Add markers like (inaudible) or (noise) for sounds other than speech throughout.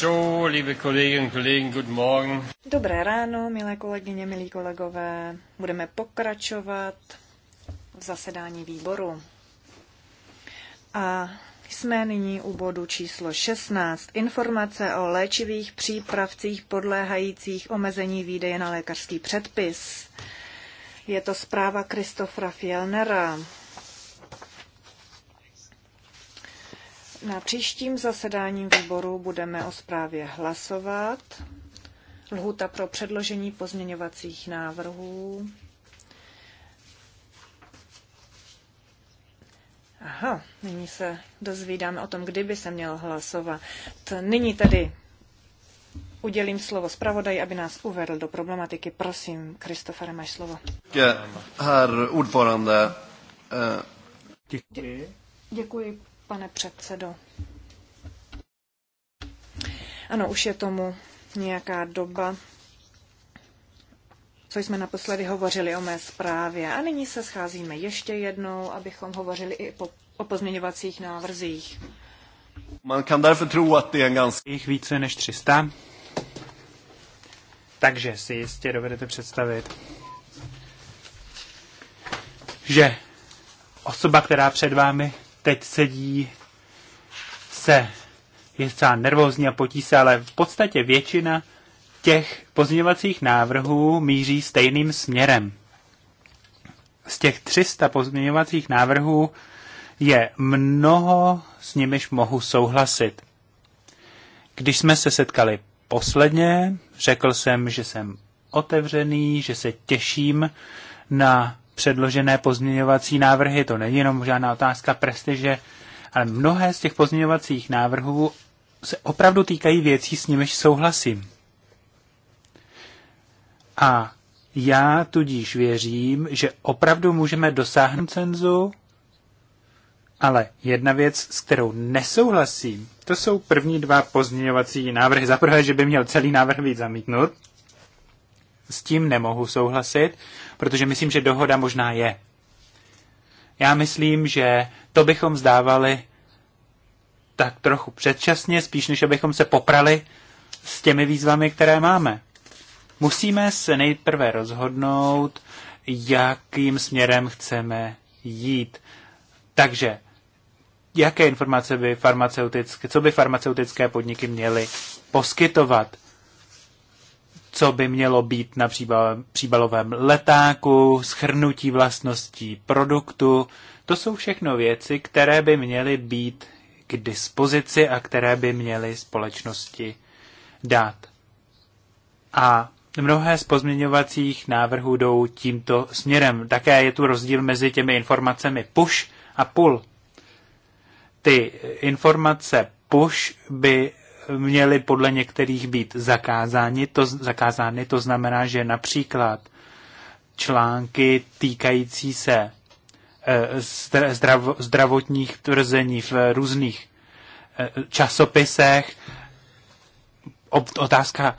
So, liebe Kolleginnen Kollegen, guten Morgen. Dobré ráno, milé kolegyně, milí kolegové. Budeme pokračovat v zasedání výboru. A jsme nyní u bodu číslo 16. Informace o léčivých přípravcích podléhajících omezení výdeje na lékařský předpis. Je to zpráva Kristofra Fjellnera. Na příštím zasedání výboru budeme o zprávě hlasovat. Lhuta pro předložení pozměňovacích návrhů. Aha, nyní se dozvídáme o tom, kdyby se měl hlasovat. Nyní tedy udělím slovo zpravodaji, aby nás uvedl do problematiky. Prosím, Kristofere, máš slovo. Děkuji. Eh, Děkuji, pane předsedo. Ano, už je tomu nějaká doba, co jsme naposledy hovořili o mé zprávě. A nyní se scházíme ještě jednou, abychom hovořili i po, o pozměňovacích návrzích. Man kan därför tro att det är ganska... Jich více než 300. Takže si jistě dovedete představit, že osoba, která před vámi teď sedí, se je třeba nervózní a potí se, ale v podstatě většina těch pozměňovacích návrhů míří stejným směrem. Z těch 300 pozměňovacích návrhů je mnoho, s nimiž mohu souhlasit. Když jsme se setkali posledně, řekl jsem, že jsem otevřený, že se těším na předložené pozměňovací návrhy. To není jenom žádná otázka prestiže, ale mnohé z těch pozměňovacích návrhů se opravdu týkají věcí, s nimiž souhlasím. A já tudíž věřím, že opravdu můžeme dosáhnout cenzu, ale jedna věc, s kterou nesouhlasím, to jsou první dva pozměňovací návrhy. Za prvé, že by měl celý návrh být zamítnut, s tím nemohu souhlasit protože myslím, že dohoda možná je. Já myslím, že to bychom zdávali tak trochu předčasně, spíš než abychom se poprali s těmi výzvami, které máme. Musíme se nejprve rozhodnout, jakým směrem chceme jít. Takže, jaké informace by farmaceutické, co by farmaceutické podniky měly poskytovat? co by mělo být na příbalovém letáku, schrnutí vlastností produktu. To jsou všechno věci, které by měly být k dispozici a které by měly společnosti dát. A mnohé z pozměňovacích návrhů jdou tímto směrem. Také je tu rozdíl mezi těmi informacemi push a pull. Ty informace push by měly podle některých být zakázány. To, zakázány, to znamená, že například články týkající se eh, zdrav, zdravotních tvrzení v různých eh, časopisech, otázka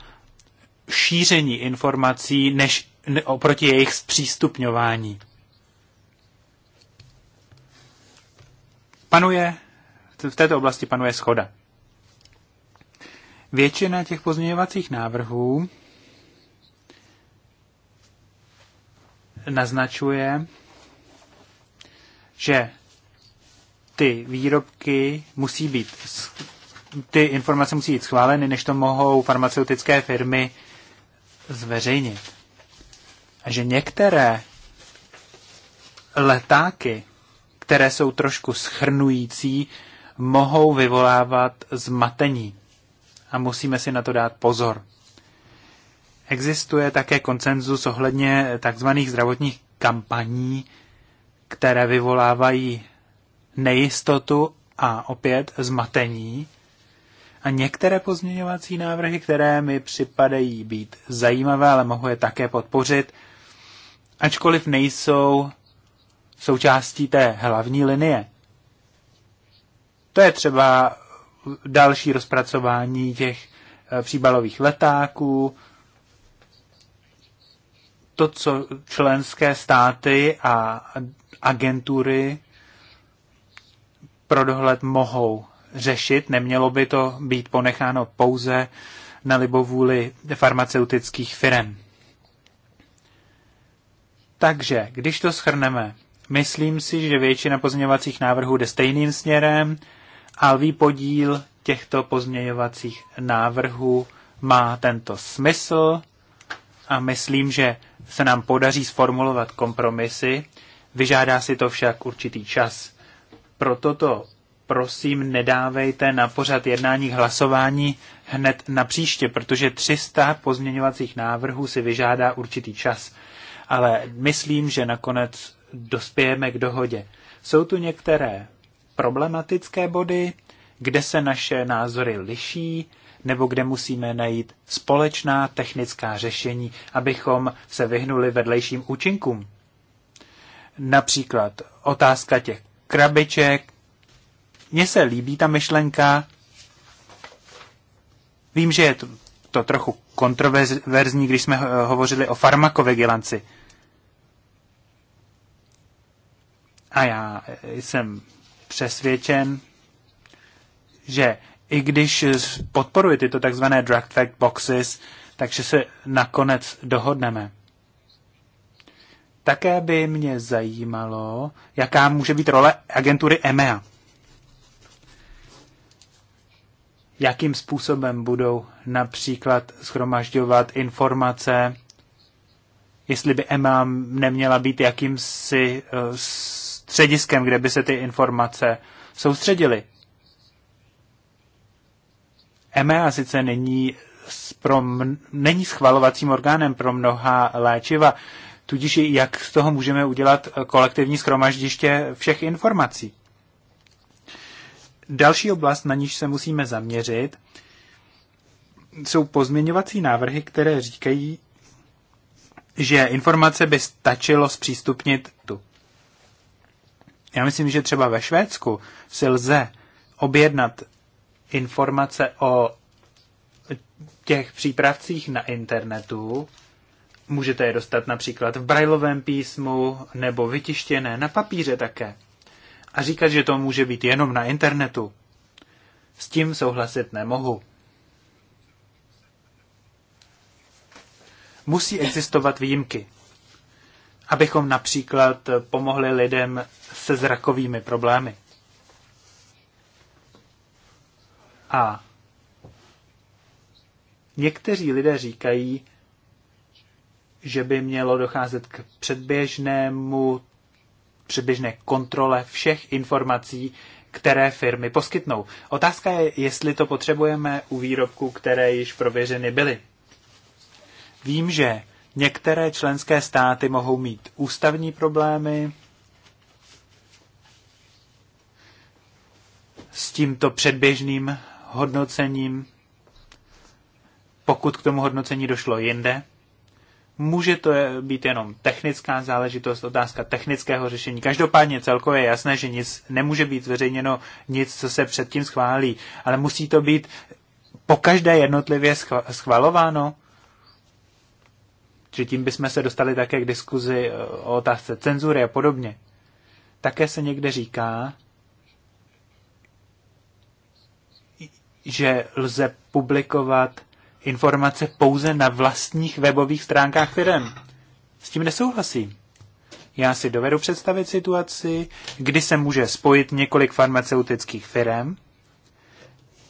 šíření informací než oproti jejich zpřístupňování. Panuje, v této oblasti panuje schoda. Většina těch pozměňovacích návrhů naznačuje, že ty výrobky musí být, ty informace musí být schváleny, než to mohou farmaceutické firmy zveřejnit. A že některé letáky, které jsou trošku schrnující, mohou vyvolávat zmatení a musíme si na to dát pozor. Existuje také konsenzus ohledně tzv. zdravotních kampaní, které vyvolávají nejistotu a opět zmatení. A některé pozměňovací návrhy, které mi připadají být zajímavé, ale mohu je také podpořit, ačkoliv nejsou součástí té hlavní linie. To je třeba další rozpracování těch eh, příbalových letáků, to, co členské státy a agentury pro dohled mohou řešit. Nemělo by to být ponecháno pouze na libovůli farmaceutických firm. Takže, když to schrneme, myslím si, že většina pozměňovacích návrhů jde stejným směrem, Alvý podíl těchto pozměňovacích návrhů má tento smysl a myslím, že se nám podaří sformulovat kompromisy. Vyžádá si to však určitý čas. Proto to prosím nedávejte na pořad jednání k hlasování hned na příště, protože 300 pozměňovacích návrhů si vyžádá určitý čas. Ale myslím, že nakonec dospějeme k dohodě. Jsou tu některé problematické body, kde se naše názory liší, nebo kde musíme najít společná technická řešení, abychom se vyhnuli vedlejším účinkům. Například otázka těch krabiček. Mně se líbí ta myšlenka. Vím, že je to, to trochu kontroverzní, když jsme hovořili o farmakovigilanci. A já jsem přesvědčen, že i když podporuji tyto takzvané drug fact boxes, takže se nakonec dohodneme. Také by mě zajímalo, jaká může být role agentury EMEA. Jakým způsobem budou například schromažďovat informace, jestli by EMEA neměla být jakýmsi eh, střediskem, kde by se ty informace soustředily. EMEA sice není, pro, není schvalovacím orgánem pro mnoha léčiva, tudíž jak z toho můžeme udělat kolektivní schromaždiště všech informací. Další oblast, na níž se musíme zaměřit, jsou pozměňovací návrhy, které říkají, že informace by stačilo zpřístupnit tu já myslím, že třeba ve Švédsku si lze objednat informace o těch přípravcích na internetu. Můžete je dostat například v brajlovém písmu nebo vytištěné na papíře také. A říkat, že to může být jenom na internetu, s tím souhlasit nemohu. Musí existovat výjimky. Abychom například pomohli lidem se zrakovými problémy. A někteří lidé říkají, že by mělo docházet k předběžnému, předběžné kontrole všech informací, které firmy poskytnou. Otázka je, jestli to potřebujeme u výrobků, které již prověřeny byly. Vím, že některé členské státy mohou mít ústavní problémy, s tímto předběžným hodnocením, pokud k tomu hodnocení došlo jinde. Může to být jenom technická záležitost, otázka technického řešení. Každopádně celkově je jasné, že nic nemůže být zveřejněno, nic, co se předtím schválí, ale musí to být po každé jednotlivě schvalováno. Že tím bychom se dostali také k diskuzi e, o otázce cenzury a podobně. Také se někde říká, že lze publikovat informace pouze na vlastních webových stránkách firm. S tím nesouhlasím. Já si dovedu představit situaci, kdy se může spojit několik farmaceutických firm,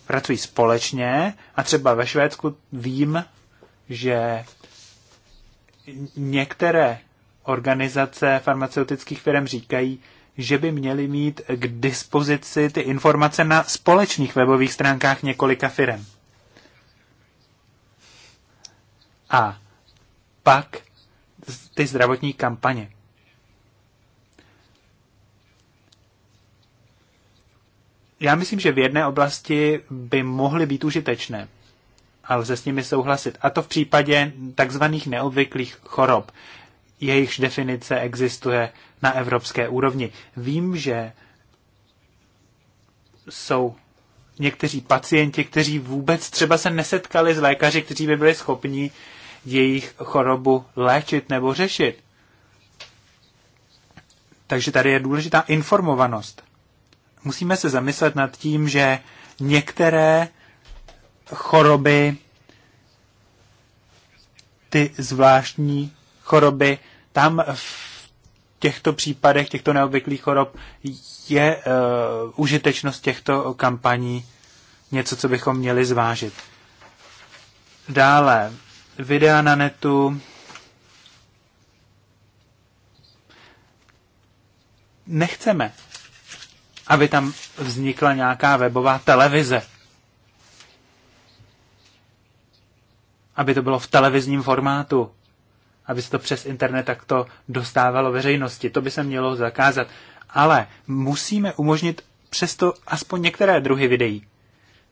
pracují společně a třeba ve Švédsku vím, že některé organizace farmaceutických firm říkají, že by měli mít k dispozici ty informace na společných webových stránkách několika firm. A pak ty zdravotní kampaně. Já myslím, že v jedné oblasti by mohly být užitečné a lze s nimi souhlasit. A to v případě takzvaných neobvyklých chorob jejichž definice existuje na evropské úrovni. Vím, že jsou někteří pacienti, kteří vůbec třeba se nesetkali s lékaři, kteří by byli schopni jejich chorobu léčit nebo řešit. Takže tady je důležitá informovanost. Musíme se zamyslet nad tím, že některé choroby, ty zvláštní choroby tam v těchto případech, těchto neobvyklých chorob je uh, užitečnost těchto kampaní něco, co bychom měli zvážit. Dále, videa na netu. Nechceme, aby tam vznikla nějaká webová televize. Aby to bylo v televizním formátu aby se to přes internet takto dostávalo veřejnosti. To by se mělo zakázat. Ale musíme umožnit přesto aspoň některé druhy videí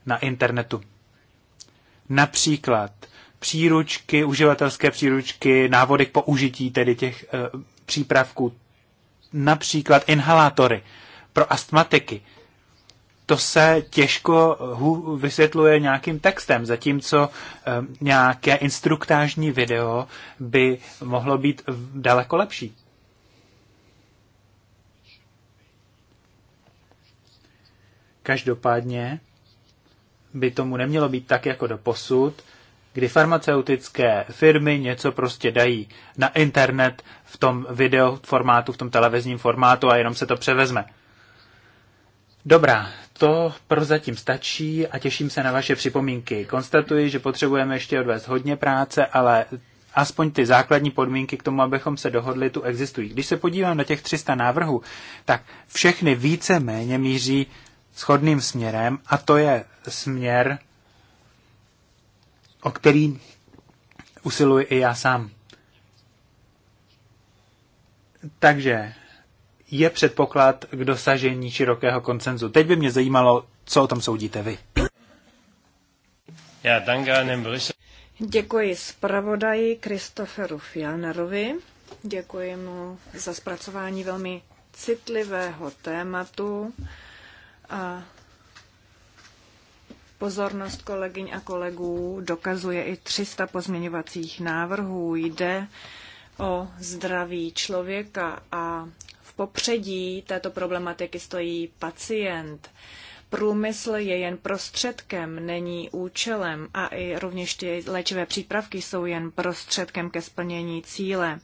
na internetu. Například příručky, uživatelské příručky, návody k použití tedy těch e, přípravků, například inhalátory pro astmatiky, to se těžko vysvětluje nějakým textem, zatímco eh, nějaké instruktážní video by mohlo být daleko lepší. Každopádně by tomu nemělo být tak jako do posud, kdy farmaceutické firmy něco prostě dají na internet v tom video formátu, v tom televizním formátu a jenom se to převezme. Dobrá, to prozatím stačí a těším se na vaše připomínky. Konstatuji, že potřebujeme ještě odvést hodně práce, ale aspoň ty základní podmínky k tomu, abychom se dohodli, tu existují. Když se podívám na těch 300 návrhů, tak všechny více-méně míří shodným směrem a to je směr, o který usiluji i já sám. Takže je předpoklad k dosažení širokého koncenzu. Teď by mě zajímalo, co o tom soudíte vy. Já Děkuji zpravodaji Kristoferu Fjellnerovi. Děkuji mu za zpracování velmi citlivého tématu a pozornost kolegyň a kolegů dokazuje i 300 pozměňovacích návrhů. Jde o zdraví člověka a popředí této problematiky stojí pacient. Průmysl je jen prostředkem, není účelem a i rovněž ty léčivé přípravky jsou jen prostředkem ke splnění cíle.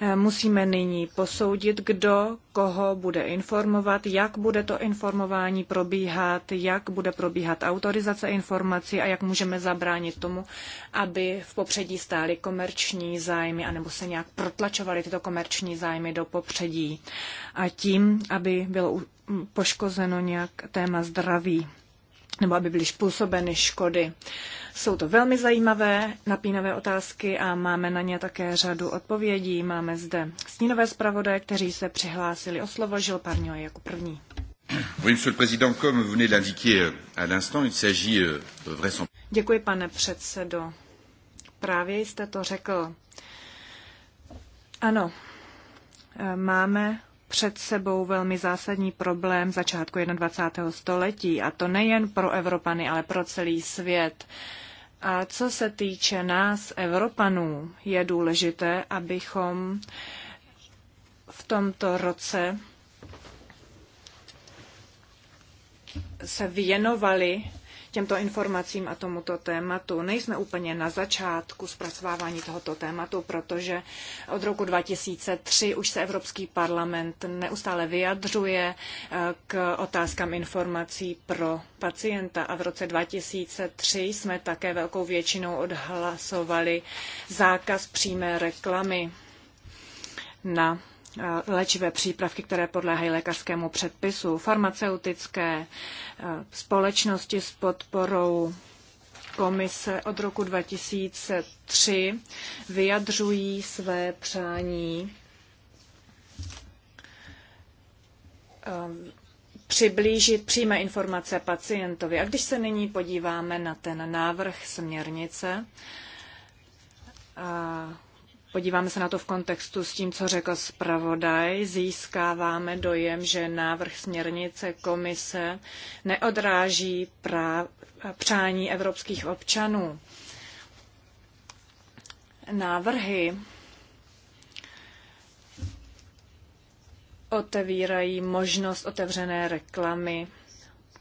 Eh, musíme nyní posoudit, kdo koho bude informovat, jak bude to informování probíhat, jak bude probíhat autorizace informací a jak můžeme zabránit tomu, aby v popředí stály komerční zájmy anebo se nějak protlačovaly tyto komerční zájmy do popředí. A tím, aby bylo poškozeno nějak téma zdraví nebo aby byly způsobeny škody. Jsou to velmi zajímavé, napínavé otázky a máme na ně také řadu odpovědí. Máme zde stínové zpravodaje, kteří se přihlásili o slovo. Žil Parňo jako první. Euh, euh, Děkuji, pane předsedo. Právě jste to řekl. Ano, máme před sebou velmi zásadní problém začátku 21. století, a to nejen pro Evropany, ale pro celý svět. A co se týče nás, Evropanů, je důležité, abychom v tomto roce se věnovali těmto informacím a tomuto tématu. Nejsme úplně na začátku zpracovávání tohoto tématu, protože od roku 2003 už se Evropský parlament neustále vyjadřuje eh, k otázkám informací pro pacienta a v roce 2003 jsme také velkou většinou odhlasovali zákaz přímé reklamy na léčivé přípravky, které podléhají lékařskému předpisu, farmaceutické e, společnosti s podporou komise od roku 2003 vyjadřují své přání e, přiblížit přímé informace pacientovi. A když se nyní podíváme na ten návrh směrnice, podíváme se na to v kontextu s tím, co řekl zpravodaj, získáváme dojem, že návrh směrnice komise neodráží práv, přání evropských občanů. Návrhy otevírají možnost otevřené reklamy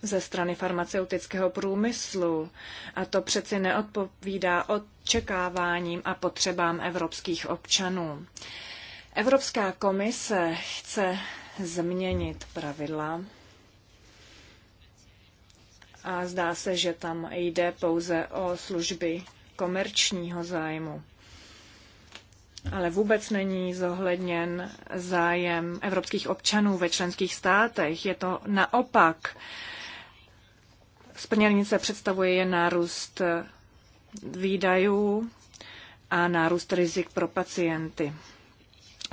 ze strany farmaceutického průmyslu a to přeci neodpovídá očekáváním a potřebám evropských občanů. Evropská komise chce změnit pravidla a zdá se, že tam jde pouze o služby komerčního zájmu. Ale vůbec není zohledněn zájem evropských občanů ve členských státech. Je to naopak. Směrnice představuje jen nárůst výdajů a nárůst rizik pro pacienty.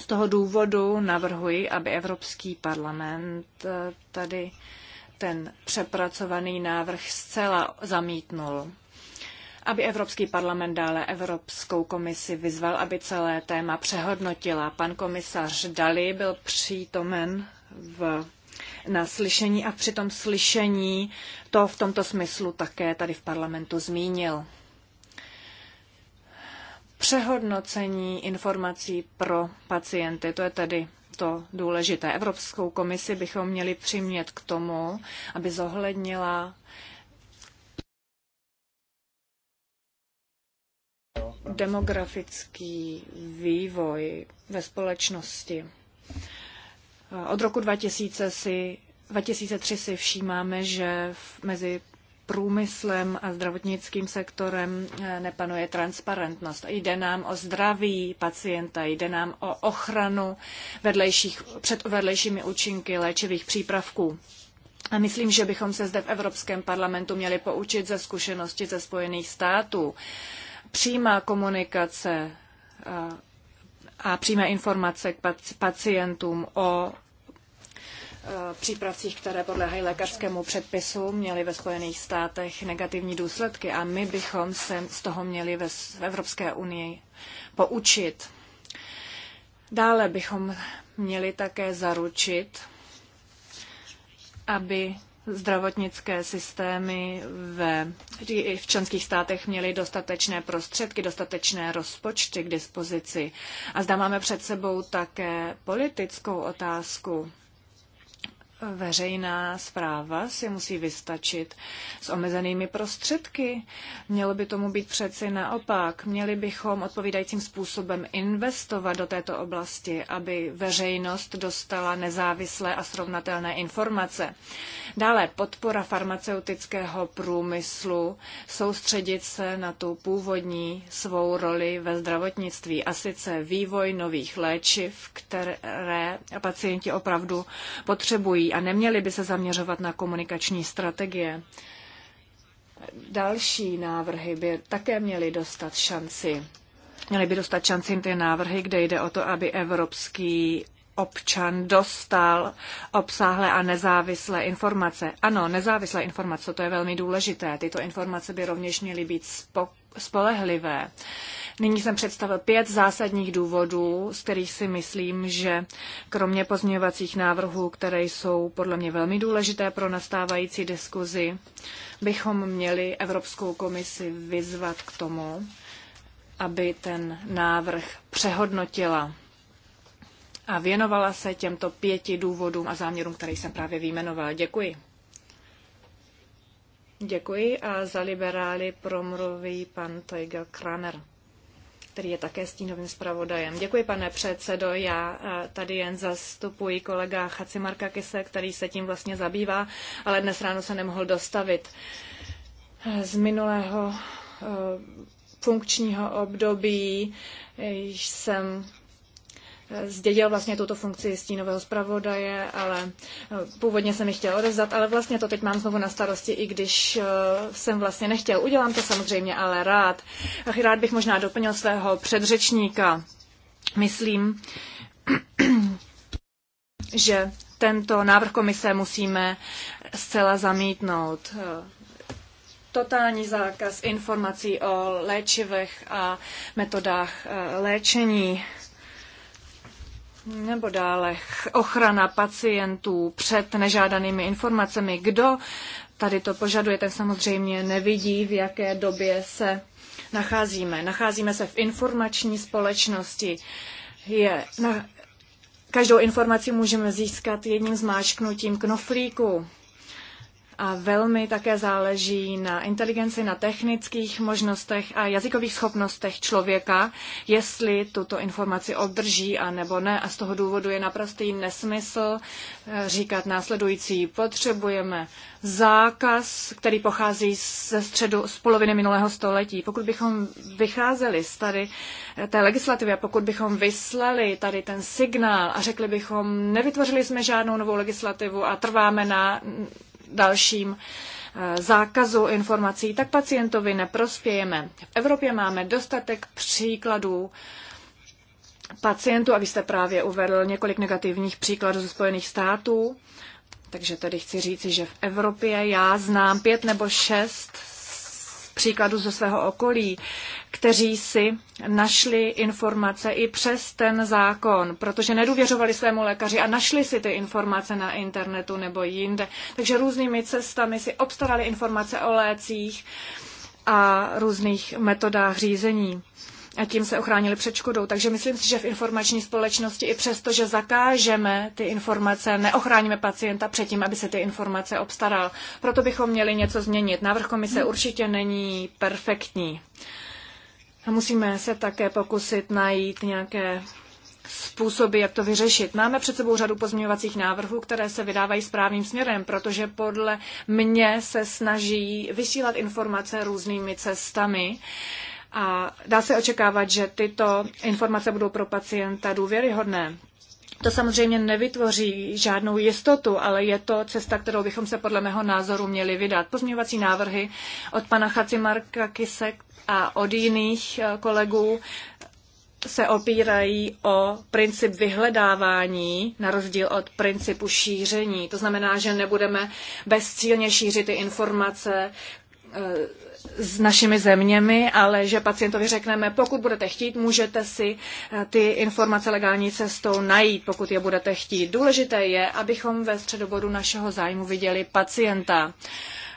Z toho důvodu navrhuji, aby Evropský parlament tady ten přepracovaný návrh zcela zamítnul. Aby Evropský parlament dále Evropskou komisi vyzval, aby celé téma přehodnotila. Pan komisař Dali byl přítomen v na slyšení a při tom slyšení to v tomto smyslu také tady v parlamentu zmínil. Přehodnocení informací pro pacienty, to je tedy to důležité. Evropskou komisi bychom měli přimět k tomu, aby zohlednila demografický vývoj ve společnosti. Eh, od roku 2000 si, 2003 si všímáme, že mezi průmyslem a zdravotnickým sektorem eh, nepanuje transparentnost. Jde nám o zdraví pacienta, jde nám o ochranu vedlejších, před vedlejšími účinky léčivých přípravků. A myslím, že bychom se zde v Evropském parlamentu měli poučit ze zkušenosti ze Spojených států. Přímá komunikace eh, a přímé informace k pacientům o e, přípravcích, které podléhají lékařskému předpisu, měly ve Spojených státech negativní důsledky a my bychom se z toho měli ve Evropské unii poučit. Dále bychom měli také zaručit, aby zdravotnické systémy ve, v členských státech měly dostatečné prostředky, dostatečné rozpočty k dispozici. A zda máme před sebou také politickou otázku veřejná zpráva si musí vystačit s omezenými prostředky. Mělo by tomu být přeci naopak. Měli bychom odpovídajícím způsobem investovat do této oblasti, aby veřejnost dostala nezávislé a srovnatelné informace. Dále podpora farmaceutického průmyslu, soustředit se na tu původní svou roli ve zdravotnictví a sice vývoj nových léčiv, které pacienti opravdu potřebují a neměly by se zaměřovat na komunikační strategie. Další návrhy by také měly dostat šanci. Měly by dostat šanci ty návrhy, kde jde o to, aby evropský občan dostal obsáhlé a nezávislé informace. Ano, nezávislé informace, to je velmi důležité. Tyto informace by rovněž měly být spok- spolehlivé. Nyní jsem představil pět zásadních důvodů, z kterých si myslím, že kromě pozměňovacích návrhů, které jsou podle mě velmi důležité pro nastávající diskuzi, bychom měli Evropskou komisi vyzvat k tomu, aby ten návrh přehodnotila a věnovala se těmto pěti důvodům a záměrům, které jsem právě vyjmenovala. Děkuji. Děkuji a za liberály promluví pan Teigel Kramer který je také stínovým zpravodajem. Děkuji, pane předsedo. Já eh, tady jen zastupuji kolega Chacimarka Kise, který se tím vlastně zabývá, ale dnes ráno se nemohl dostavit. Z minulého eh, funkčního období jsem zdědil vlastně tuto funkci stínového zpravodaje, ale eh, původně jsem ji chtěl odevzdat, ale vlastně to teď mám znovu na starosti, i když eh, jsem vlastně nechtěl. Udělám to samozřejmě, ale rád. Rád bych možná doplnil svého předřečníka. Myslím, (clears throat) že tento návrh komise musíme zcela zamítnout totální zákaz informací o léčivech a metodách eh, léčení nebo dále ochrana pacientů před nežádanými informacemi. Kdo tady to požaduje, Ten samozřejmě nevidí, v jaké době se nacházíme. Nacházíme se v informační společnosti. Je, na, každou informaci můžeme získat jedním zmáčknutím knoflíku. A velmi také záleží na inteligenci, na technických možnostech a jazykových schopnostech člověka, jestli tuto informaci obdrží a nebo ne. A z toho důvodu je naprostý nesmysl eh, říkat následující. Potřebujeme zákaz, který pochází ze středu z poloviny minulého století. Pokud bychom vycházeli z tady eh, té legislativy a pokud bychom vyslali tady ten signál a řekli bychom, nevytvořili jsme žádnou novou legislativu a trváme na dalším eh, zákazu informací, tak pacientovi neprospějeme. V Evropě máme dostatek příkladů pacientů, a vy jste právě uvedl několik negativních příkladů ze Spojených států, takže tedy chci říci, že v Evropě já znám pět nebo šest Příkladu ze svého okolí, kteří si našli informace i přes ten zákon, protože nedůvěřovali svému lékaři a našli si ty informace na internetu nebo jinde. Takže různými cestami si obstarali informace o lécích a různých metodách řízení a tím se ochránili před škodou. Takže myslím si, že v informační společnosti i přesto, že zakážeme ty informace, neochráníme pacienta před tím, aby se ty informace obstaral. Proto bychom měli něco změnit. Návrh komise určitě není perfektní. A musíme se také pokusit najít nějaké způsoby, jak to vyřešit. Máme před sebou řadu pozměňovacích návrhů, které se vydávají správným směrem, protože podle mě se snaží vysílat informace různými cestami a dá se očekávat, že tyto informace budou pro pacienta důvěryhodné. To samozřejmě nevytvoří žádnou jistotu, ale je to cesta, kterou bychom se podle mého názoru měli vydat. Pozměňovací návrhy od pana Chacimarka Kisek a od jiných eh, kolegů se opírají o princip vyhledávání, na rozdíl od principu šíření. To znamená, že nebudeme bezcílně šířit ty informace eh, s našimi zeměmi, ale že pacientovi řekneme, pokud budete chtít, můžete si eh, ty informace legální cestou najít, pokud je budete chtít. Důležité je, abychom ve středobodu našeho zájmu viděli pacienta.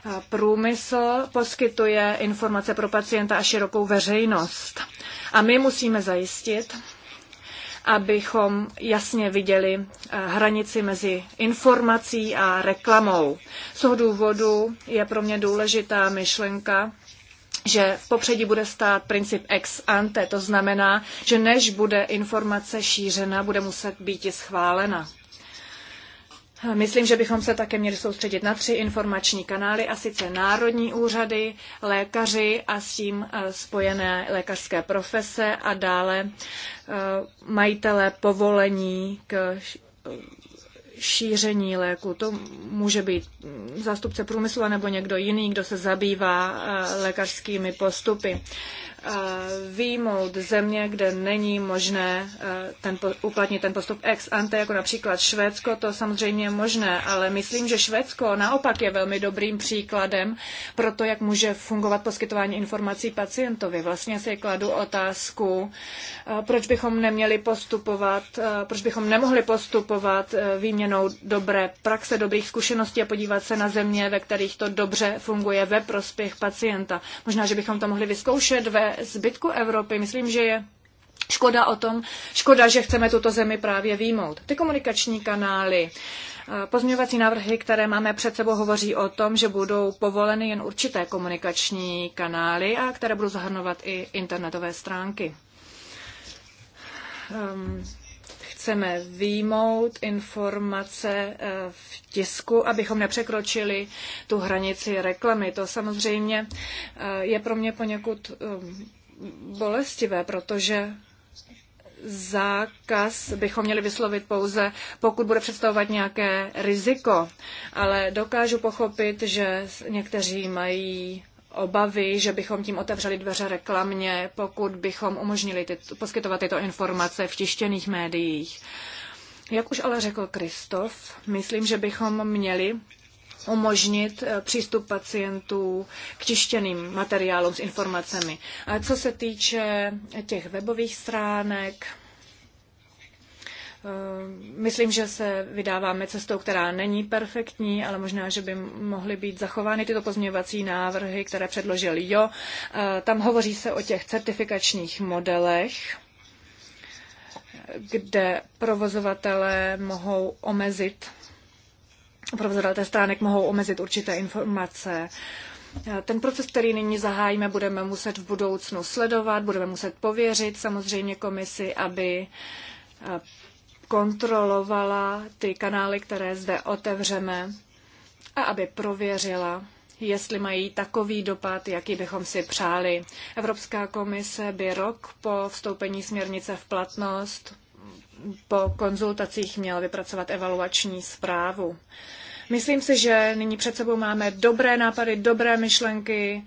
Eh, průmysl poskytuje informace pro pacienta a širokou veřejnost. A my musíme zajistit, abychom jasně viděli eh, hranici mezi informací a reklamou. Z toho důvodu je pro mě důležitá myšlenka, že v popředí bude stát princip ex ante, to znamená, že než bude informace šířena, bude muset být i schválena. Myslím, že bychom se také měli soustředit na tři informační kanály, a sice národní úřady, lékaři a s tím eh, spojené lékařské profese a dále eh, majitele povolení k eh, šíření léku. To může být zástupce průmyslu nebo někdo jiný, kdo se zabývá lékařskými postupy. Eh, výjmout země, kde není možné eh, ten, uplatnit ten postup ex ante, jako například Švédsko, to samozřejmě je možné, ale myslím, že Švédsko naopak je velmi dobrým příkladem pro to, jak může fungovat poskytování informací pacientovi. Vlastně si kladu otázku, eh, proč bychom neměli postupovat, proč bychom nemohli postupovat výměnou dobré praxe, dobrých zkušeností a podívat se na země, ve kterých to dobře funguje ve prospěch pacienta. Možná, že bychom to mohli vyzkoušet ve zbytku Evropy. Myslím, že je škoda o tom, škoda, že chceme tuto zemi právě výmout. Ty komunikační kanály, eh, Pozměňovací návrhy, které máme před sebou, hovoří o tom, že budou povoleny jen určité komunikační kanály a které budou zahrnovat i internetové stránky. Um, chceme výjmout informace eh, v tisku, abychom nepřekročili tu hranici reklamy. To samozřejmě eh, je pro mě poněkud eh, bolestivé, protože zákaz bychom měli vyslovit pouze, pokud bude představovat nějaké riziko. Ale dokážu pochopit, že někteří mají obavy, že bychom tím otevřeli dveře reklamě, pokud bychom umožnili ty, poskytovat tyto informace v tištěných médiích. Jak už ale řekl Kristof, myslím, že bychom měli umožnit eh, přístup pacientů k tištěným materiálům s informacemi. A co se týče těch webových stránek, Eh, myslím, že se vydáváme cestou, která není perfektní, ale možná, že by mohly být zachovány tyto pozměňovací návrhy, které předložil Jo. Eh, tam hovoří se o těch certifikačních modelech kde provozovatelé mohou omezit, provozovatelé stránek mohou omezit určité informace. Eh, ten proces, který nyní zahájíme, budeme muset v budoucnu sledovat, budeme muset pověřit samozřejmě komisi, aby kontrolovala ty kanály, které zde otevřeme a aby prověřila, jestli mají takový dopad, jaký bychom si přáli. Evropská komise by rok po vstoupení směrnice v platnost po konzultacích měla vypracovat evaluační zprávu. Myslím si, že nyní před sebou máme dobré nápady, dobré myšlenky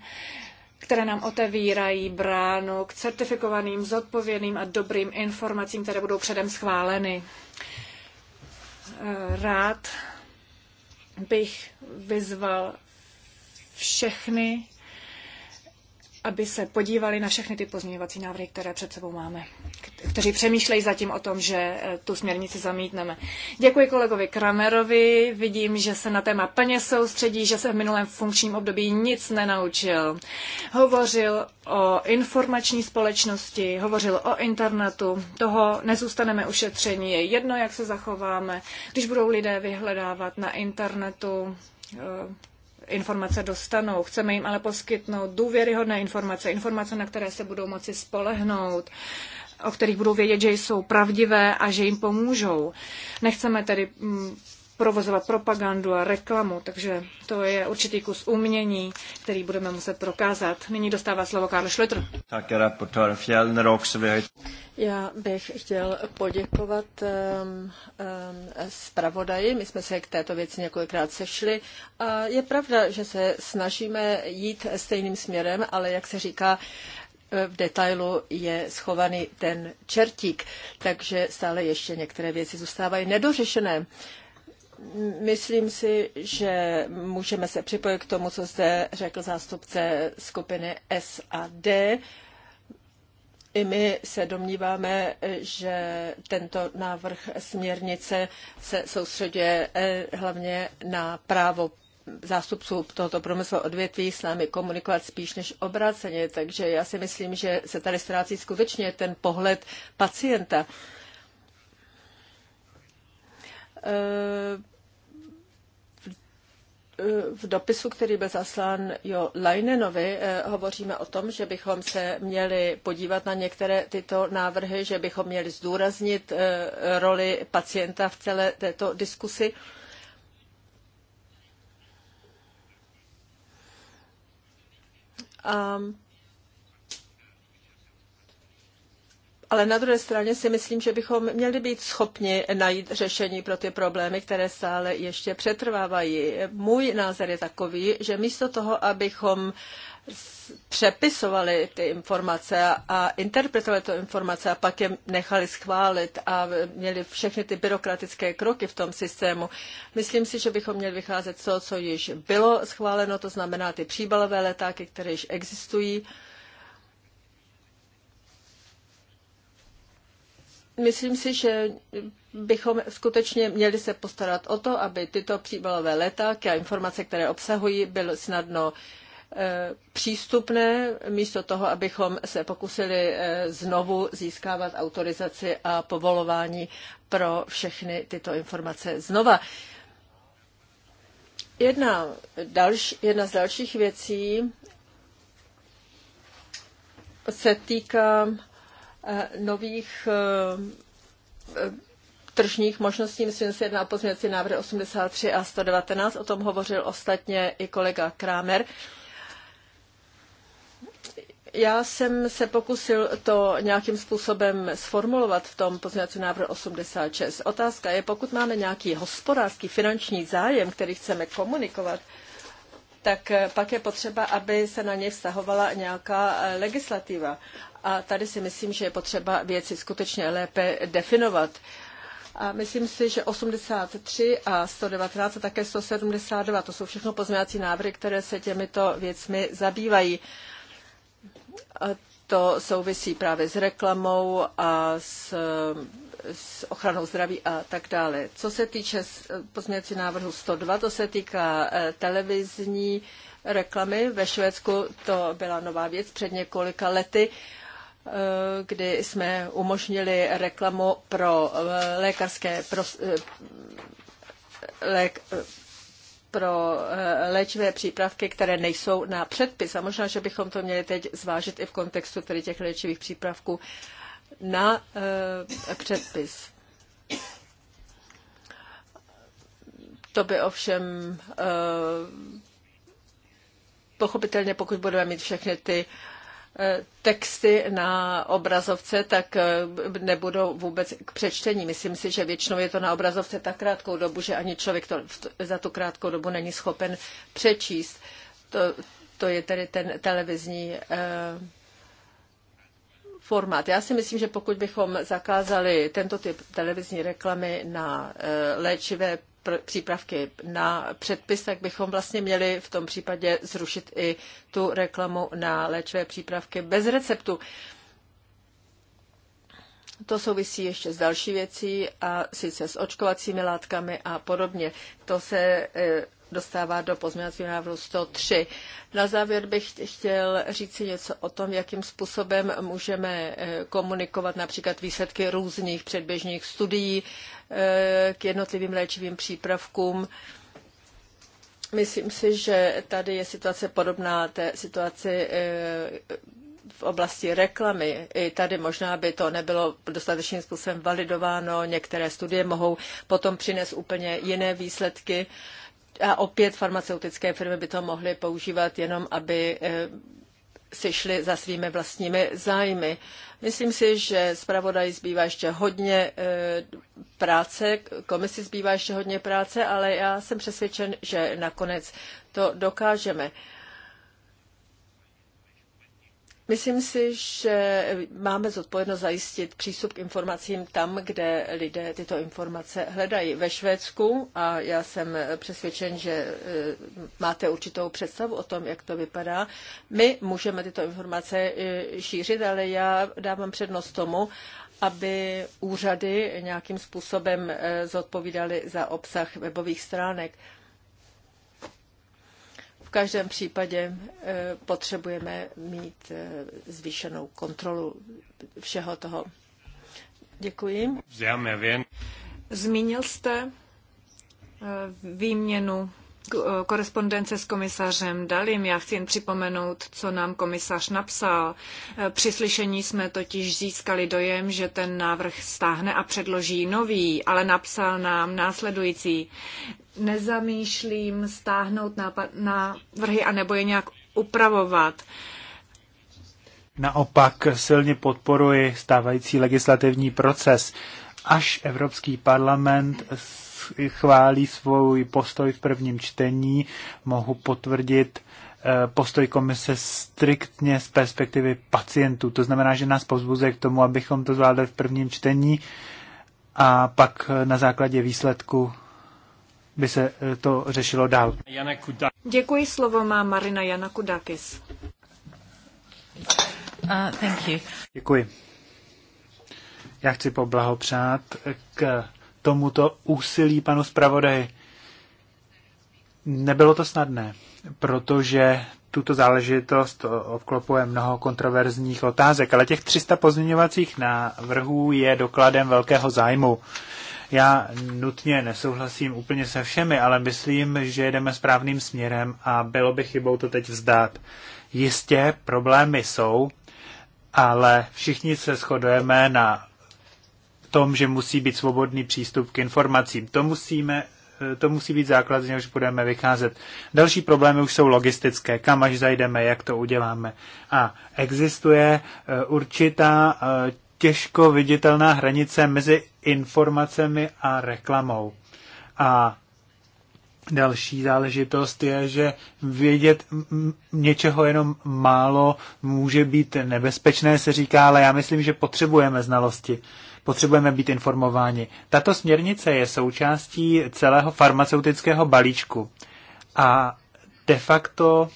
které nám otevírají bránu k certifikovaným, zodpovědným a dobrým informacím, které budou předem schváleny. Rád bych vyzval všechny aby se podívali na všechny ty pozměňovací návrhy, které před sebou máme, kteří přemýšlejí zatím o tom, že eh, tu směrnici zamítneme. Děkuji kolegovi Kramerovi, vidím, že se na téma plně soustředí, že se v minulém funkčním období nic nenaučil. Hovořil o informační společnosti, hovořil o internetu, toho nezůstaneme ušetření, je jedno, jak se zachováme, když budou lidé vyhledávat na internetu eh, informace dostanou. Chceme jim ale poskytnout důvěryhodné informace, informace, na které se budou moci spolehnout o kterých budou vědět, že jsou pravdivé a že jim pomůžou. Nechceme tedy mm, provozovat propagandu a reklamu, takže to je určitý kus umění, který budeme muset prokázat. Nyní dostává slovo Karl Tak Já bych chtěl poděkovat um, um, zpravodaji. My jsme se k této věci několikrát sešli. A je pravda, že se snažíme jít stejným směrem, ale jak se říká, eh, v detailu je schovaný ten čertík, takže stále ještě některé věci zůstávají nedořešené. Uh, Myslím si, že můžeme se připojit k tomu, co zde řekl zástupce skupiny SAD. I my se domníváme, že tento návrh směrnice se soustředuje eh, hlavně na právo zástupců tohoto průmyslu odvětví s námi komunikovat spíš než obráceně. Takže já si myslím, že se tady ztrácí skutečně ten pohled pacienta. Uh, v dopisu, který byl zaslán Jo Leinenovi, eh, hovoříme o tom, že bychom se měli podívat na některé tyto návrhy, že bychom měli zdůraznit eh, roli pacienta v celé této diskusi. A ale na druhé straně si myslím, že bychom měli být schopni najít řešení pro ty problémy, které stále ještě přetrvávají. Můj názor je takový, že místo toho, abychom přepisovali ty informace a interpretovali to informace a pak je nechali schválit a měli všechny ty byrokratické kroky v tom systému. Myslím si, že bychom měli vycházet z toho, co již bylo schváleno, to znamená ty příbalové letáky, které již existují myslím si, že bychom skutečně měli se postarat o to, aby tyto příbalové letáky a informace, které obsahují, byly snadno eh, přístupné, místo toho, abychom se pokusili eh, znovu získávat autorizaci a povolování pro všechny tyto informace znova. Jedna, dalš, jedna z dalších věcí se týká Eh, nových eh, eh, tržních možností. Myslím, že se jedná o pozměňovací návrh 83 a 119. O tom hovořil ostatně i kolega Krámer. Já jsem se pokusil to nějakým způsobem sformulovat v tom pozměňovacím návrhu 86. Otázka je, pokud máme nějaký hospodářský finanční zájem, který chceme komunikovat, tak pak je potřeba, aby se na ně vztahovala nějaká legislativa. A tady si myslím, že je potřeba věci skutečně lépe definovat. A myslím si, že 83 a 119 a také 172, to jsou všechno pozměňovací návrhy, které se těmito věcmi zabývají. A to souvisí právě s reklamou a s, s ochranou zdraví a tak dále. Co se týče pozměňovací návrhu 102, to se týká eh, televizní reklamy. Ve Švédsku to byla nová věc před několika lety. Eh, kdy jsme umožnili reklamu pro eh, lékařské eh, pro, lék, pro léčivé přípravky, které nejsou na předpis. A možná, že bychom to měli teď zvážit i v kontextu tedy těch léčivých přípravků na předpis. To by ovšem pochopitelně, pokud budeme mít všechny ty uh, Eh, texty na obrazovce, tak eh, nebudou vůbec k přečtení. Myslím si, že většinou je to na obrazovce tak krátkou dobu, že ani člověk to za tu krátkou dobu není schopen přečíst. To, to je tedy ten televizní eh, formát. Já si myslím, že pokud bychom zakázali tento typ televizní reklamy na léčivé přípravky na předpis, tak bychom vlastně měli v tom případě zrušit i tu reklamu na léčivé přípravky bez receptu. Uh, to souvisí ještě s další věcí a sice s očkovacími látkami a podobně. To se e, dostává do pozměňovacího návrhu 103. Na závěr bych chtěl si něco o tom, jakým způsobem můžeme e, komunikovat například výsledky různých předběžných studií e, k jednotlivým léčivým přípravkům. Myslím si, že tady je situace podobná té situaci v oblasti reklamy. I tady možná by to nebylo dostatečným způsobem validováno. Některé studie mohou potom přinést úplně jiné výsledky. A opět farmaceutické firmy by to mohly používat jenom, aby eh, si šli za svými vlastními zájmy. Myslím si, že zpravodaj zbývá ještě hodně eh, práce, komisi zbývá ještě hodně práce, ale já jsem přesvědčen, že nakonec to dokážeme. Myslím si, že máme zodpovědnost zajistit přístup k informacím tam, kde lidé tyto informace hledají. Ve Švédsku, a já jsem přesvědčen, že e, máte určitou představu o tom, jak to vypadá, my můžeme tyto informace e, šířit, ale já dávám přednost tomu, aby úřady nějakým způsobem e, zodpovídaly za obsah webových stránek. V každém případě eh, potřebujeme mít eh, zvýšenou kontrolu všeho toho. Děkuji. Zmínil jste eh, výměnu Eh, korespondence s komisařem Dalim. Já chci jen připomenout, co nám komisař napsal. Eh, při slyšení jsme totiž získali dojem, že ten návrh stáhne a předloží nový, ale napsal nám následující. Nezamýšlím stáhnout návrhy a nebo je nějak upravovat. Naopak silně podporuji stávající legislativní proces. Až Evropský parlament chválí svůj postoj v prvním čtení. Mohu potvrdit eh, postoj komise striktně z perspektivy pacientů. To znamená, že nás povzbuzuje k tomu, abychom to zvládli v prvním čtení a pak na základě výsledku by se eh, to řešilo dál. Děkuji, slovo má Marina Jana Kudakis. Uh, thank you. Děkuji. Já chci poblahopřát k tomuto úsilí panu zpravodaji. Nebylo to snadné, protože tuto záležitost obklopuje mnoho kontroverzních otázek, ale těch 300 pozměňovacích návrhů je dokladem velkého zájmu. Já nutně nesouhlasím úplně se všemi, ale myslím, že jdeme správným směrem a bylo by chybou to teď vzdát. Jistě problémy jsou, ale všichni se shodujeme na tom, že musí být svobodný přístup k informacím. To, musíme, eh, to musí být základ, z něhož budeme vycházet. Další problémy už jsou logistické. Kam až zajdeme, jak to uděláme. A existuje eh, určitá eh, těžko viditelná hranice mezi informacemi a reklamou. A Další záležitost je, že vědět něčeho jenom málo může být nebezpečné, se říká, ale já myslím, že potřebujeme znalosti potřebujeme být informováni. Tato směrnice je součástí celého farmaceutického balíčku a de facto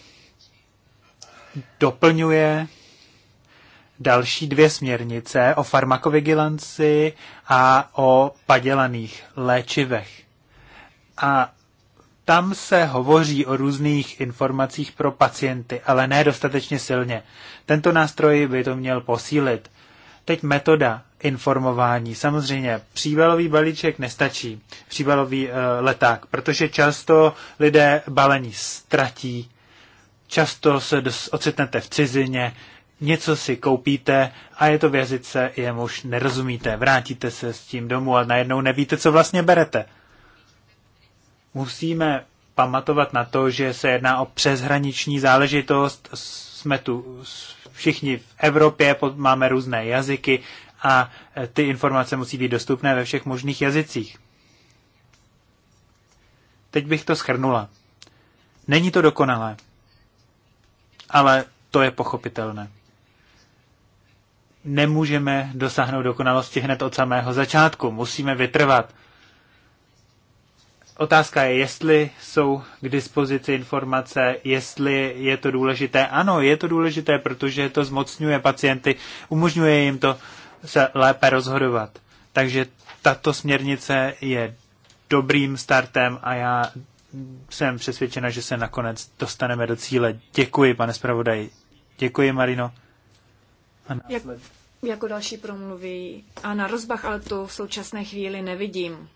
doplňuje další dvě směrnice o farmakovigilanci a o padělaných léčivech. A tam se hovoří o různých informacích pro pacienty, ale ne dostatečně silně. Tento nástroj by to měl posílit. Teď metoda informování. Samozřejmě příbalový balíček nestačí, příbalový uh, leták, protože často lidé balení ztratí, často se dos- ocitnete v cizině, něco si koupíte a je to v jazyce, jemuž nerozumíte, vrátíte se s tím domů a najednou nevíte, co vlastně berete. Musíme pamatovat na to, že se jedná o přeshraniční záležitost, jsme tu všichni v Evropě, máme různé jazyky a ty informace musí být dostupné ve všech možných jazycích. Teď bych to schrnula. Není to dokonalé, ale to je pochopitelné. Nemůžeme dosáhnout dokonalosti hned od samého začátku, musíme vytrvat. Otázka je, jestli jsou k dispozici informace, jestli je to důležité. Ano, je to důležité, protože to zmocňuje pacienty, umožňuje jim to se lépe rozhodovat. Takže tato směrnice je dobrým startem a já jsem přesvědčena, že se nakonec dostaneme do cíle. Děkuji, pane zpravodaji. Děkuji, Marino. A Jak, jako další promluví na Rozbach, ale tu v současné chvíli nevidím.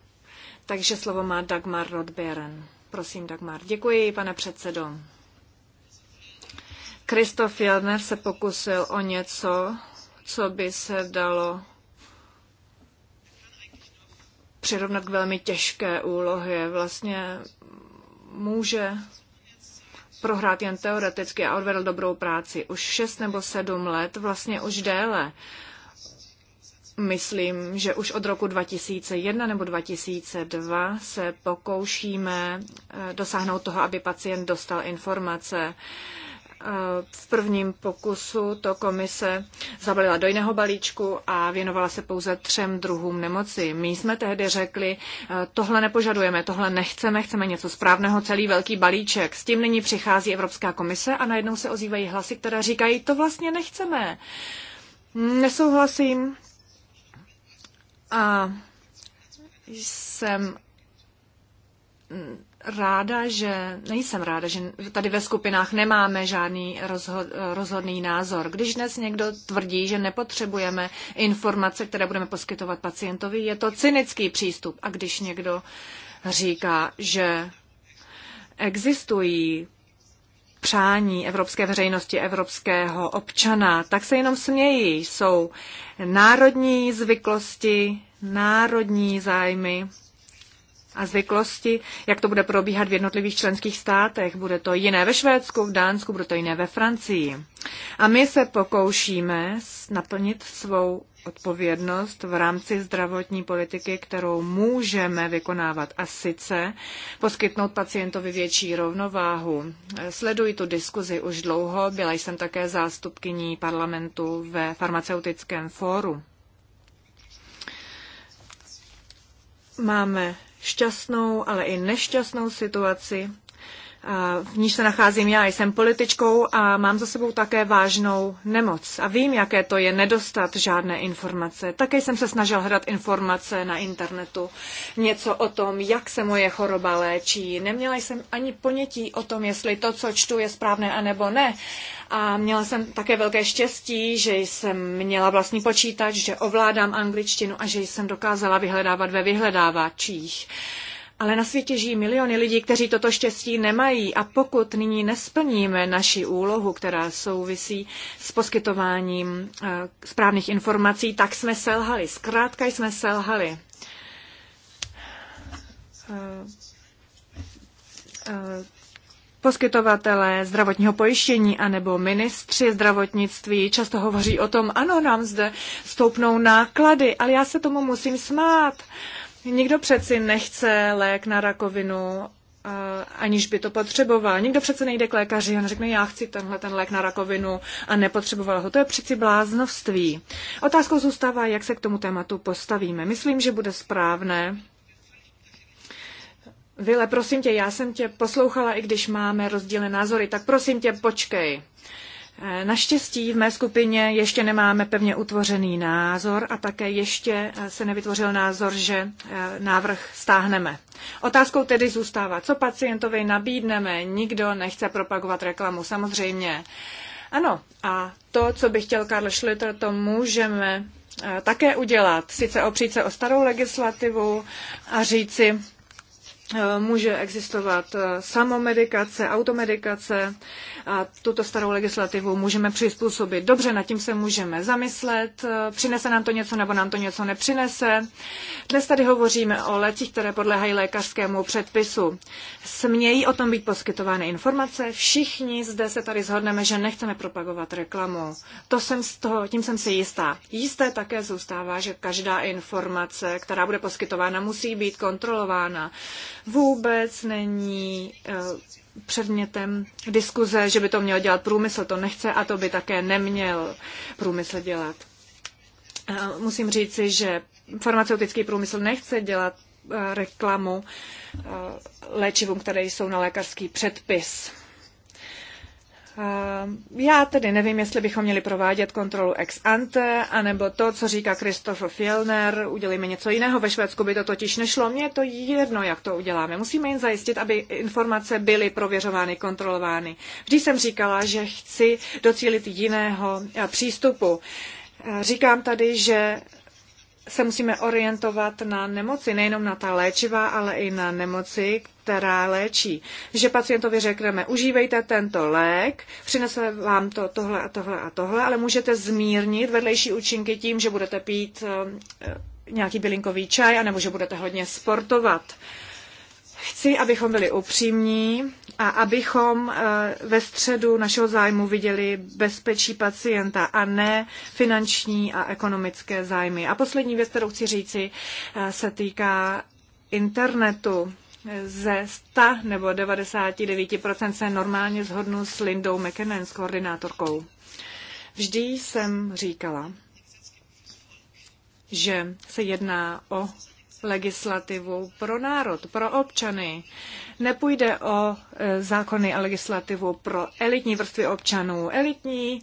Takže slovo má Dagmar Rodberen. Prosím, Dagmar. Děkuji, pane předsedo. Kristof Jelner se pokusil o něco, co by se dalo přirovnat k velmi těžké úlohy. Vlastně může prohrát jen teoreticky a odvedl dobrou práci. Už šest nebo sedm let, vlastně už déle. Myslím, že už od roku 2001 nebo 2002 se pokoušíme eh, dosáhnout toho, aby pacient dostal informace v prvním pokusu to komise zabalila do jiného balíčku a věnovala se pouze třem druhům nemoci. My jsme tehdy řekli, e, tohle nepožadujeme, tohle nechceme, chceme něco správného, celý velký balíček. S tím nyní přichází Evropská komise a najednou se ozývají hlasy, které říkají, to vlastně nechceme. Nesouhlasím. A jsem ráda, že nejsem ráda, že tady ve skupinách nemáme žádný rozhod, rozhodný názor. Když dnes někdo tvrdí, že nepotřebujeme informace, které budeme poskytovat pacientovi, je to cynický přístup. A když někdo říká, že existují přání evropské veřejnosti, evropského občana, tak se jenom smějí. Jsou národní zvyklosti, národní zájmy a zvyklosti, jak to bude probíhat v jednotlivých členských státech. Bude to jiné ve Švédsku, v Dánsku, bude to jiné ve Francii. A my se pokoušíme naplnit svou odpovědnost v rámci zdravotní politiky, kterou můžeme vykonávat a sice poskytnout pacientovi větší rovnováhu. Sleduji tu diskuzi už dlouho, byla jsem také zástupkyní parlamentu ve farmaceutickém fóru. Máme šťastnou, ale i nešťastnou situaci v níž se nacházím já. Jsem političkou a mám za sebou také vážnou nemoc. A vím, jaké to je nedostat žádné informace. Také jsem se snažil hledat informace na internetu. Něco o tom, jak se moje choroba léčí. Neměla jsem ani ponětí o tom, jestli to, co čtu, je správné anebo ne. A měla jsem také velké štěstí, že jsem měla vlastní počítač, že ovládám angličtinu a že jsem dokázala vyhledávat ve vyhledávačích. Ale na světě žijí miliony lidí, kteří toto štěstí nemají a pokud nyní nesplníme naši úlohu, která souvisí s poskytováním eh, správných informací, tak jsme selhali. Zkrátka jsme selhali. Eh, eh, poskytovatelé zdravotního pojištění anebo ministři zdravotnictví často hovoří o tom, ano, nám zde stoupnou náklady, ale já se tomu musím smát. Nikdo přeci nechce lék na rakovinu, aniž by to potřeboval. Nikdo přece nejde k lékaři a řekne, já chci tenhle ten lék na rakovinu a nepotřeboval ho. To je přeci bláznovství. Otázkou zůstává, jak se k tomu tématu postavíme. Myslím, že bude správné Vile, prosím tě, já jsem tě poslouchala, i když máme rozdílné názory, tak prosím tě, počkej. Eh, naštěstí v mé skupině ještě nemáme pevně utvořený názor a také ještě eh, se nevytvořil názor, že eh, návrh stáhneme. Otázkou tedy zůstává, co pacientovi nabídneme. Nikdo nechce propagovat reklamu, samozřejmě. Ano, a to, co by chtěl Karl Schlitter, to můžeme také udělat. Sice opřít se o starou legislativu a říci, Eh, může existovat eh, samomedikace, automedikace a tuto starou legislativu můžeme přizpůsobit. Dobře, nad tím se můžeme zamyslet, eh, přinese nám to něco nebo nám to něco nepřinese. Dnes tady hovoříme o lécích, které podléhají lékařskému předpisu. Smějí o tom být poskytovány informace? Všichni zde se tady zhodneme, že nechceme propagovat reklamu. To jsem z toho, tím jsem si jistá. Jisté také zůstává, že každá informace, která bude poskytována, musí být kontrolována vůbec není eh, předmětem diskuze, že by to měl dělat průmysl, to nechce a to by také neměl průmysl dělat. Eh, musím říci, že farmaceutický průmysl nechce dělat eh, reklamu léčivům, které jsou na lékařský předpis. Eh, já tedy nevím, jestli bychom měli provádět kontrolu ex ante, anebo to, co říká Christopher Fjellner, udělejme něco jiného. Ve Švédsku by to totiž nešlo. Mně je to jedno, jak to uděláme. Musíme jen zajistit, aby informace byly prověřovány, kontrolovány. Vždy jsem říkala, že chci docílit jiného eh, přístupu. Eh, říkám tady, že se musíme orientovat na nemoci, nejenom na ta léčiva, ale i na nemoci, která léčí. Že pacientovi řekneme, užívejte tento lék, přinese vám to tohle a tohle a tohle, ale můžete zmírnit vedlejší účinky tím, že budete pít eh, nějaký bylinkový čaj, anebo že budete hodně sportovat. Uh, Chci, abychom byli upřímní a abychom eh, ve středu našeho zájmu viděli bezpečí pacienta a ne finanční a ekonomické zájmy. A poslední věc, kterou chci říci, eh, se týká internetu ze 100 nebo 99% se normálně zhodnu s Lindou McKinnon, s koordinátorkou. Vždy jsem říkala, že se jedná o legislativu pro národ, pro občany. Nepůjde o e, zákony a legislativu pro elitní vrstvy občanů. Elitní e,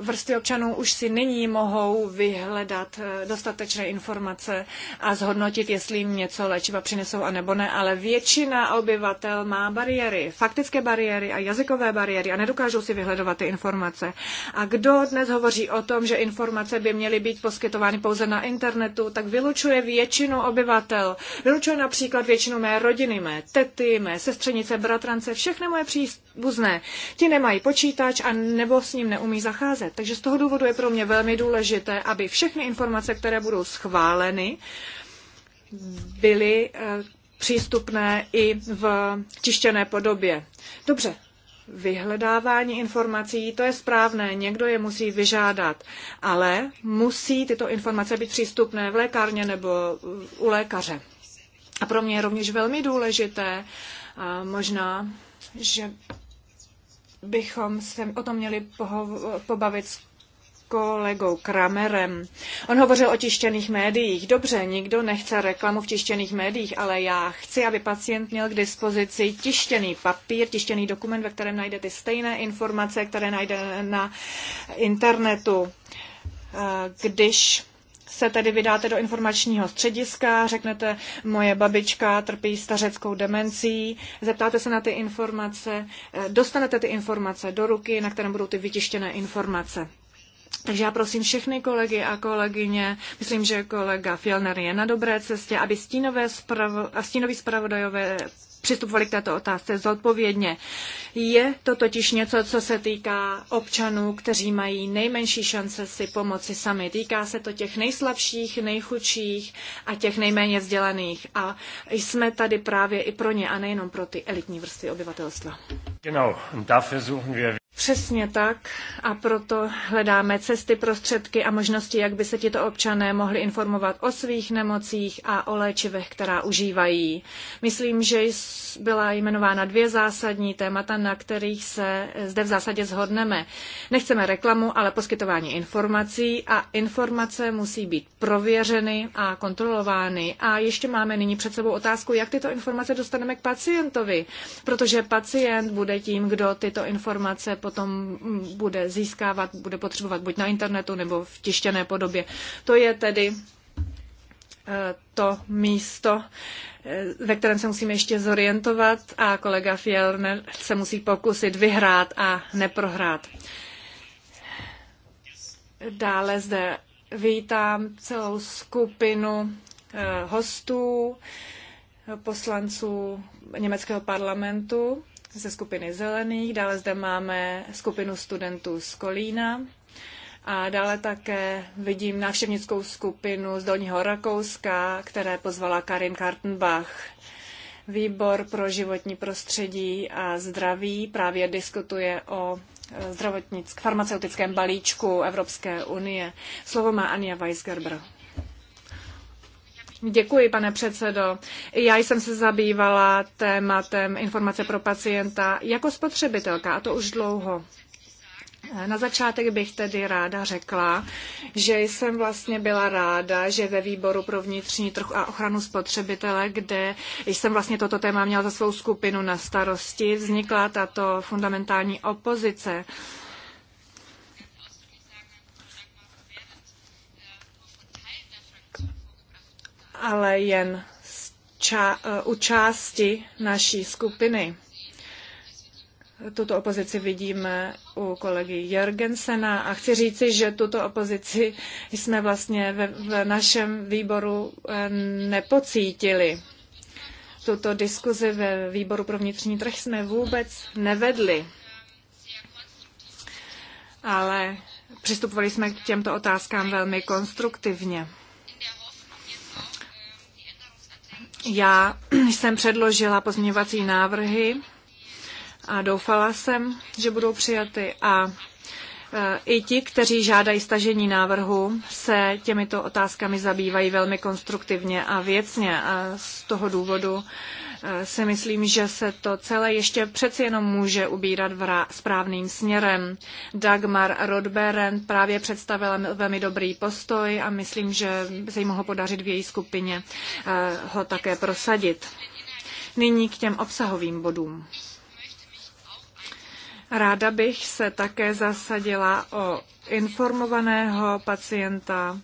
vrstvy občanů už si nyní mohou vyhledat e, dostatečné informace a zhodnotit, jestli jim něco léčiva přinesou a nebo ne, ale většina obyvatel má bariéry, faktické bariéry a jazykové bariéry a nedokážou si vyhledovat ty informace. A kdo dnes hovoří o tom, že informace by měly být poskytovány pouze na internetu, tak vylučuje většinu většinou obyvatel. Vylučuje například většinu mé rodiny, mé tety, mé sestřenice, bratrance, všechny moje příbuzné. Ti nemají počítač a nebo s ním neumí zacházet. Takže z toho důvodu je pro mě velmi důležité, aby všechny informace, které budou schváleny, byly eh, přístupné i v tištěné podobě. Dobře, vyhledávání informací, to je správné, někdo je musí vyžádat, ale musí tyto informace být přístupné v lékárně nebo u lékaře. A pro mě je rovněž velmi důležité, a možná, že bychom se o tom měli pobavit s kolegou Kramerem. On hovořil o tištěných médiích. Dobře, nikdo nechce reklamu v tištěných médiích, ale já chci, aby pacient měl k dispozici tištěný papír, tištěný dokument, ve kterém najde ty stejné informace, které najde na internetu. Eh, když se tedy vydáte do informačního střediska, řeknete, moje babička trpí stařeckou demencí, zeptáte se na ty informace, eh, dostanete ty informace do ruky, na kterém budou ty vytištěné informace. Takže já prosím všechny kolegy a kolegyně, myslím, že kolega Fielner je na dobré cestě, aby stínové spravo, a stínoví spravodajové přistupovali k této otázce zodpovědně. Je to totiž něco, co se týká občanů, kteří mají nejmenší šance si pomoci sami. Týká se to těch nejslabších, nejchudších a těch nejméně vzdělaných. A jsme tady právě i pro ně a nejenom pro ty elitní vrstvy obyvatelstva. Přesně tak a proto hledáme cesty, prostředky a možnosti, jak by se tito občané mohli informovat o svých nemocích a o léčivech, která užívají. Myslím, že byla jmenována dvě zásadní témata, na kterých se zde v zásadě zhodneme. Nechceme reklamu, ale poskytování informací a informace musí být prověřeny a kontrolovány. A ještě máme nyní před sebou otázku, jak tyto informace dostaneme k pacientovi, protože pacient bude bude tím, kdo tyto informace potom bude získávat, bude potřebovat buď na internetu nebo v tištěné podobě. To je tedy eh, to místo, eh, ve kterém se musíme ještě zorientovat a kolega Fjellner se musí pokusit vyhrát a neprohrát. Dále zde vítám celou skupinu eh, hostů, poslanců německého parlamentu ze skupiny zelených, dále zde máme skupinu studentů z Kolína a dále také vidím návštěvnickou skupinu z Dolního Rakouska, které pozvala Karin Kartenbach. Výbor pro životní prostředí a zdraví právě diskutuje o e, zdravotnickém farmaceutickém balíčku Evropské unie. Slovo má Anja Weisgerber. Děkuji, pane předsedo. Já jsem se zabývala tématem informace pro pacienta jako spotřebitelka, a to už dlouho. Na začátek bych tedy ráda řekla, že jsem vlastně byla ráda, že ve výboru pro vnitřní trh a ochranu spotřebitele, kde jsem vlastně toto téma měla za svou skupinu na starosti, vznikla tato fundamentální opozice. ale jen ča- eh, u části naší skupiny. Tuto opozici vidíme u kolegy Jorgensena a chci říci, že tuto opozici jsme vlastně ve, v našem výboru eh, nepocítili. Tuto diskuzi ve výboru pro vnitřní trh jsme vůbec nevedli. Ale přistupovali jsme k těmto otázkám velmi konstruktivně. Já (clears throat) jsem předložila pozměňovací návrhy a doufala jsem, že budou přijaty. A e, i ti, kteří žádají stažení návrhu, se těmito otázkami zabývají velmi konstruktivně a věcně. A z toho důvodu si myslím, že se to celé ještě přeci jenom může ubírat vra- správným směrem. Dagmar Rodberen právě představila velmi dobrý postoj a myslím, že se jí mohlo podařit v její skupině eh, ho také prosadit. Nyní k těm obsahovým bodům. Ráda bych se také zasadila o informovaného pacienta.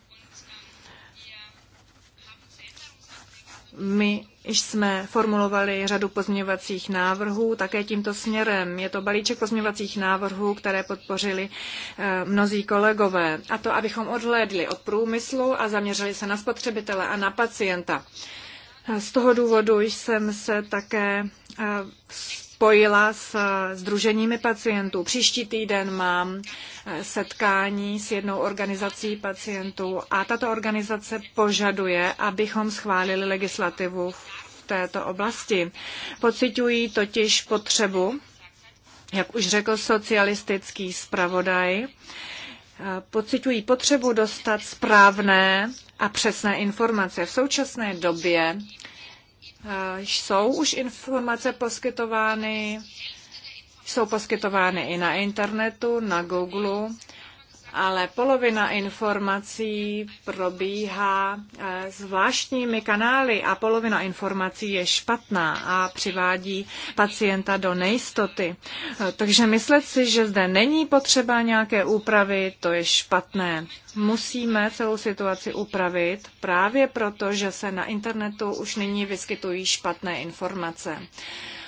My Již jsme formulovali řadu pozměňovacích návrhů také tímto směrem. Je to balíček pozměňovacích návrhů, které podpořili eh, mnozí kolegové. A to, abychom odhlédli od průmyslu a zaměřili se na spotřebitele a na pacienta. Eh, z toho důvodu jsem se také eh, spojila s združeními eh, pacientů. Příští týden mám eh, setkání s jednou organizací pacientů a tato organizace požaduje, abychom schválili legislativu v této oblasti. Pocitují totiž potřebu, jak už řekl socialistický zpravodaj, eh, pocitují potřebu dostat správné a přesné informace. V současné době jsou už informace poskytovány, jsou poskytovány i na internetu, na Google ale polovina informací probíhá eh, zvláštními kanály a polovina informací je špatná a přivádí pacienta do nejistoty. Eh, takže myslet si, že zde není potřeba nějaké úpravy, to je špatné. Musíme celou situaci upravit právě proto, že se na internetu už nyní vyskytují špatné informace.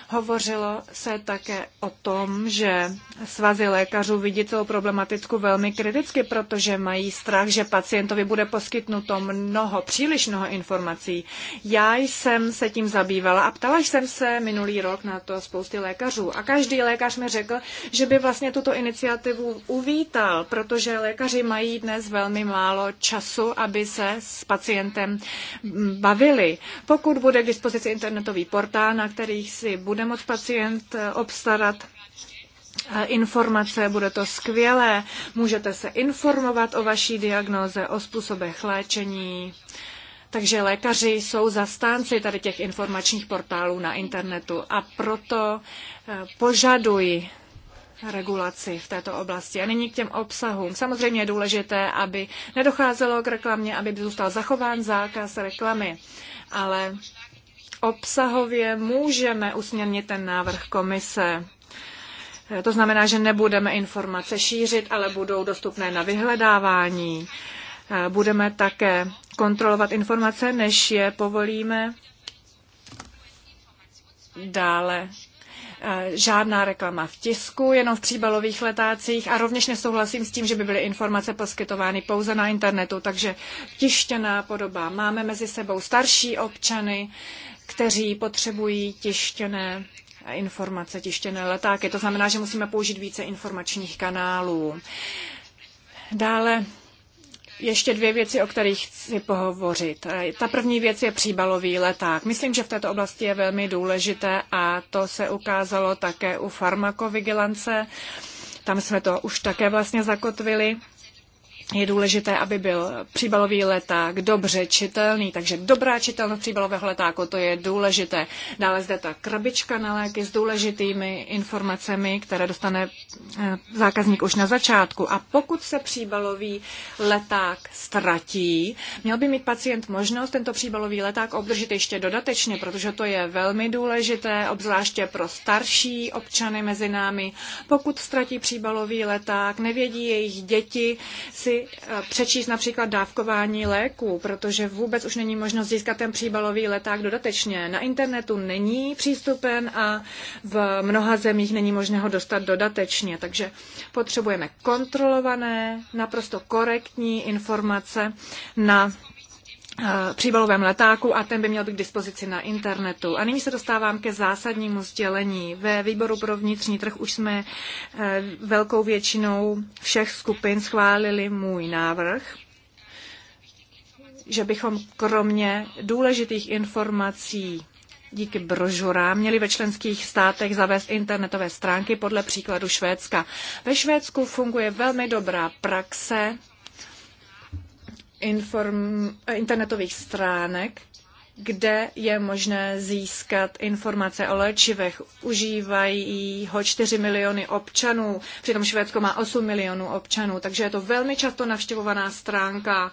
Hovořilo se také o tom, že svazy lékařů vidí celou problematiku velmi kriticky, protože mají strach, že pacientovi bude poskytnuto mnoho, příliš mnoho informací. Já jsem se tím zabývala a ptala jsem se minulý rok na to spousty lékařů. A každý lékař mi řekl, že by vlastně tuto iniciativu uvítal, protože lékaři mají dnes velmi málo času, aby se s pacientem bavili. Pokud bude k dispozici internetový portál, na kterých si bude bude moct pacient eh, obstarat eh, informace, bude to skvělé. Můžete se informovat o vaší diagnoze, o způsobech léčení. Takže lékaři jsou zastánci tady těch informačních portálů na internetu a proto eh, požadují regulaci v této oblasti. A nyní k těm obsahům. Samozřejmě je důležité, aby nedocházelo k reklamě, aby zůstal zachován zákaz reklamy, ale obsahově můžeme usměrnit ten návrh komise. To znamená, že nebudeme informace šířit, ale budou dostupné na vyhledávání. Budeme také kontrolovat informace, než je povolíme. Dále eh, žádná reklama v tisku, jenom v příbalových letácích a rovněž nesouhlasím s tím, že by byly informace poskytovány pouze na internetu, takže tištěná podoba. Máme mezi sebou starší občany, kteří potřebují tištěné informace, tištěné letáky. To znamená, že musíme použít více informačních kanálů. Dále ještě dvě věci, o kterých chci pohovořit. Ta první věc je příbalový leták. Myslím, že v této oblasti je velmi důležité a to se ukázalo také u farmakovigilance. Tam jsme to už také vlastně zakotvili. Vlastně je důležité, aby byl příbalový leták dobře čitelný, takže dobrá čitelnost příbalového letáku, to je důležité. Dále zde ta krabička na léky s důležitými informacemi, které dostane eh, zákazník už na začátku. A pokud se příbalový leták ztratí, měl by mít pacient možnost tento příbalový leták obdržet ještě dodatečně, protože to je velmi důležité, obzvláště pro starší občany mezi námi. Pokud ztratí příbalový leták, nevědí jejich děti si přečíst například dávkování léků, protože vůbec už není možnost získat ten příbalový leták dodatečně. Na internetu není přístupen a v mnoha zemích není možné ho dostat dodatečně. Takže potřebujeme kontrolované, naprosto korektní informace na Eh, příbalovém letáku a ten by měl být k dispozici na internetu. A nyní se dostávám ke zásadnímu sdělení. Ve výboru pro vnitřní trh už jsme eh, velkou většinou všech skupin schválili můj návrh že bychom kromě důležitých informací díky brožurám měli ve členských státech zavést internetové stránky podle příkladu Švédska. Ve Švédsku funguje velmi dobrá praxe inform, internetových stránek, kde je možné získat informace o léčivech. Užívají ho 4 miliony občanů, přitom Švédsko má 8 milionů občanů, takže je to velmi často navštěvovaná stránka.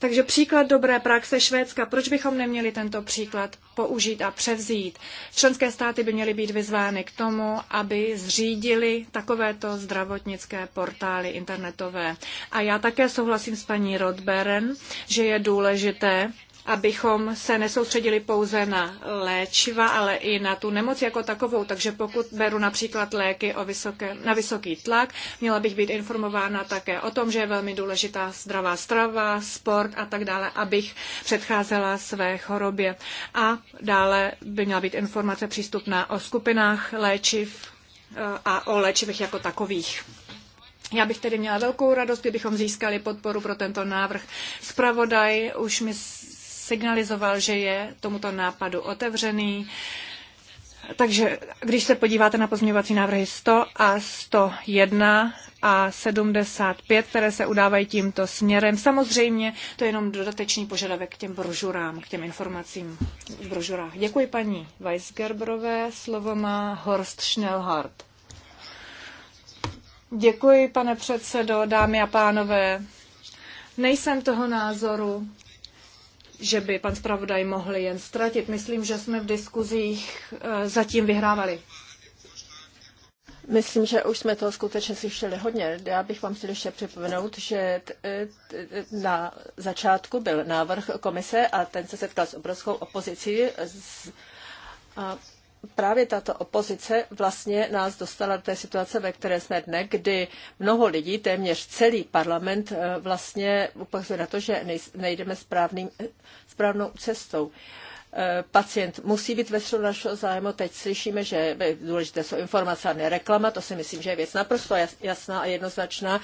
Takže příklad dobré praxe Švédska, proč bychom neměli tento příklad použít a převzít? Členské státy by měly být vyzvány k tomu, aby zřídili takovéto zdravotnické portály internetové. A já také souhlasím s paní Rodberen, že je důležité, abychom se nesoustředili pouze na léčiva, ale i na tu nemoc jako takovou. Takže pokud beru například léky o vysoké, na vysoký tlak, měla bych být informována také o tom, že je velmi důležitá zdravá strava, sport a tak dále, abych předcházela své chorobě. A dále by měla být informace přístupná o skupinách léčiv eh, a o léčivech jako takových. Já bych tedy měla velkou radost, kdybychom získali podporu pro tento návrh. Spravodaj už mi signalizoval, že je tomuto nápadu otevřený. Takže když se podíváte na pozměňovací návrhy 100 a 101 a 75, které se udávají tímto směrem, samozřejmě to je jenom dodatečný požadavek k těm brožurám, k těm informacím v brožurách. Děkuji paní Weisgerberové, slovo má Horst Schnellhardt. Děkuji, pane předsedo, dámy a pánové. Nejsem toho názoru, že by pan zpravodaj mohl jen ztratit. Myslím, že jsme v diskuzích eh, zatím vyhrávali. Myslím, že už jsme toho skutečně slyšeli hodně. Já bych vám chtěl ještě připomenout, že eh, eh, na začátku byl návrh komise a ten se setkal s obrovskou opozicí. Z- a právě tato opozice vlastně nás dostala do té situace, ve které jsme dne, kdy mnoho lidí, téměř celý parlament eh, vlastně upozorňuje na to, že nejdeme správným, eh, správnou cestou. Eh, pacient musí být ve středu našeho zájmu. Teď slyšíme, že důležité jsou informace a ne reklama. To si myslím, že je věc naprosto jasná a jednoznačná.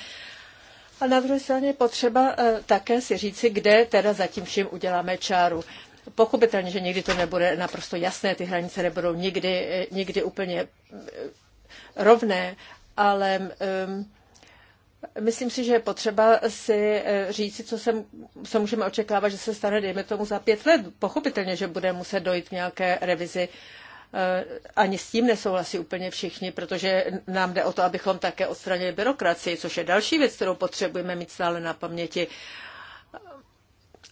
A na druhé straně je potřeba také si říci, kde teda zatím vším uděláme čáru. Pochopitelně, že někdy to nebude naprosto jasné, ty hranice nebudou nikdy, nikdy úplně eh, rovné, ale eh, myslím si, že je potřeba si eh, říci, co, se, co můžeme očekávat, že se stane, dejme tomu, za pět let. Pochopitelně, že bude muset dojít k nějaké revizi ani s tím nesouhlasí úplně všichni, protože nám jde o to, abychom také odstranili byrokracii, což je další věc, kterou potřebujeme mít stále na paměti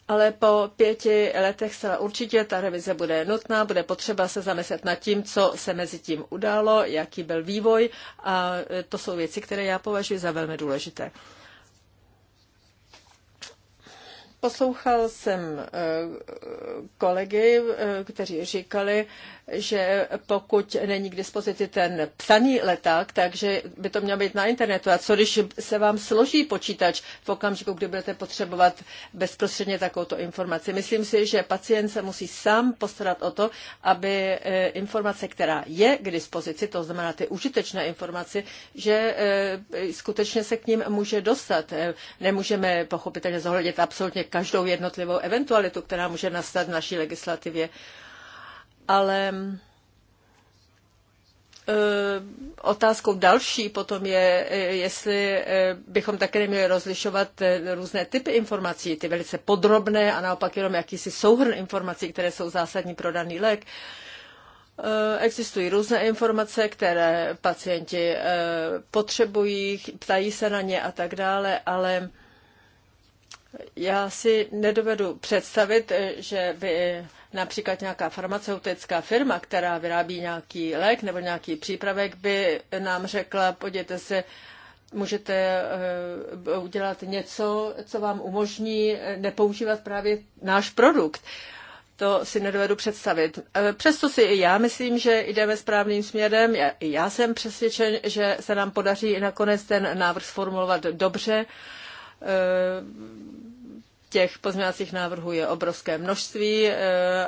ale po pěti letech se určitě ta revize bude nutná, bude potřeba se zamyslet nad tím, co se mezi tím událo, jaký byl vývoj a e, to jsou věci, které já považuji za velmi důležité. Poslouchal jsem e, kolegy, e, kteří říkali, že pokud není k dispozici ten psaný leták, takže by to mělo být na internetu. A co když se vám složí počítač v okamžiku, kdy budete potřebovat bezprostředně takovouto informaci? Myslím si, že pacient se musí sám postarat o to, aby e, informace, která je k dispozici, to znamená ty užitečné informace, že e, skutečně se k ním může dostat. E, nemůžeme pochopitelně zohlednit absolutně každou jednotlivou eventualitu, která může nastat v naší legislativě ale e, otázkou další potom je, e, jestli e, bychom také neměli rozlišovat různé typy informací, ty velice podrobné a naopak jenom jakýsi souhrn informací, které jsou zásadní pro daný lék. Existují různé informace, které pacienti potřebují, ptají se na ně a tak dále, ale já si nedovedu představit, eh, že by například nějaká farmaceutická firma, která vyrábí nějaký lék nebo nějaký přípravek, by nám řekla, podívejte se, můžete eh, udělat něco, co vám umožní eh, nepoužívat právě náš produkt. To si nedovedu představit. Přesto si i já myslím, že jdeme správným směrem. Já, já jsem přesvědčen, že se nám podaří nakonec ten návrh sformulovat dobře těch pozměňovacích návrhů je obrovské množství, eh,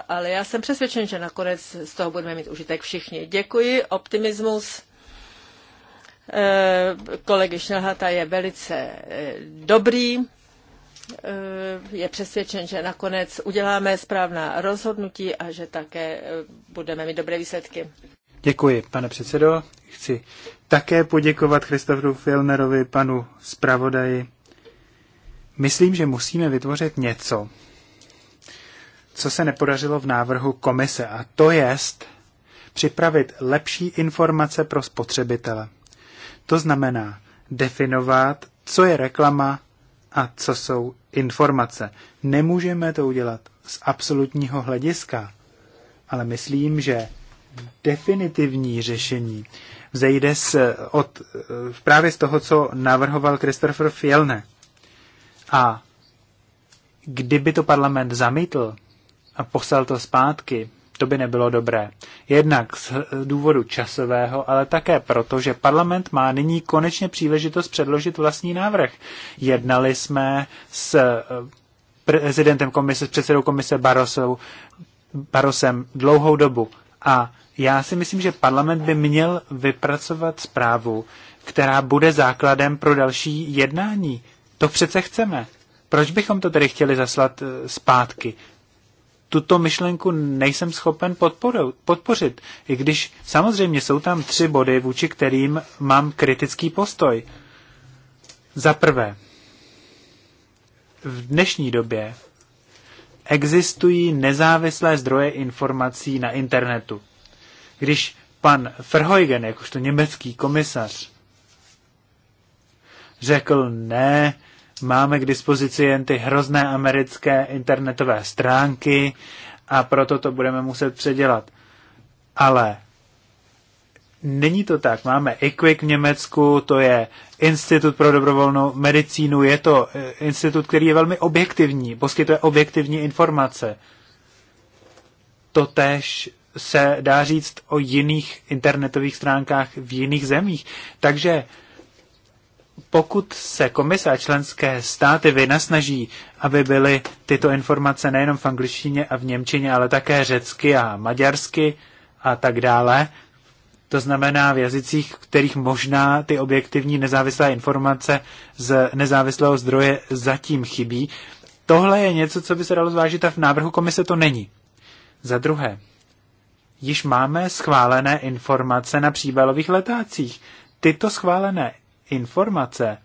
ale já jsem přesvědčen, že nakonec z toho budeme mít užitek všichni. Děkuji, optimismus eh, kolegy Šnelhata je velice eh, dobrý. Je přesvědčen, že nakonec uděláme správná rozhodnutí a že také budeme mít dobré výsledky. Děkuji, pane předsedo. Chci také poděkovat Christofru Filnerovi, panu zpravodaji Myslím, že musíme vytvořit něco, co se nepodařilo v návrhu komise, a to jest připravit lepší informace pro spotřebitele. To znamená definovat, co je reklama a co jsou informace. Nemůžeme to udělat z absolutního hlediska, ale myslím, že definitivní řešení vzejde z, od, právě z toho, co navrhoval Christopher Fjellner. A kdyby to parlament zamítl a poslal to zpátky, to by nebylo dobré. Jednak z důvodu časového, ale také proto, že parlament má nyní konečně příležitost předložit vlastní návrh. Jednali jsme s eh, prezidentem komise, s předsedou komise Barosou, Barosem dlouhou dobu. A já si myslím, že parlament by měl vypracovat zprávu, která bude základem pro další jednání. To přece chceme. Proč bychom to tedy chtěli zaslat eh, zpátky? Tuto myšlenku nejsem schopen podpořit, i když samozřejmě jsou tam tři body, vůči kterým mám kritický postoj. Za prvé, v dnešní době existují nezávislé zdroje informací na internetu. Když pan Verheugen, jakožto německý komisař, řekl ne, máme k dispozici jen ty hrozné americké internetové stránky a proto to budeme muset předělat. Ale není to tak. Máme IQIC v Německu, to je Institut pro dobrovolnou medicínu, je to eh, institut, který je velmi objektivní, poskytuje objektivní informace. Totež se dá říct o jiných internetových stránkách v jiných zemích. Takže pokud se komise a členské státy vynasnaží, aby byly tyto informace nejenom v angličtině a v němčině, ale také řecky a maďarsky a tak dále, to znamená v jazycích, kterých možná ty objektivní nezávislé informace z nezávislého zdroje zatím chybí. Tohle je něco, co by se dalo zvážit a v návrhu komise to není. Za druhé, již máme schválené informace na příbalových letácích. Tyto schválené informace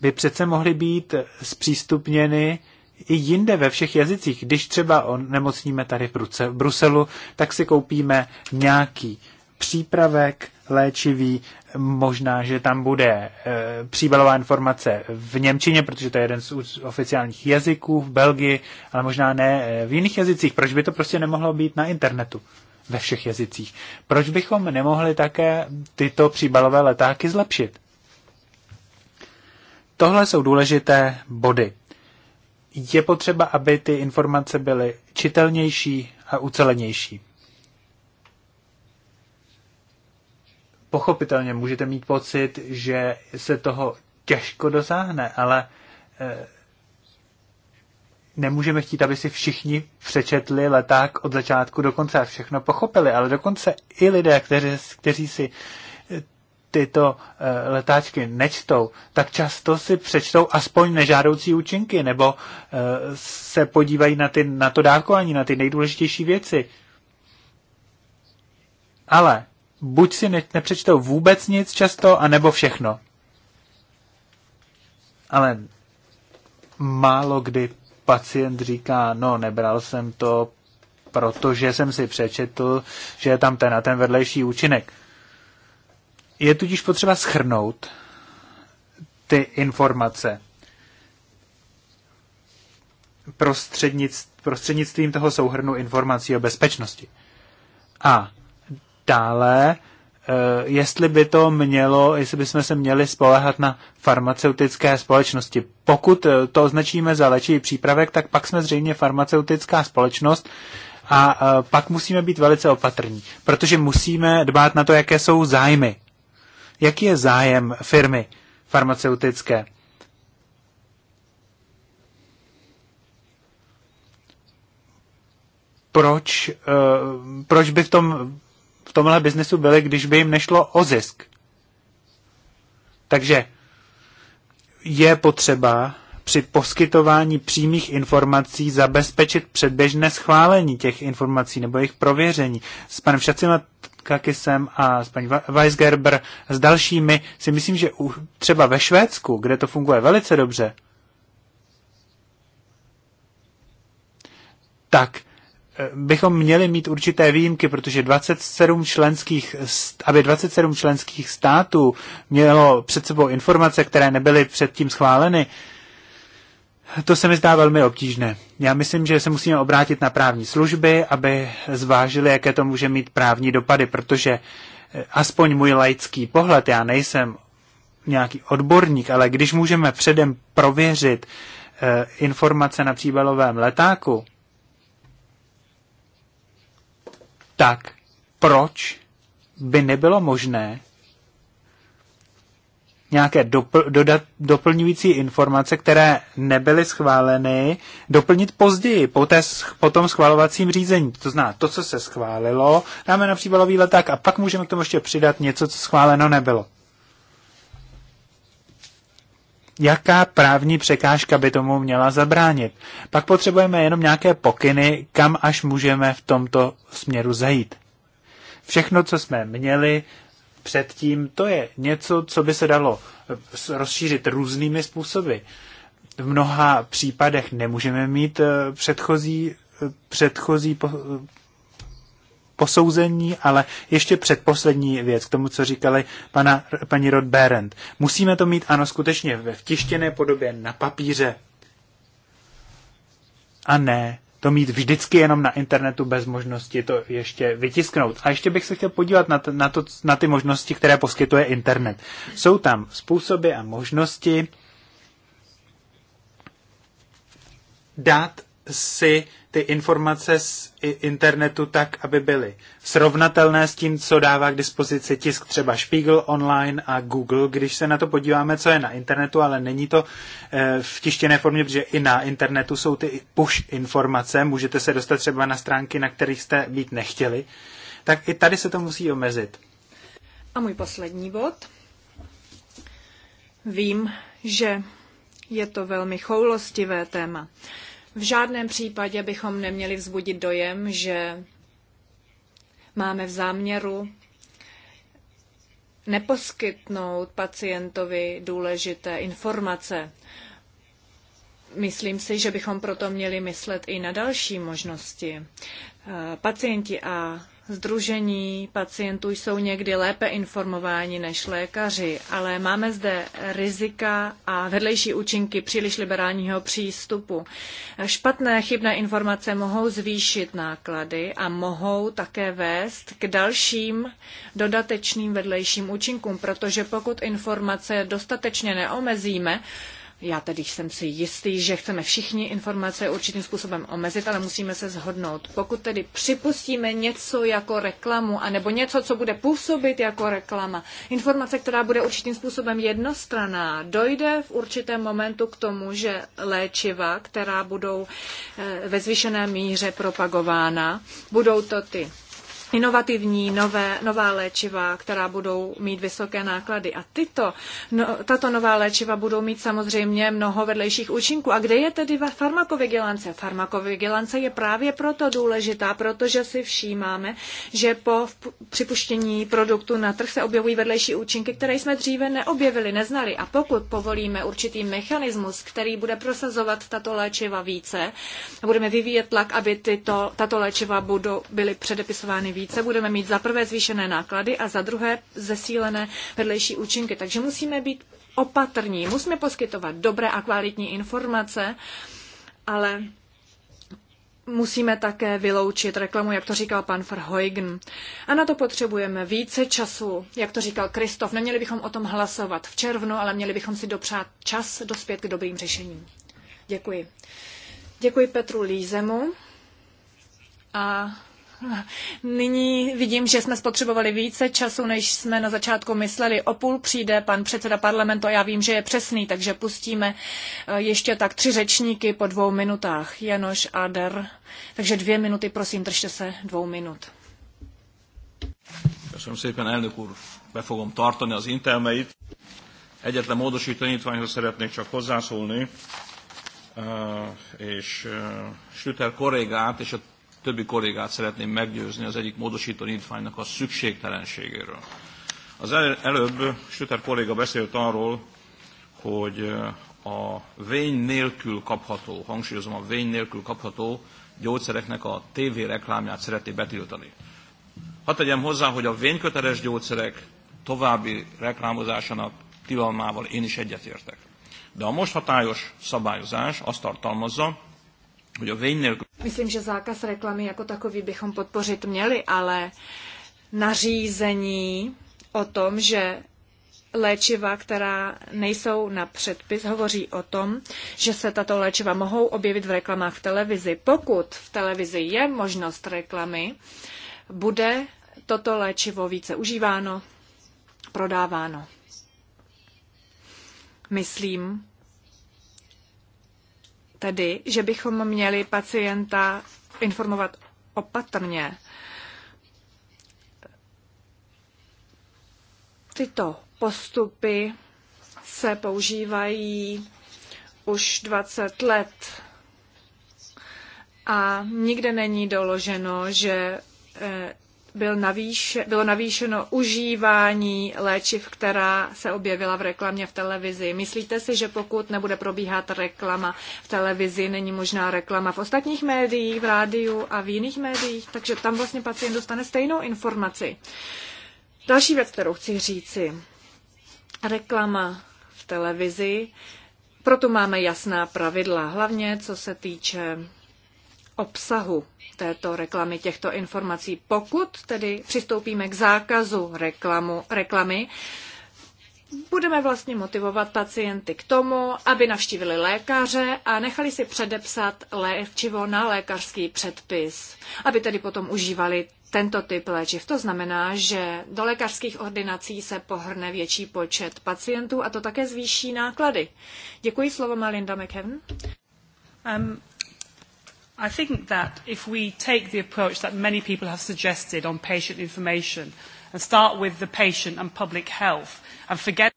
by přece mohly být zpřístupněny i jinde ve všech jazycích. Když třeba nemocníme tady v Bruselu, tak si koupíme nějaký přípravek léčivý, možná, že tam bude e, příbalová informace v Němčině, protože to je jeden z oficiálních jazyků v Belgii, ale možná ne e, v jiných jazycích. Proč by to prostě nemohlo být na internetu? ve všech jazycích. Proč bychom nemohli také tyto příbalové letáky zlepšit? Tohle jsou důležité body. Je potřeba, aby ty informace byly čitelnější a ucelenější. Pochopitelně můžete mít pocit, že se toho těžko dosáhne, ale eh, nemůžeme chtít, aby si všichni přečetli leták od začátku do konce a všechno pochopili, ale dokonce i lidé, kteří, kteří si eh, tyto eh, letáčky nečtou, tak často si přečtou aspoň nežádoucí účinky, nebo eh, se podívají na, ty, na to dávkování, na ty nejdůležitější věci. Ale buď si ne, nepřečtou vůbec nic často, anebo všechno. Ale málo kdy pacient říká, no nebral jsem to, protože jsem si přečetl, že je tam ten a ten vedlejší účinek. Je tudíž potřeba schrnout ty informace prostřednictvím toho souhrnu informací o bezpečnosti. A dále Eh, jestli by to mělo, jestli bychom se měli spolehat na farmaceutické společnosti. Pokud eh, to označíme za léčivý přípravek, tak pak jsme zřejmě farmaceutická společnost a eh, pak musíme být velice opatrní, protože musíme dbát na to, jaké jsou zájmy. Jaký je zájem firmy farmaceutické? Proč, proč by v tom v tomhle biznesu byli, když by jim nešlo o zisk. Takže je potřeba při poskytování přímých informací zabezpečit předběžné schválení těch informací nebo jejich prověření. S panem Šacima Kakisem a s paní Weisgerber s dalšími si myslím, že u, třeba ve Švédsku, kde to funguje velice dobře, tak bychom měli mít určité výjimky, protože 27 členských, aby 27 členských států mělo před sebou informace, které nebyly předtím schváleny, to se mi zdá velmi obtížné. Já myslím, že se musíme obrátit na právní služby, aby zvážili, jaké to může mít právní dopady, protože eh, aspoň můj laický pohled, já nejsem nějaký odborník, ale když můžeme předem prověřit eh, informace na příbalovém letáku, tak proč by nebylo možné nějaké dopl, dodat, doplňující informace, které nebyly schváleny, doplnit později, po, té, po tom schvalovacím řízení. To zná to, co se schválilo, dáme na příbalový leták a pak můžeme k tomu ještě přidat něco, co schváleno nebylo jaká právní překážka by tomu měla zabránit. Pak potřebujeme jenom nějaké pokyny, kam až můžeme v tomto směru zajít. Všechno, co jsme měli předtím, to je něco, co by se dalo eh, rozšířit různými způsoby. V mnoha případech nemůžeme mít eh, předchozí, eh, předchozí posouzení, ale ještě předposlední věc k tomu, co říkali pana, paní Rod Berend. Musíme to mít, ano, skutečně ve vtištěné podobě na papíře. A ne to mít vždycky jenom na internetu bez možnosti to ještě vytisknout. A ještě bych se chtěl podívat na, to, na, to, na ty možnosti, které poskytuje internet. Jsou tam způsoby a možnosti dát si ty informace z internetu tak, aby byly srovnatelné s tím, co dává k dispozici tisk třeba Spiegel online a Google. Když se na to podíváme, co je na internetu, ale není to eh, v tištěné formě, protože i na internetu jsou ty push informace, můžete se dostat třeba na stránky, na kterých jste být nechtěli, tak i tady se to musí omezit. A můj poslední bod. Vím, že je to velmi choulostivé téma. V žádném případě bychom neměli vzbudit dojem, že máme v záměru neposkytnout pacientovi důležité informace. Myslím si, že bychom proto měli myslet i na další možnosti. Eh, pacienti a Združení pacientů jsou někdy lépe informováni než lékaři, ale máme zde rizika a vedlejší účinky příliš liberálního přístupu. Špatné chybné informace mohou zvýšit náklady a mohou také vést k dalším dodatečným vedlejším účinkům, protože pokud informace dostatečně neomezíme, já tedy jsem si jistý, že chceme všichni informace určitým způsobem omezit, ale musíme se zhodnout. Pokud tedy připustíme něco jako reklamu, anebo něco, co bude působit jako reklama, informace, která bude určitým způsobem jednostraná, dojde v určitém momentu k tomu, že léčiva, která budou eh, ve zvýšené míře propagována, budou to ty inovativní nové, nová léčiva, která budou mít vysoké náklady. A tyto, no, tato nová léčiva budou mít samozřejmě mnoho vedlejších účinků. A kde je tedy farmakovigilance? Farmakovigilance je právě proto důležitá, protože si všímáme, že po připuštění produktu na trh se objevují vedlejší účinky, které jsme dříve neobjevili, neznali. A pokud povolíme určitý mechanismus, který bude prosazovat tato léčiva více, budeme vyvíjet tlak, aby tyto, tato léčiva budou, byly předepisovány více, více, budeme mít za prvé zvýšené náklady a za druhé zesílené vedlejší účinky. Takže musíme být opatrní, musíme poskytovat dobré a kvalitní informace, ale musíme také vyloučit reklamu, jak to říkal pan Verheugen. A na to potřebujeme více času, jak to říkal Kristof. Neměli bychom o tom hlasovat v červnu, ale měli bychom si dopřát čas dospět k dobrým řešením. Děkuji. Děkuji Petru Lízemu. A Nyní vidím, že jsme spotřebovali více času, než jsme na začátku mysleli. O půl přijde pan předseda parlamentu a já vím, že je přesný, takže pustíme eh, ještě tak tři řečníky po dvou minutách. Janoš Ader. Takže dvě minuty, prosím, držte se dvou minut. Köszönöm szépen, elnök úr, be fogom tartani az intelmeit. Egyetlen módosítanítványhoz szeretnék csak hozzászólni, eh, és eh, Schlüter kollégát és a többi kollégát szeretném meggyőzni az egyik módosító nyitványnak a szükségtelenségéről. Az el, előbb Sütter kolléga beszélt arról, hogy a vény nélkül kapható, hangsúlyozom, a vény nélkül kapható gyógyszereknek a TV reklámját szereti betiltani. Hadd tegyem hozzá, hogy a vényköteles gyógyszerek további reklámozásának tilalmával én is egyetértek. De a most hatályos szabályozás azt tartalmazza, hogy a vény nélkül Myslím, že zákaz reklamy jako takový bychom podpořit měli, ale nařízení o tom, že léčiva, která nejsou na předpis, hovoří o tom, že se tato léčiva mohou objevit v reklamách v televizi. Pokud v televizi je možnost reklamy, bude toto léčivo více užíváno, prodáváno. Myslím, tedy, že bychom měli pacienta informovat opatrně. Tyto postupy se používají už 20 let a nikde není doloženo, že eh, byl bylo navýšeno užívání léčiv, která se objevila v reklamě v televizi. Myslíte si, že pokud nebude probíhat reklama v televizi, není možná reklama v ostatních médiích, v rádiu a v jiných médiích, takže tam vlastně pacient dostane stejnou informaci. Další věc, kterou chci říci. Reklama v televizi. Proto máme jasná pravidla, hlavně co se týče obsahu této reklamy, těchto informací. Pokud tedy přistoupíme k zákazu reklamu, reklamy, budeme vlastně motivovat pacienty k tomu, aby navštívili lékaře a nechali si předepsat léčivo na lékařský předpis, aby tedy potom užívali tento typ léčiv. To znamená, že do lékařských ordinací se pohrne větší počet pacientů a to také zvýší náklady. Děkuji slovo má Linda McKevin. Um, i think that if we take the approach that many people have suggested on patient information and start with the patient and public health and forget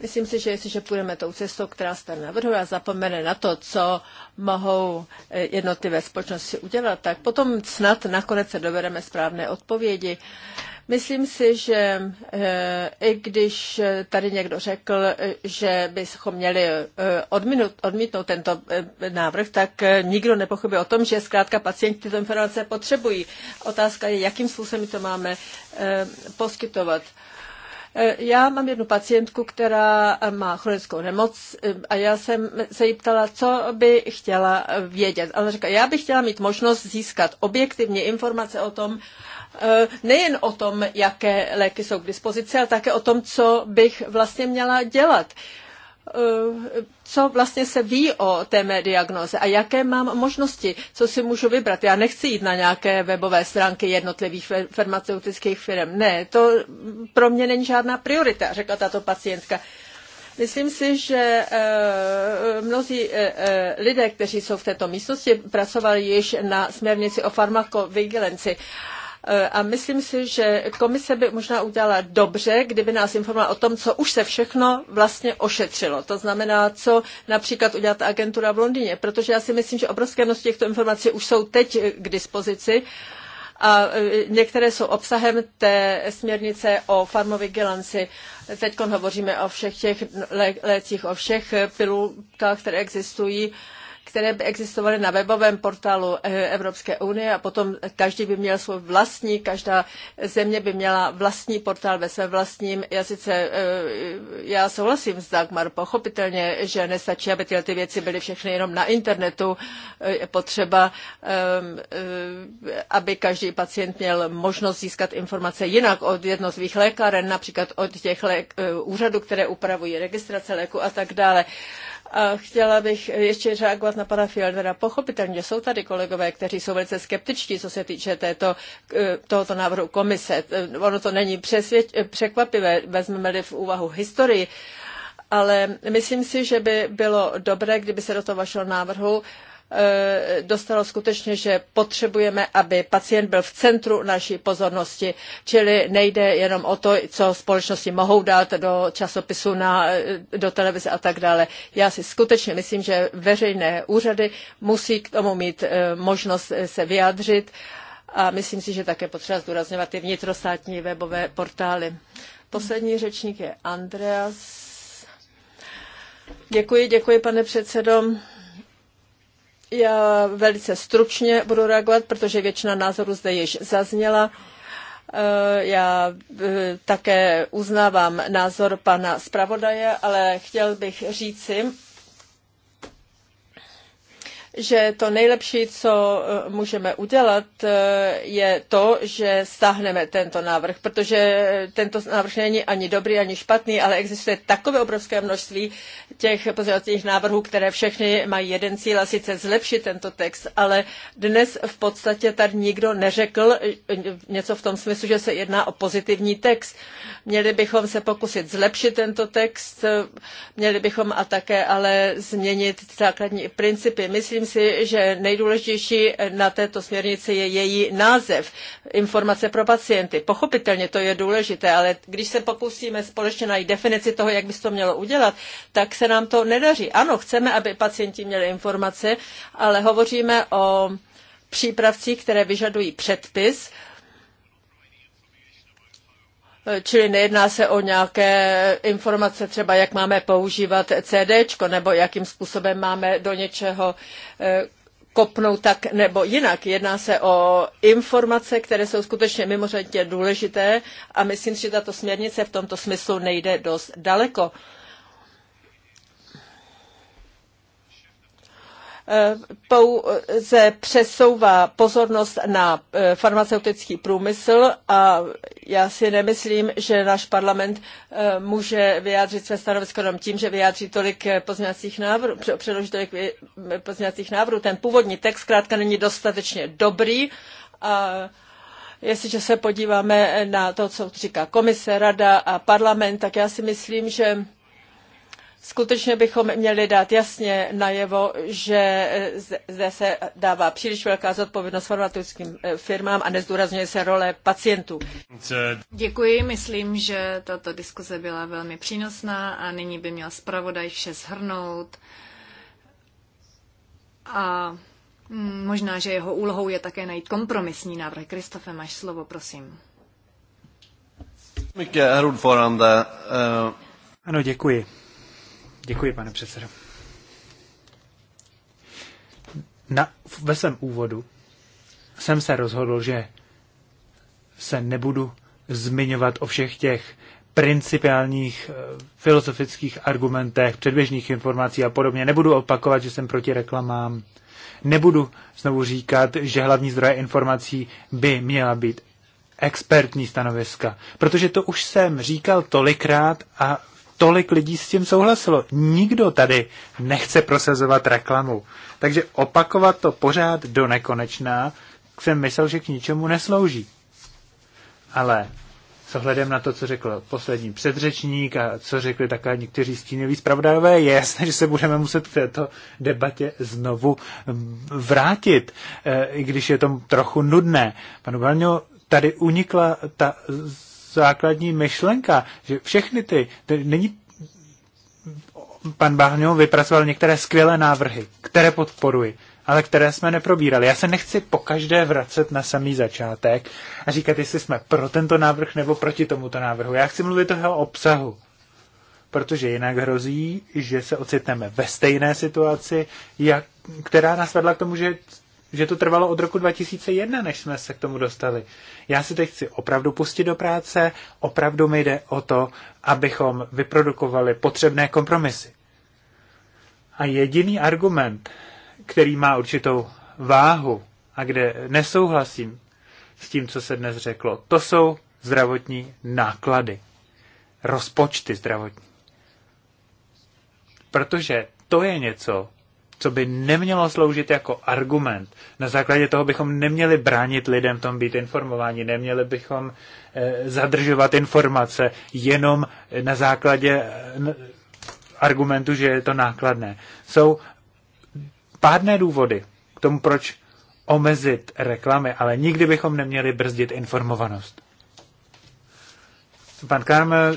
Myslím si, že jestliže půjdeme tou cestou, která jste tam navrhuje a zapomene na to, co mohou eh, jednotlivé společnosti udělat, tak potom snad nakonec se dovedeme správné odpovědi. Uh, Myslím si, že eh, i když tady někdo řekl, že bychom měli eh, odminut, odmítnout tento eh, návrh, tak nikdo nepochybuje o tom, že zkrátka pacienti tyto informace potřebují. Otázka je, jakým způsobem to máme poskytovat. Já mám jednu pacientku, která má chronickou nemoc a já jsem se jí ptala, co by chtěla vědět. A ona říká, já bych chtěla mít možnost získat objektivně informace o tom, Eh, nejen o tom, jaké léky jsou k dispozici, ale také o tom, co bych vlastně měla dělat eh, co vlastně se ví o té mé diagnoze a jaké mám možnosti, co si můžu vybrat. Já nechci jít na nějaké webové stránky jednotlivých farmaceutických firm. Ne, to pro mě není žádná priorita, řekla tato pacientka. Myslím si, že eh, mnozí lidé, kteří jsou v této místnosti, pracovali již na směrnici o farmakovigilanci. E, a myslím si, že komise by možná udělala dobře, kdyby nás informovala o tom, co už se všechno vlastně ošetřilo. To znamená, co například udělat agentura v Londýně, protože já si myslím, že obrovské množství těchto informací už jsou teď e, k dispozici a e, některé jsou obsahem té směrnice o farmovigilanci. Teď hovoříme o všech těch lécích, o všech pilulkách, které existují které by existovaly na webovém portálu eh, Evropské unie a potom každý by měl svůj vlastní, každá země by měla vlastní portál ve svém vlastním jazyce. Eh, já souhlasím s Dagmar, pochopitelně, že nestačí, aby tyhle ty věci byly všechny jenom na internetu. Eh, je potřeba, ehm, aby každý pacient měl možnost získat informace jinak od svých lékaren, například od těch lék, úřadů, které upravují registrace léku a tak dále. A chtěla bych ještě reagovat na pana Fieldera. Pochopitelně jsou tady kolegové, kteří jsou velice skeptičtí, co se týče této, eh, tohoto návrhu komise. Eh, ono to není přesvěd, překvapivé, vezmeme-li v úvahu historii ale myslím si, že by bylo dobré, kdyby se do toho vašeho návrhu Eh, dostalo skutečně, že potřebujeme, aby pacient byl v centru naší pozornosti, čili nejde jenom o to, co společnosti mohou dát do časopisu, na, eh, do televize a tak dále. Já si skutečně myslím, že veřejné úřady musí k tomu mít eh, možnost se vyjádřit a myslím si, že také potřeba zdůrazňovat ty vnitrostátní webové portály. Poslední řečník je Andreas. Děkuji, děkuji, pane předsedo. Já velice stručně budu reagovat, protože většina názorů zde již zazněla. Eh, já eh, také uznávám názor pana zpravodaje, ale chtěl bych říci, že to nejlepší, co eh, můžeme udělat, eh, je to, že stáhneme tento návrh, protože tento návrh není ani dobrý, ani špatný, ale existuje takové obrovské množství těch pozorovatých návrhů, které všechny mají jeden cíl a sice zlepšit tento text, ale dnes v podstatě tady nikdo neřekl eh, něco v tom smyslu, že se jedná o pozitivní text. Měli bychom se pokusit zlepšit tento text, měli bychom a také ale změnit základní principy. Myslím si, že nejdůležitější na této směrnici je její název, informace pro pacienty. Pochopitelně to je důležité, ale když se pokusíme společně najít definici toho, jak by se to mělo udělat, tak se nám to nedaří. Ano, chceme, aby pacienti měli informace, ale hovoříme o přípravcích, které vyžadují předpis, Čili nejedná se o nějaké informace třeba, jak máme používat CD, nebo jakým způsobem máme do něčeho eh, kopnout tak nebo jinak. Jedná se o informace, které jsou skutečně mimořádně důležité a myslím, že tato směrnice v tomto smyslu nejde dost daleko. pouze přesouvá pozornost na eh, farmaceutický průmysl a já si nemyslím, že náš parlament eh, může vyjádřit své stanovisko jenom tím, že vyjádří tolik eh, pozměňovacích návrhů, předloží tolik pozměňovacích návrhů. Ten původní text zkrátka není dostatečně dobrý a jestliže se podíváme na to, co říká komise, rada a parlament, tak já si myslím, že skutečně bychom měli dát jasně najevo, že eh, zde se dává příliš velká zodpovědnost farmaceutickým eh, firmám a nezdůrazňuje se role pacientů. Děkuji, myslím, že tato diskuze byla velmi přínosná a nyní by měl zpravodaj vše shrnout. A mm, možná, že jeho úlohou je také najít kompromisní návrh. Kristofe, máš slovo, prosím. Eh, ano, děkuji. Děkuji, pane předsedo. Na, ve svém úvodu jsem se rozhodl, že se nebudu zmiňovat o všech těch principiálních eh, filozofických argumentech, předběžných informací a podobně. Nebudu opakovat, že jsem proti reklamám. Nebudu znovu říkat, že hlavní zdroje informací by měla být expertní stanoviska, protože to už jsem říkal tolikrát a tolik lidí s tím souhlasilo. Nikdo tady nechce prosazovat reklamu. Takže opakovat to pořád do nekonečná jsem myslel, že k ničemu neslouží. Ale s ohledem na to, co řekl poslední předřečník a co řekli také někteří stínoví zpravodajové, je jasné, že se budeme muset k této debatě znovu mm, vrátit, eh, i když je to trochu nudné. Panu Valňo, tady unikla ta základní myšlenka, že všechny ty, není pan Bahňo vypracoval některé skvělé návrhy, které podporuji, ale které jsme neprobírali. Já se nechci po každé vracet na samý začátek a říkat, jestli jsme pro tento návrh nebo proti tomuto návrhu. Já chci mluvit o jeho obsahu, protože jinak hrozí, že se ocitneme ve stejné situaci, jak, která nás vedla k tomu, že že to trvalo od roku 2001, než jsme se k tomu dostali. Já si teď chci opravdu pustit do práce, opravdu mi jde o to, abychom vyprodukovali potřebné kompromisy. A jediný argument, který má určitou váhu a kde nesouhlasím s tím, co se dnes řeklo, to jsou zdravotní náklady. Rozpočty zdravotní. Protože to je něco, co by nemělo sloužit jako argument. Na základě toho bychom neměli bránit lidem tom být informováni, neměli bychom eh, zadržovat informace jenom eh, na základě eh, argumentu, že je to nákladné. Jsou pádné důvody k tomu, proč omezit reklamy, ale nikdy bychom neměli brzdit informovanost. Pan Karmel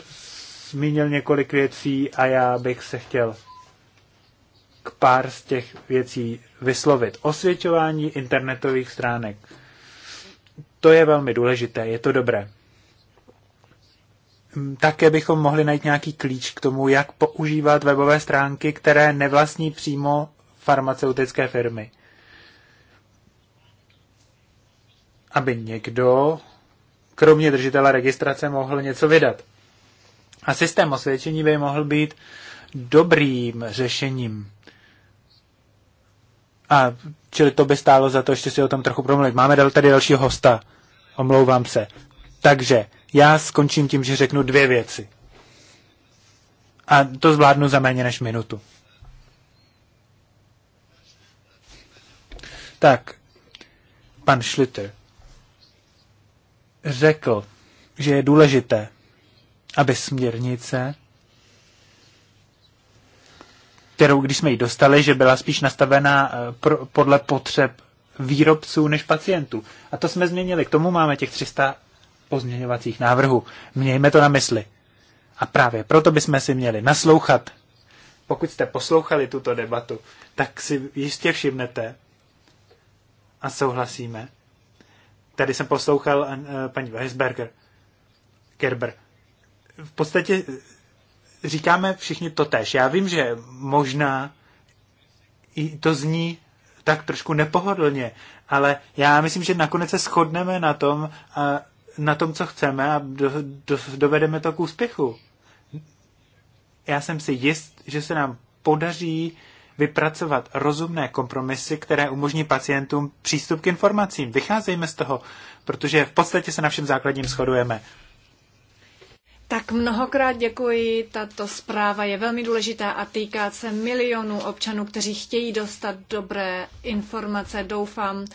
zmínil několik věcí a já bych se chtěl k pár z těch věcí vyslovit. Osvědčování internetových stránek. To je velmi důležité, je to dobré. Mm, také bychom mohli najít nějaký klíč k tomu, jak používat webové stránky, které nevlastní přímo farmaceutické firmy. Aby někdo, kromě držitele registrace, mohl něco vydat. A systém osvědčení by mohl být dobrým řešením. A čili to by stálo za to ještě si o tom trochu promluvit. Máme tady dalšího hosta. Omlouvám se. Takže já skončím tím, že řeknu dvě věci. A to zvládnu za méně než minutu. Tak, pan Schlitter řekl, že je důležité, aby směrnice kterou, když jsme ji dostali, že byla spíš nastavená eh, pro, podle potřeb výrobců než pacientů. A to jsme změnili. K tomu máme těch 300 pozměňovacích návrhů. Mějme to na mysli. A právě proto bychom si měli naslouchat. Pokud jste poslouchali tuto debatu, tak si jistě všimnete a souhlasíme. Tady jsem poslouchal eh, paní Weisberger, Kerber. V podstatě říkáme všichni to tež. Já vím, že možná i to zní tak trošku nepohodlně, ale já myslím, že nakonec se shodneme na tom, a na tom, co chceme a do, do, dovedeme to k úspěchu. Já jsem si jist, že se nám podaří vypracovat rozumné kompromisy, které umožní pacientům přístup k informacím. Vycházejme z toho, protože v podstatě se na všem základním shodujeme. Tak mnohokrát děkuji. Tato zpráva je velmi důležitá a týká se milionů občanů, kteří chtějí dostat dobré informace. Doufám,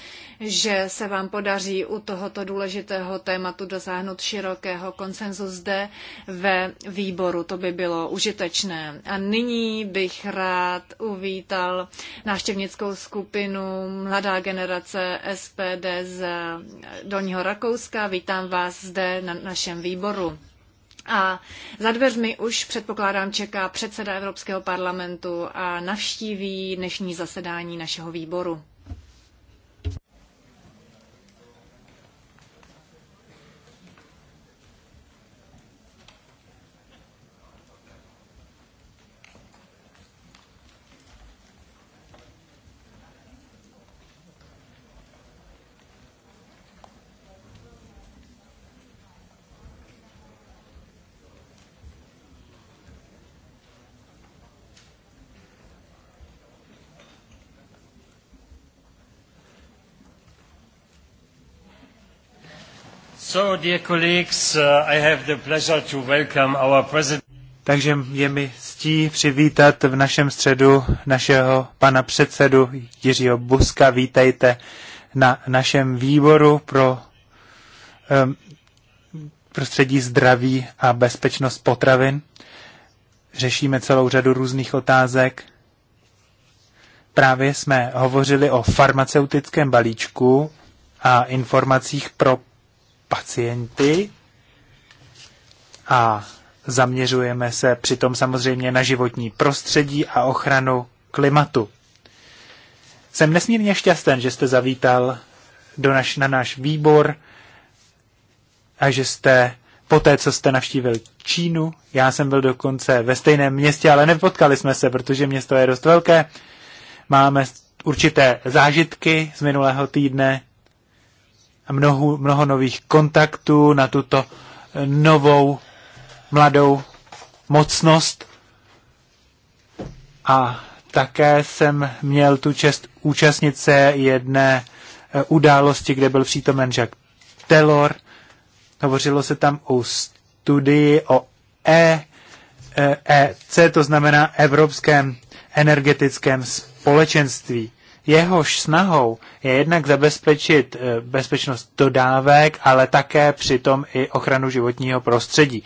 že se vám podaří u tohoto důležitého tématu dosáhnout širokého konsenzu zde ve výboru. To by bylo užitečné. A nyní bych rád uvítal návštěvnickou skupinu Mladá generace SPD z Dolního Rakouska. Vítám vás zde na našem výboru. A za dveřmi už předpokládám čeká předseda Evropského parlamentu a navštíví dnešní zasedání našeho výboru. So, dear colleagues, uh, I have the pleasure to welcome our president. Takže je mi ctí přivítat v našem středu našeho pana předsedu Jiřího Buska. Vítejte na našem výboru pro um, prostředí zdraví a bezpečnost potravin. Řešíme celou řadu různých otázek. Právě jsme hovořili o farmaceutickém balíčku a informacích pro pacienty a zaměřujeme se přitom samozřejmě na životní prostředí a ochranu klimatu. Jsem nesmírně šťastný, že jste zavítal do naš, na náš výbor a že jste po té, co jste navštívil Čínu, já jsem byl dokonce ve stejném městě, ale nepotkali jsme se, protože město je dost velké. Máme určité zážitky z minulého týdne mnoho, mnoho nových kontaktů na tuto novou mladou mocnost. A také jsem měl tu čest účastnit se jedné eh, události, kde byl přítomen Jacques Taylor. Hovořilo se tam o studii o E, EC, eh, e to znamená Evropském energetickém společenství. Jehož snahou je jednak zabezpečit eh, bezpečnost dodávek, ale také přitom i ochranu životního prostředí.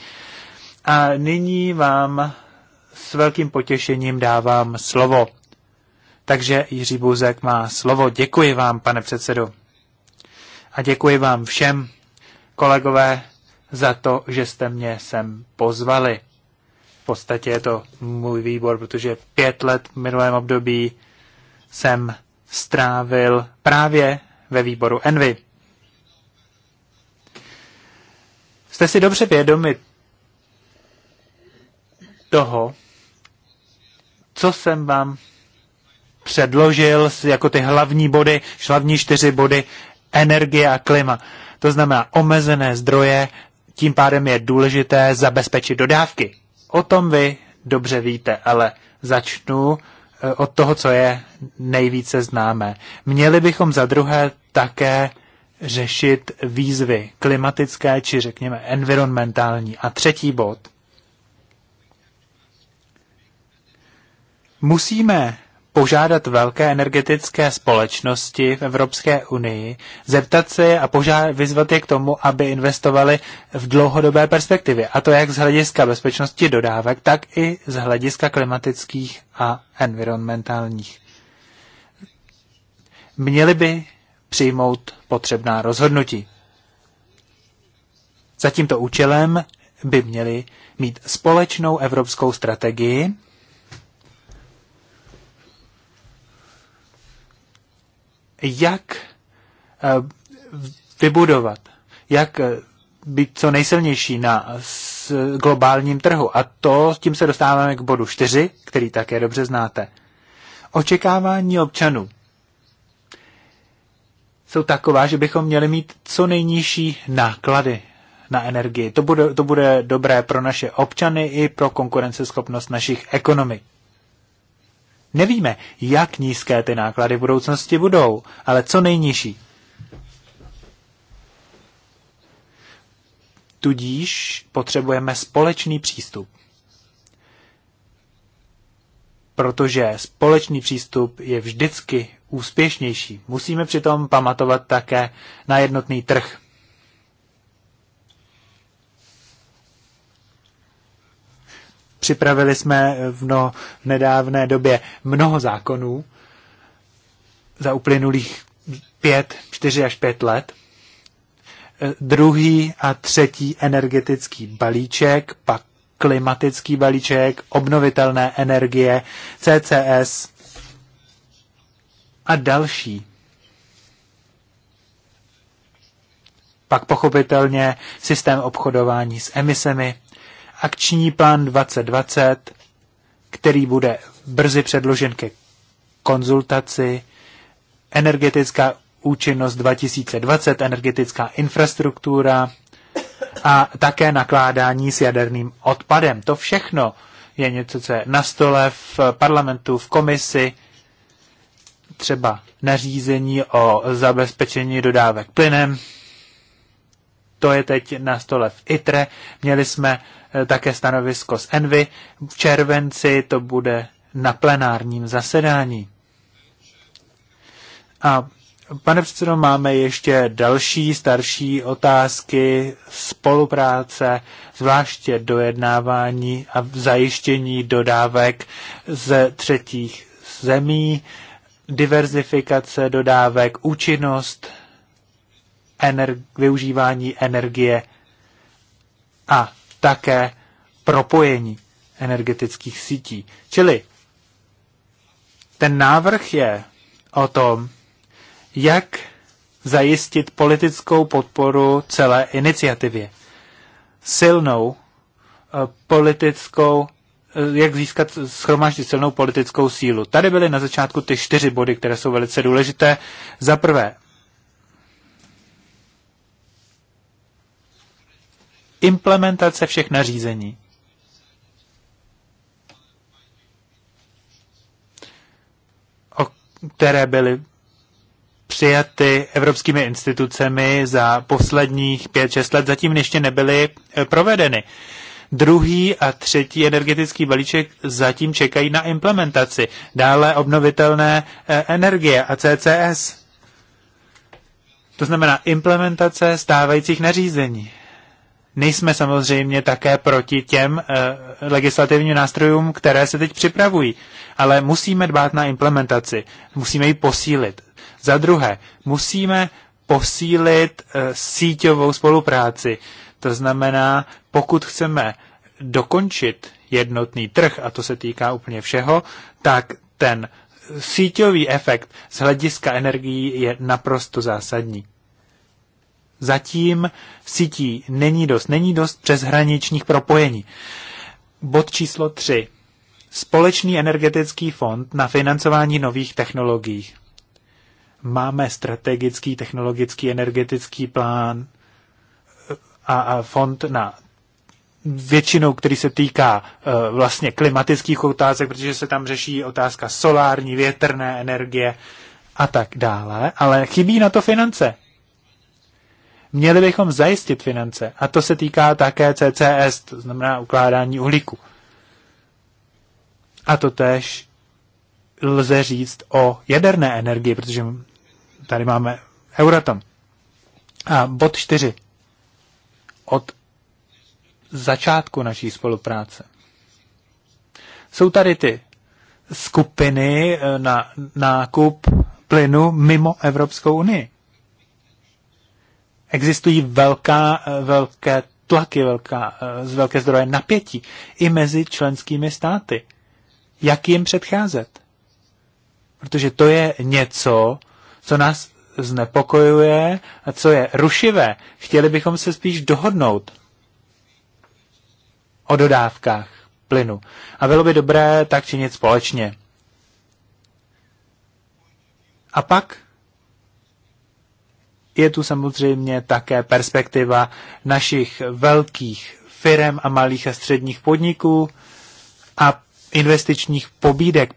A nyní vám s velkým potěšením dávám slovo. Takže Jiří Buzek má slovo. Děkuji vám, pane předsedo. A děkuji vám všem, kolegové, za to, že jste mě sem pozvali. V podstatě je to můj výbor, protože pět let v minulém období jsem strávil právě ve výboru Envy. Jste si dobře vědomi toho, co jsem vám předložil jako ty hlavní body, hlavní čtyři body energie a klima. To znamená omezené zdroje, tím pádem je důležité zabezpečit dodávky. O tom vy dobře víte, ale začnu Eh, od toho, co je nejvíce známé. Měli bychom za druhé také řešit výzvy klimatické či řekněme environmentální. A třetí bod. Musíme požádat velké energetické společnosti v Evropské unii, zeptat se je a požádat, vyzvat je k tomu, aby investovali v dlouhodobé perspektivě. A to jak z hlediska bezpečnosti dodávek, tak i z hlediska klimatických a environmentálních. Měli by přijmout potřebná rozhodnutí. Za tímto účelem by měli mít společnou evropskou strategii, jak eh, vybudovat, jak eh, být co nejsilnější na globálním trhu. A to s tím se dostáváme k bodu 4, který také dobře znáte. Očekávání občanů jsou taková, že bychom měli mít co nejnižší náklady na energii. To bude, to bude dobré pro naše občany i pro konkurenceschopnost našich ekonomik. Nevíme, jak nízké ty náklady v budoucnosti budou, ale co nejnižší. Tudíž potřebujeme společný přístup. Protože společný přístup je vždycky úspěšnější. Musíme přitom pamatovat také na jednotný trh. připravili jsme v, no, nedávné době mnoho zákonů za uplynulých pět, čtyři až pět let. E, druhý a třetí energetický balíček, pak klimatický balíček, obnovitelné energie, CCS a další. Pak pochopitelně systém obchodování s emisemi akční plán 2020, který bude brzy předložen ke konzultaci, energetická účinnost 2020, energetická infrastruktura a také nakládání s jaderným odpadem. To všechno je něco, co je na stole v parlamentu, v komisi, třeba nařízení o zabezpečení dodávek plynem. To je teď na stole v ITRE. Měli jsme Eh, také stanovisko z Envy. V červenci to bude na plenárním zasedání. A pane předsedo, máme ještě další starší otázky spolupráce, zvláště dojednávání a zajištění dodávek z třetích zemí, diverzifikace dodávek, účinnost ener- využívání energie a také propojení energetických sítí. Čili ten návrh je o tom, jak zajistit politickou podporu celé iniciativě. Silnou eh, politickou, eh, jak získat, schromáždit silnou politickou sílu. Tady byly na začátku ty čtyři body, které jsou velice důležité. Za prvé, implementace všech nařízení. O které byly přijaty evropskými institucemi za posledních 5-6 let, zatím ještě nebyly eh, provedeny. Druhý a třetí energetický balíček zatím čekají na implementaci. Dále obnovitelné eh, energie a CCS. To znamená implementace stávajících nařízení. Nejsme samozřejmě také proti těm eh, legislativním nástrojům, které se teď připravují, ale musíme dbát na implementaci, musíme ji posílit. Za druhé, musíme posílit eh, síťovou spolupráci. To znamená, pokud chceme dokončit jednotný trh, a to se týká úplně všeho, tak ten síťový efekt z hlediska energií je naprosto zásadní zatím sítí není dost. Není dost přeshraničních propojení. Bod číslo 3. Společný energetický fond na financování nových technologií. Máme strategický, technologický, energetický plán eh, a, a fond na většinou, který se týká e, vlastně klimatických otázek, protože se tam řeší otázka solární, větrné energie a tak dále, ale chybí na to finance. Měli bychom zajistit finance a to se týká také CCS, to znamená ukládání uhlíku. A to tež lze říct o jaderné energii, protože tady máme Euratom. A bod 4. Od začátku naší spolupráce. Jsou tady ty skupiny eh, na nákup plynu mimo Evropskou unii existují velká, velké tlaky, velká, velké zdroje napětí i mezi členskými státy. Jak jim předcházet? Protože to je něco, co nás znepokojuje a co je rušivé. Chtěli bychom se spíš dohodnout o dodávkách plynu. A bylo by dobré tak činit společně. A pak je tu samozřejmě také perspektiva našich velkých firm a malých a středních podniků a investičních pobídek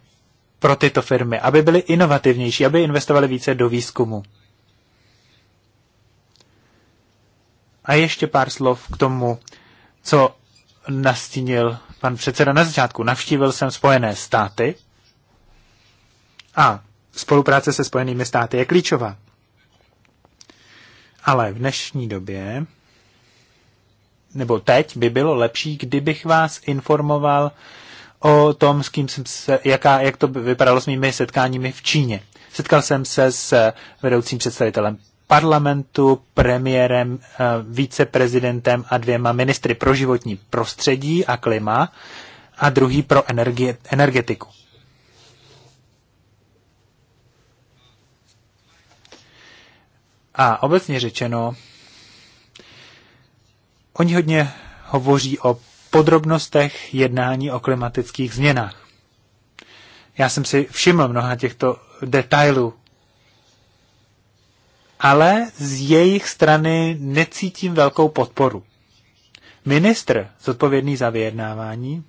pro tyto firmy, aby byly inovativnější, aby investovaly více do výzkumu. A ještě pár slov k tomu, co nastínil pan předseda na začátku. Navštívil jsem Spojené státy a spolupráce se Spojenými státy je klíčová. Ale v dnešní době, nebo teď by bylo lepší, kdybych vás informoval o tom, s kým jsem se, jaká, jak to vypadalo s mými setkáními v Číně. Setkal jsem se s vedoucím představitelem parlamentu, premiérem, eh, víceprezidentem a dvěma ministry pro životní prostředí a klima a druhý pro energie, energetiku. A obecně řečeno, oni hodně hovoří o podrobnostech jednání o klimatických změnách. Já jsem si všiml mnoha těchto detailů, ale z jejich strany necítím velkou podporu. Ministr zodpovědný za vyjednávání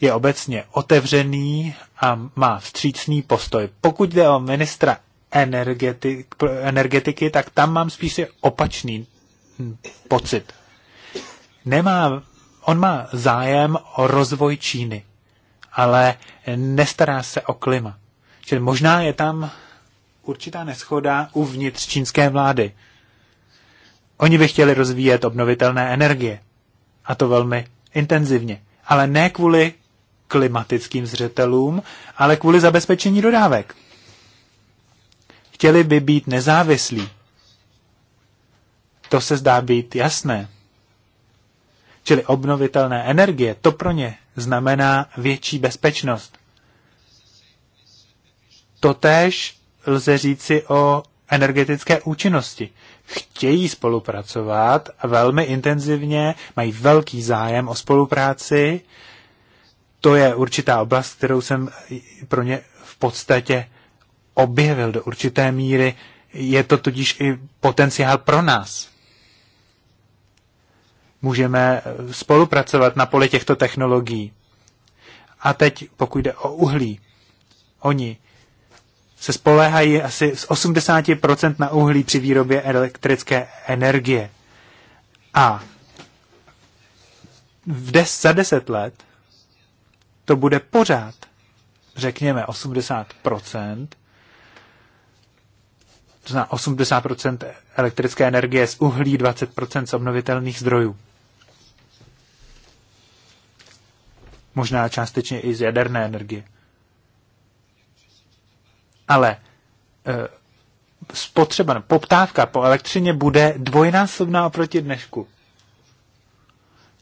je obecně otevřený a má vstřícný postoj. Pokud jde o ministra energetik, energetiky, tak tam mám spíše opačný pocit. Nemá, on má zájem o rozvoj Číny, ale nestará se o klima. Čili možná je tam určitá neschoda uvnitř čínské vlády. Oni by chtěli rozvíjet obnovitelné energie. A to velmi intenzivně. Ale ne kvůli klimatickým zřetelům, ale kvůli zabezpečení dodávek. Chtěli by být nezávislí. To se zdá být jasné. Čili obnovitelné energie, to pro ně znamená větší bezpečnost. Totéž lze říci o energetické účinnosti. Chtějí spolupracovat a velmi intenzivně, mají velký zájem o spolupráci. To je určitá oblast, kterou jsem pro ně v podstatě objevil do určité míry, je to tudíž i potenciál pro nás. Můžeme spolupracovat na poli těchto technologií. A teď, pokud jde o uhlí, oni se spoléhají asi z 80% na uhlí při výrobě elektrické energie. A v des, za 10 let to bude pořád, řekněme, 80%, to znamená 80 elektrické energie z uhlí, 20 z obnovitelných zdrojů. Možná částečně i z jaderné energie. Ale e, spotřeba, poptávka po elektřině bude dvojnásobná oproti dnešku.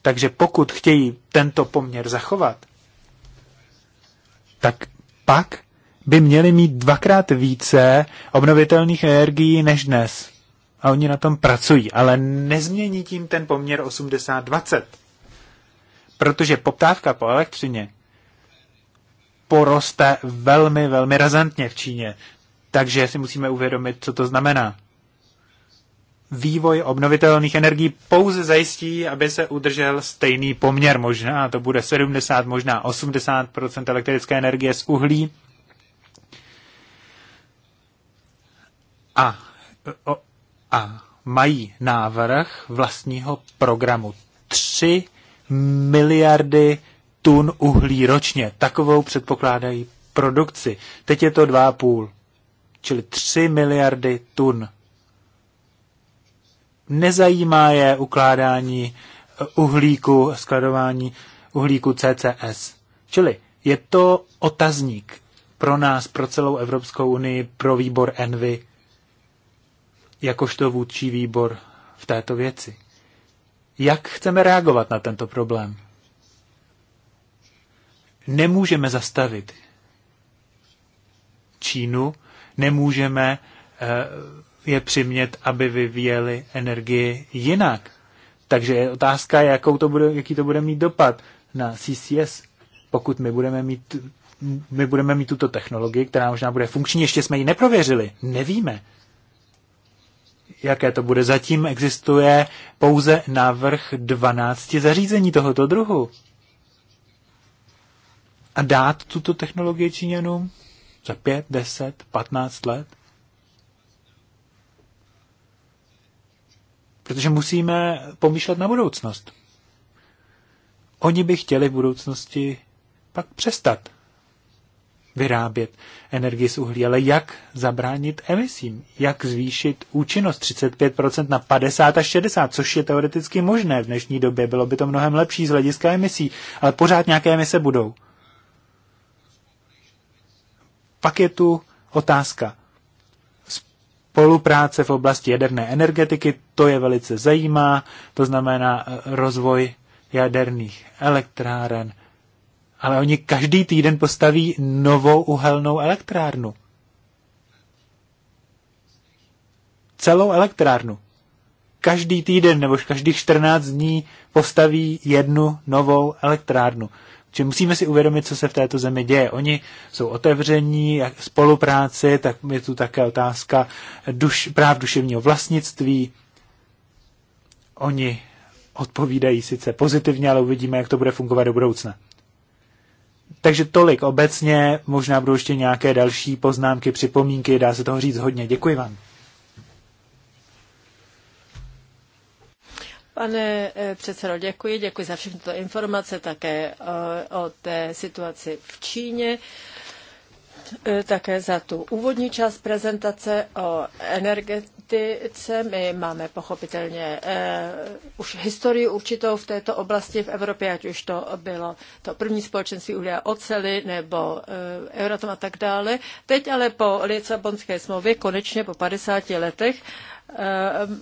Takže pokud chtějí tento poměr zachovat, tak pak by měli mít dvakrát více obnovitelných energií než dnes. A oni na tom pracují, ale nezmění tím ten poměr 80-20. Protože poptávka po elektřině poroste velmi, velmi razantně v Číně. Takže si musíme uvědomit, co to znamená. Vývoj obnovitelných energií pouze zajistí, aby se udržel stejný poměr. Možná to bude 70, možná 80 elektrické energie z uhlí a, a mají návrh vlastního programu 3 miliardy tun uhlí ročně. Takovou předpokládají produkci. Teď je to 2,5, čili 3 miliardy tun. Nezajímá je ukládání eh, uhlíku, skladování uhlíku CCS. Čili je to otazník pro nás, pro celou Evropskou unii, pro výbor Envy, jakožto vůdčí výbor v této věci. Jak chceme reagovat na tento problém? Nemůžeme zastavit Čínu, nemůžeme eh, je přimět, aby vyvíjeli energii jinak. Takže je otázka, jakou to bude, jaký to bude mít dopad na CCS, pokud my budeme mít my budeme mít tuto technologii, která možná bude funkční, ještě jsme ji neprověřili, nevíme jaké to bude. Zatím existuje pouze návrh 12 zařízení tohoto druhu. A dát tuto technologii Číňanům za 5, 10, 15 let? Protože musíme pomýšlet na budoucnost. Oni by chtěli v budoucnosti pak přestat vyrábět energii z uhlí, ale jak zabránit emisím, jak zvýšit účinnost 35% na 50 až 60, což je teoreticky možné v dnešní době, bylo by to mnohem lepší z hlediska emisí, ale pořád nějaké emise budou. Pak je tu otázka spolupráce v oblasti jaderné energetiky, to je velice zajímá, to znamená eh, rozvoj jaderných elektráren, ale oni každý týden postaví novou uhelnou elektrárnu. Celou elektrárnu. Každý týden nebo každých 14 dní postaví jednu novou elektrárnu. Či musíme si uvědomit, co se v této zemi děje. Oni jsou otevření jak spolupráci, tak je tu také otázka duš, práv duševního vlastnictví. Oni odpovídají sice pozitivně, ale uvidíme, jak to bude fungovat do budoucna. Takže tolik obecně, možná budou ještě nějaké další poznámky, připomínky, dá se toho říct hodně. Děkuji vám. Pane eh, předsedo, děkuji. Děkuji za všechny tyto informace, také eh, o té situaci v Číně. Eh, také za tu úvodní část prezentace o energetice. My máme pochopitelně eh, už historii určitou v této oblasti v Evropě, ať už to bylo to první společenství uhlí a ocely nebo eh, Euratom a tak dále. Teď ale po Lisabonské smlouvě, konečně po 50 letech, eh,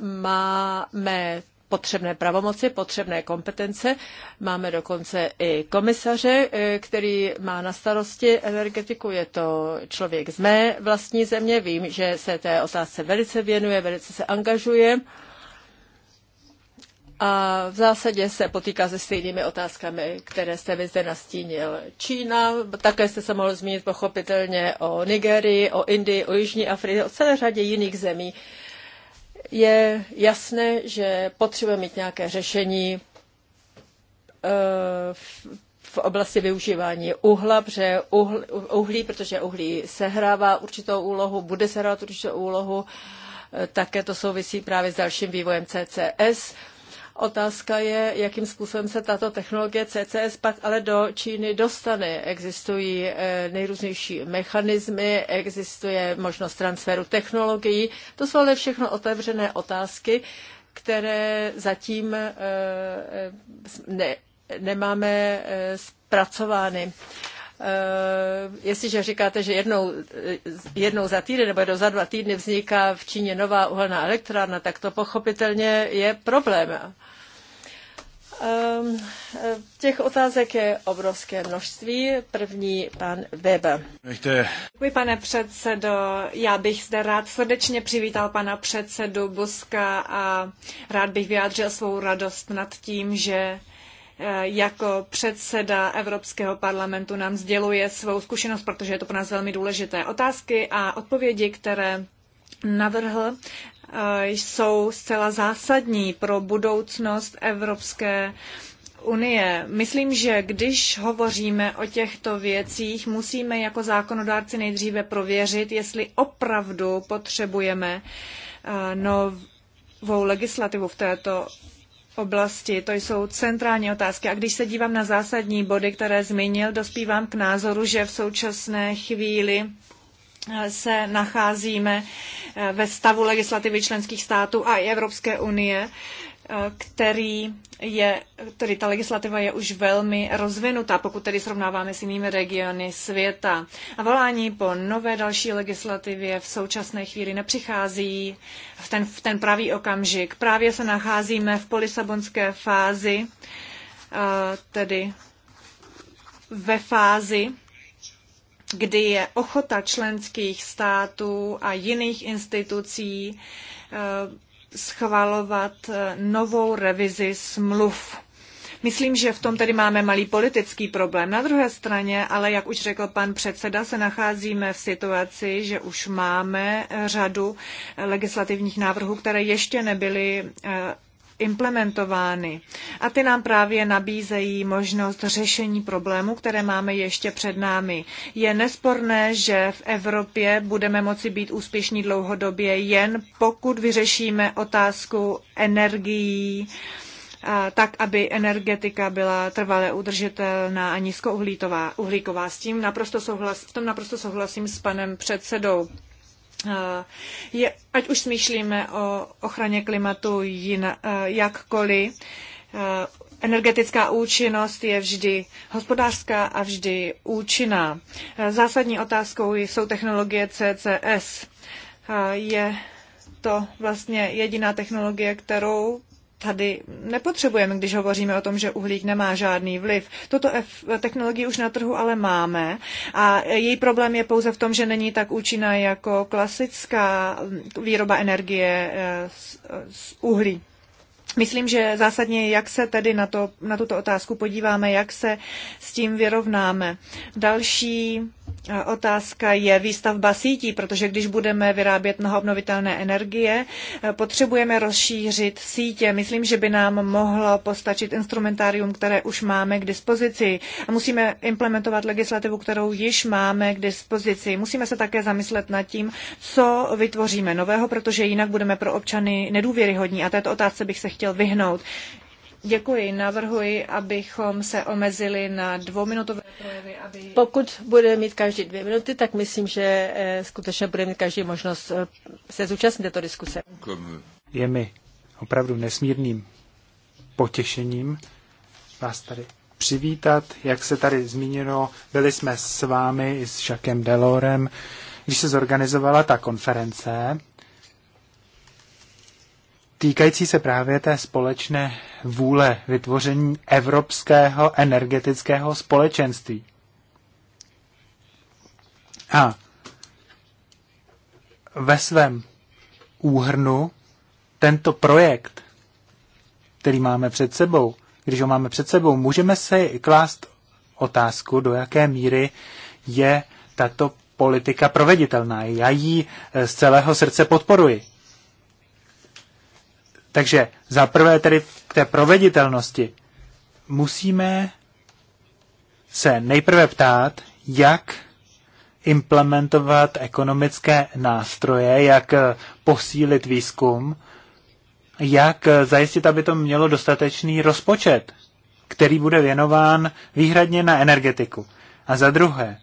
máme potřebné pravomoci, potřebné kompetence. Máme dokonce i komisaře, eh, který má na starosti energetiku. Je to člověk z mé vlastní země. Vím, že se té otázce velice věnuje, velice se angažuje. A v zásadě se potýká se stejnými otázkami, které jste vy zde nastínil. Čína, také jste se mohl zmínit pochopitelně o Nigerii, o Indii, o Jižní Africe, o celé řadě jiných zemí, je jasné, že potřebujeme mít nějaké řešení eh, v oblasti využívání uhla, protože uhlí, uhlí, protože uhlí sehrává určitou úlohu, bude sehrávat určitou úlohu, eh, také to souvisí právě s dalším vývojem CCS. Otázka je, jakým způsobem se tato technologie CCS pak ale do Číny dostane. Existují eh, nejrůznější mechanismy, existuje možnost transferu technologií. To jsou ale všechno otevřené otázky, které zatím eh, eh, ne, nemáme zpracovány. Eh, jestliže říkáte, že jednou, eh, jednou za týden nebo jednou za dva týdny vzniká v Číně nová uhelná elektrárna, tak to pochopitelně je problém. Ehm, eh, těch otázek je obrovské množství. První pan Weber. Nechte. Děkuji, pane předsedo. Já bych zde rád srdečně přivítal pana předsedu Buska a rád bych vyjádřil svou radost nad tím, že Eh, jako předseda Evropského parlamentu nám sděluje svou zkušenost, protože je to pro nás velmi důležité. Otázky a odpovědi, které navrhl, eh, jsou zcela zásadní pro budoucnost Evropské unie. Myslím, že když hovoříme o těchto věcích, musíme jako zákonodárci nejdříve prověřit, jestli opravdu potřebujeme eh, novou legislativu v této oblasti, to jsou centrální otázky. A když se dívám na zásadní body, které zmínil, dospívám k názoru, že v současné chvíli eh, se nacházíme eh, ve stavu legislativy členských států a i Evropské unie, Eh, který je, tedy ta legislativa je už velmi rozvinutá, pokud tedy srovnáváme s jinými regiony světa. A volání po nové další legislativě v současné chvíli nepřichází v ten, v ten pravý okamžik. Právě se nacházíme v polisabonské fázi, eh, tedy ve fázi, kdy je ochota členských států a jiných institucí eh, schvalovat eh, novou revizi smluv. Myslím, že v tom tady máme malý politický problém. Na druhé straně, ale jak už řekl pan předseda, se nacházíme v situaci, že už máme eh, řadu eh, legislativních návrhů, které ještě nebyly implementovány. A ty nám právě nabízejí možnost řešení problémů, které máme ještě před námi. Je nesporné, že v Evropě budeme moci být úspěšní dlouhodobě jen pokud vyřešíme otázku energií, tak, aby energetika byla trvale udržitelná a nízkouhlíková. S tím naprosto souhlasím, v tom naprosto souhlasím s panem předsedou. Eh, je, ať už smýšlíme o ochraně klimatu jin, eh, jakkoliv, eh, energetická účinnost je vždy hospodářská a vždy účinná. Zásadní otázkou jsou technologie CCS. Je to vlastně jediná technologie, kterou tady nepotřebujeme, když hovoříme o tom, že uhlík nemá žádný vliv. Toto F- technologii už na trhu ale máme a její problém je pouze v tom, že není tak účinná jako klasická výroba energie eh, z, eh, z uhlí. Myslím, že zásadně, jak se tedy na, to, na tuto otázku podíváme, jak se s tím vyrovnáme. Další Otázka je výstavba sítí, protože když budeme vyrábět mnoho obnovitelné energie, eh, potřebujeme rozšířit sítě. Myslím, že by nám mohlo postačit instrumentárium, které už máme k dispozici. A musíme implementovat legislativu, kterou již máme k dispozici. Musíme se také zamyslet nad tím, co vytvoříme nového, protože jinak budeme pro občany nedůvěryhodní. A této otázce bych se chtěl vyhnout. Děkuji. Navrhuji, abychom se omezili na dvouminutové projevy. Aby... Pokud bude mít každý dvě minuty, tak myslím, že eh, skutečně bude mít každý možnost eh, se zúčastnit této diskuse. Je mi opravdu nesmírným potěšením vás tady přivítat. Jak se tady zmíněno, byli jsme s vámi i s Jacquem Delorem, když se zorganizovala ta konference týkající se právě té společné vůle vytvoření evropského energetického společenství. A ve svém úhrnu tento projekt, který máme před sebou, když ho máme před sebou, můžeme se klást otázku, do jaké míry je tato politika proveditelná. Já ji z celého srdce podporuji. Takže za prvé tedy k té proveditelnosti musíme se nejprve ptát, jak implementovat ekonomické nástroje, jak eh, posílit výzkum, jak eh, zajistit, aby to mělo dostatečný rozpočet, který bude věnován výhradně na energetiku. A za druhé,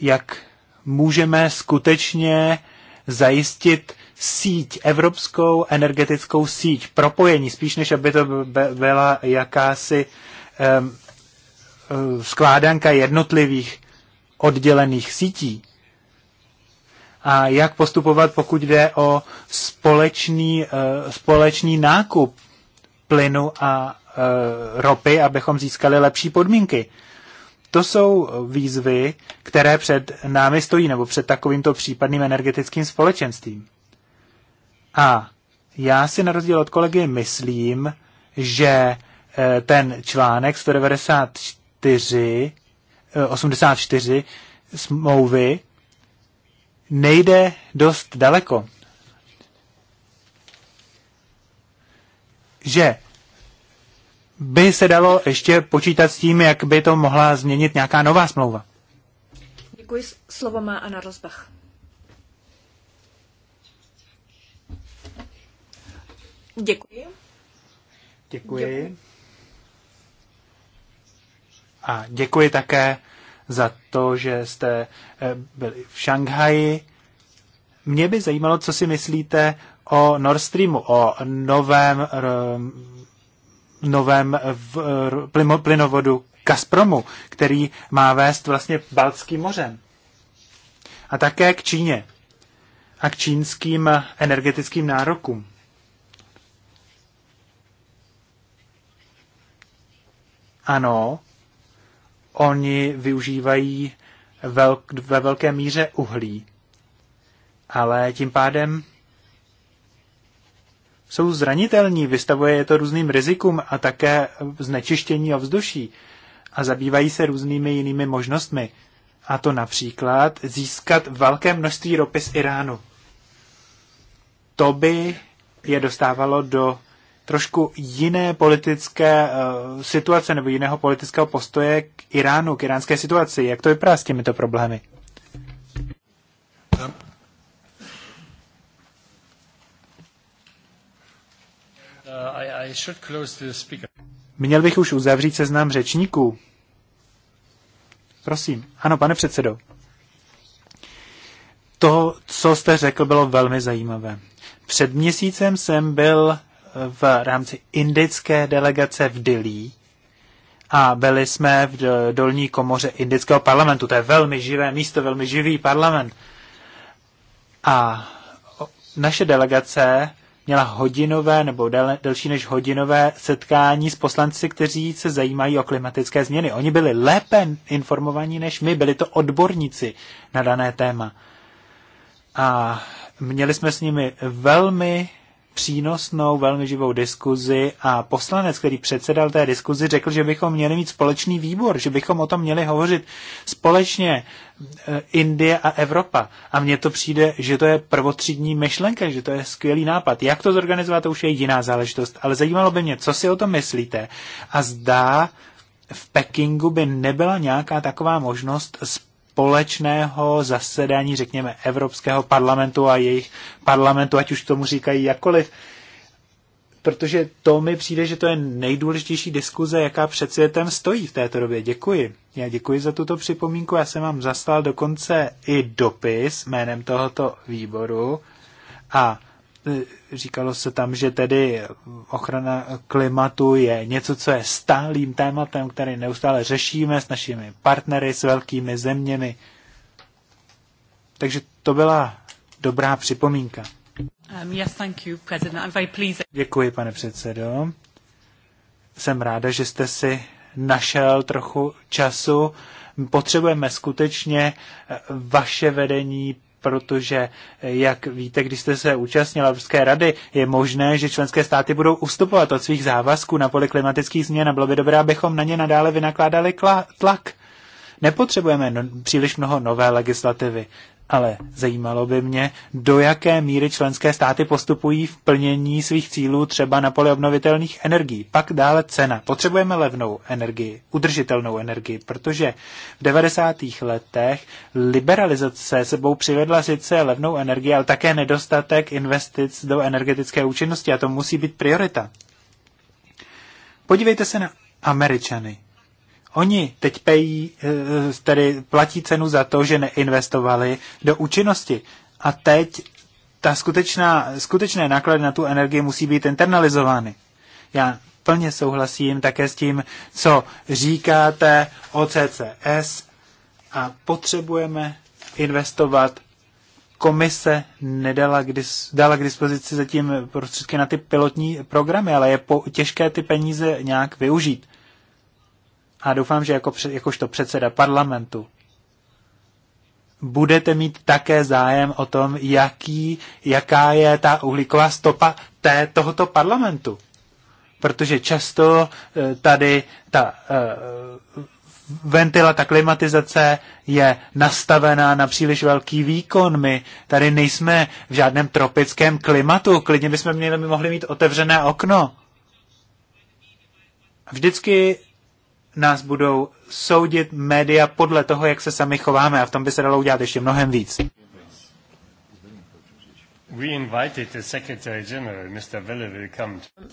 jak můžeme skutečně zajistit síť, evropskou energetickou síť, propojení, spíš než aby to byla jakási um, skládanka jednotlivých oddělených sítí. A jak postupovat, pokud jde o společný, uh, společný nákup plynu a uh, ropy, abychom získali lepší podmínky. To jsou výzvy, které před námi stojí, nebo před takovýmto případným energetickým společenstvím. A já si na rozdíl od kolegy myslím, že eh, ten článek 194, 84 eh, smlouvy nejde dost daleko. Že by se dalo ještě počítat s tím, jak by to mohla změnit nějaká nová smlouva. Děkuji. Slovo má Anna Rozbach. Děkuji. Děkuji. A děkuji také za to, že jste eh, byli v Šanghaji. Mě by zajímalo, co si myslíte o Nord Streamu, o novém, novém plynovodu Gazpromu, který má vést vlastně Baltským mořem. A také k Číně a k čínským energetickým nárokům. Ano, oni využívají velk, ve velké míře uhlí, ale tím pádem jsou zranitelní, vystavuje je to různým rizikům a také znečištění ovzduší a zabývají se různými jinými možnostmi. A to například získat velké množství ropy z Iránu. To by je dostávalo do trošku jiné politické uh, situace nebo jiného politického postoje k Iránu, k iránské situaci. Jak to vypadá s těmito problémy? Uh, Měl bych už uzavřít seznam řečníků. Prosím. Ano, pane předsedo. To, co jste řekl, bylo velmi zajímavé. Před měsícem jsem byl v rámci indické delegace v Dilí a byli jsme v dolní komoře indického parlamentu. To je velmi živé místo, velmi živý parlament. A naše delegace měla hodinové nebo del, delší než hodinové setkání s poslanci, kteří se zajímají o klimatické změny. Oni byli lépe informovaní než my, byli to odborníci na dané téma. A měli jsme s nimi velmi přínosnou, velmi živou diskuzi a poslanec, který předsedal té diskuzi, řekl, že bychom měli mít společný výbor, že bychom o tom měli hovořit společně e, Indie a Evropa. A mně to přijde, že to je prvotřídní myšlenka, že to je skvělý nápad. Jak to zorganizovat, to už je jiná záležitost, ale zajímalo by mě, co si o tom myslíte. A zdá v Pekingu by nebyla nějaká taková možnost s společného zasedání, řekněme, Evropského parlamentu a jejich parlamentu, ať už tomu říkají jakoliv, Protože to mi přijde, že to je nejdůležitější diskuze, jaká před světem stojí v této době. Děkuji. Já děkuji za tuto připomínku. Já jsem vám zaslal dokonce i dopis jménem tohoto výboru. A říkalo se tam, že tedy ochrana klimatu je něco, co je stálým tématem, který neustále řešíme s našimi partnery, s velkými zeměmi. Takže to byla dobrá připomínka. Um, yes, thank you, President. I'm very pleased. Děkuji, pane předsedo. Jsem ráda, že jste si našel trochu času. Potřebujeme skutečně eh, vaše vedení, protože, jak víte, když jste se účastnila Evropské rady, je možné, že členské státy budou ustupovat od svých závazků na poli klimatických změn a bylo by dobré, abychom na ně nadále vynakládali tlak. Nepotřebujeme no, příliš mnoho nové legislativy ale zajímalo by mě, do jaké míry členské státy postupují v plnění svých cílů třeba na poli obnovitelných energií. Pak dále cena. Potřebujeme levnou energii, udržitelnou energii, protože v 90. letech liberalizace sebou přivedla sice levnou energii, ale také nedostatek investic do energetické účinnosti a to musí být priorita. Podívejte se na Američany. Oni teď pejí, eh, tedy platí cenu za to, že neinvestovali do účinnosti. A teď ta skutečná, skutečné náklady na tu energii musí být internalizovány. Já plně souhlasím také s tím, co říkáte o CCS a potřebujeme investovat. Komise nedala k dis, dala k dispozici zatím prostředky na ty pilotní programy, ale je po, těžké ty peníze nějak využít a doufám, že jako, jakožto předseda parlamentu budete mít také zájem o tom, jaký, jaká je ta uhlíková stopa té, tohoto parlamentu. Protože často eh, tady ta eh, ventila, ta klimatizace je nastavená na příliš velký výkon. My tady nejsme v žádném tropickém klimatu. Klidně bychom měli, mohli mít otevřené okno. Vždycky nás budou soudit média podle toho, jak se sami chováme a v tom by se dalo udělat ještě mnohem víc.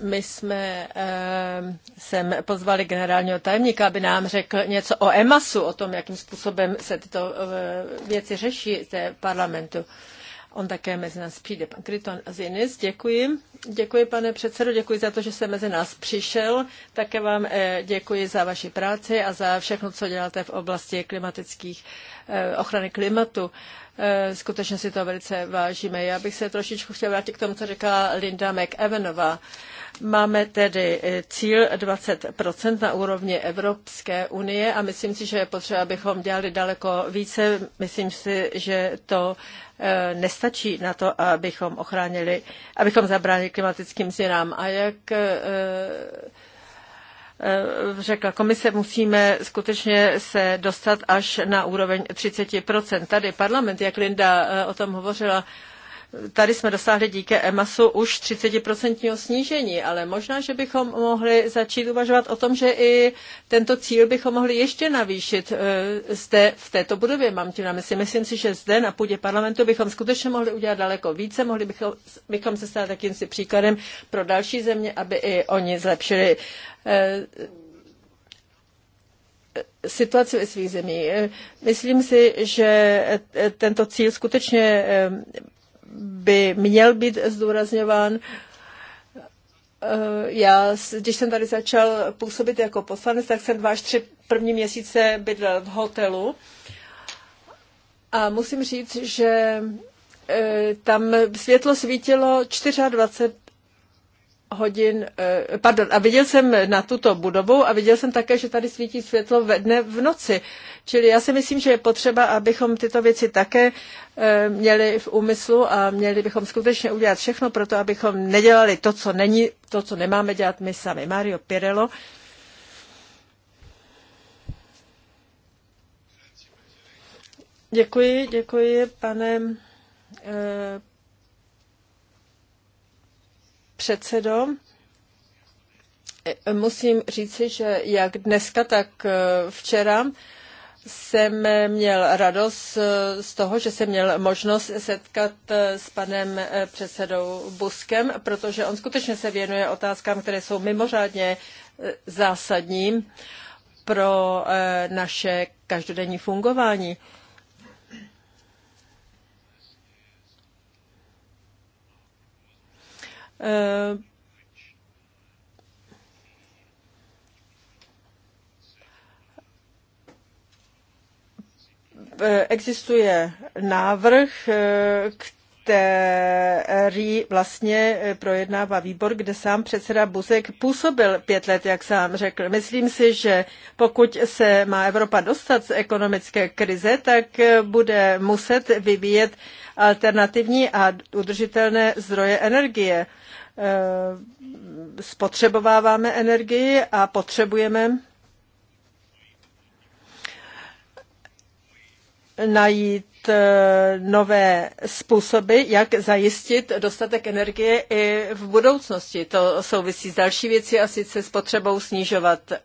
My jsme uh, sem pozvali generálního tajemníka, aby nám řekl něco o EMASu, o tom, jakým způsobem se tyto uh, věci řeší v parlamentu. Uh, On také mezi nás přijde, pan Kryton Azinis. Děkuji. Děkuji, pane předsedo, děkuji za to, že jste mezi nás přišel. Také vám eh, děkuji za vaši práci a za všechno, co děláte v oblasti klimatických eh, ochrany klimatu. Eh, skutečně si to velice vážíme. Já bych se trošičku chtěla vrátit k tomu, co říkala Linda McEvanová. Máme tedy eh, cíl 20 na úrovni Evropské unie a myslím si, že je potřeba, abychom dělali daleko více. Myslím si, že to eh, nestačí na to, abychom ochránili, abychom zabránili klimatickým změnám. A jak eh, řekla komise, musíme skutečně se dostat až na úroveň 30 Tady parlament, jak Linda o tom hovořila, Tady jsme dosáhli díky EMASu už 30% snížení, ale možná, že bychom mohli začít uvažovat o tom, že i tento cíl bychom mohli ještě navýšit eh, zde v této budově. Mám tím na mysli. Myslím si, že zde na půdě parlamentu bychom skutečně mohli udělat daleko více, mohli bychom, bychom se stát jakýmsi příkladem pro další země, aby i oni zlepšili eh, situaci ve svých zemí. Eh, myslím si, že tento cíl skutečně by měl být zdůrazňován. Eh, já, když jsem tady začal působit jako poslanec, tak jsem dva až tři první měsíce bydlel v hotelu. A musím říct, že eh, tam světlo svítilo 24 hodin, eh, pardon, a viděl jsem na tuto budovu a viděl jsem také, že tady svítí světlo ve dne v noci. Čili já si myslím, že je potřeba, abychom tyto věci také eh, měli v úmyslu a měli bychom skutečně udělat všechno pro to, abychom nedělali to, co není, to, co nemáme dělat my sami. Mario Pirello. Děkuji, děkuji, pane eh, předsedo. Musím říci, že jak dneska, tak eh, včera jsem měl radost eh, z toho, že jsem měl možnost setkat eh, s panem předsedou Buskem, protože on skutečně se věnuje otázkám, které jsou mimořádně zásadní pro naše každodenní fungování. E, e, existuje návrh, e, který vlastně projednává výbor, kde sám předseda Buzek působil pět let, jak sám řekl. Myslím si, že pokud se má Evropa dostat z ekonomické krize, tak bude muset vyvíjet alternativní a udržitelné zdroje energie. E, spotřebováváme energii a potřebujeme najít e, nové způsoby, jak zajistit dostatek energie i v budoucnosti. To souvisí s další věcí a sice s potřebou snižovat e,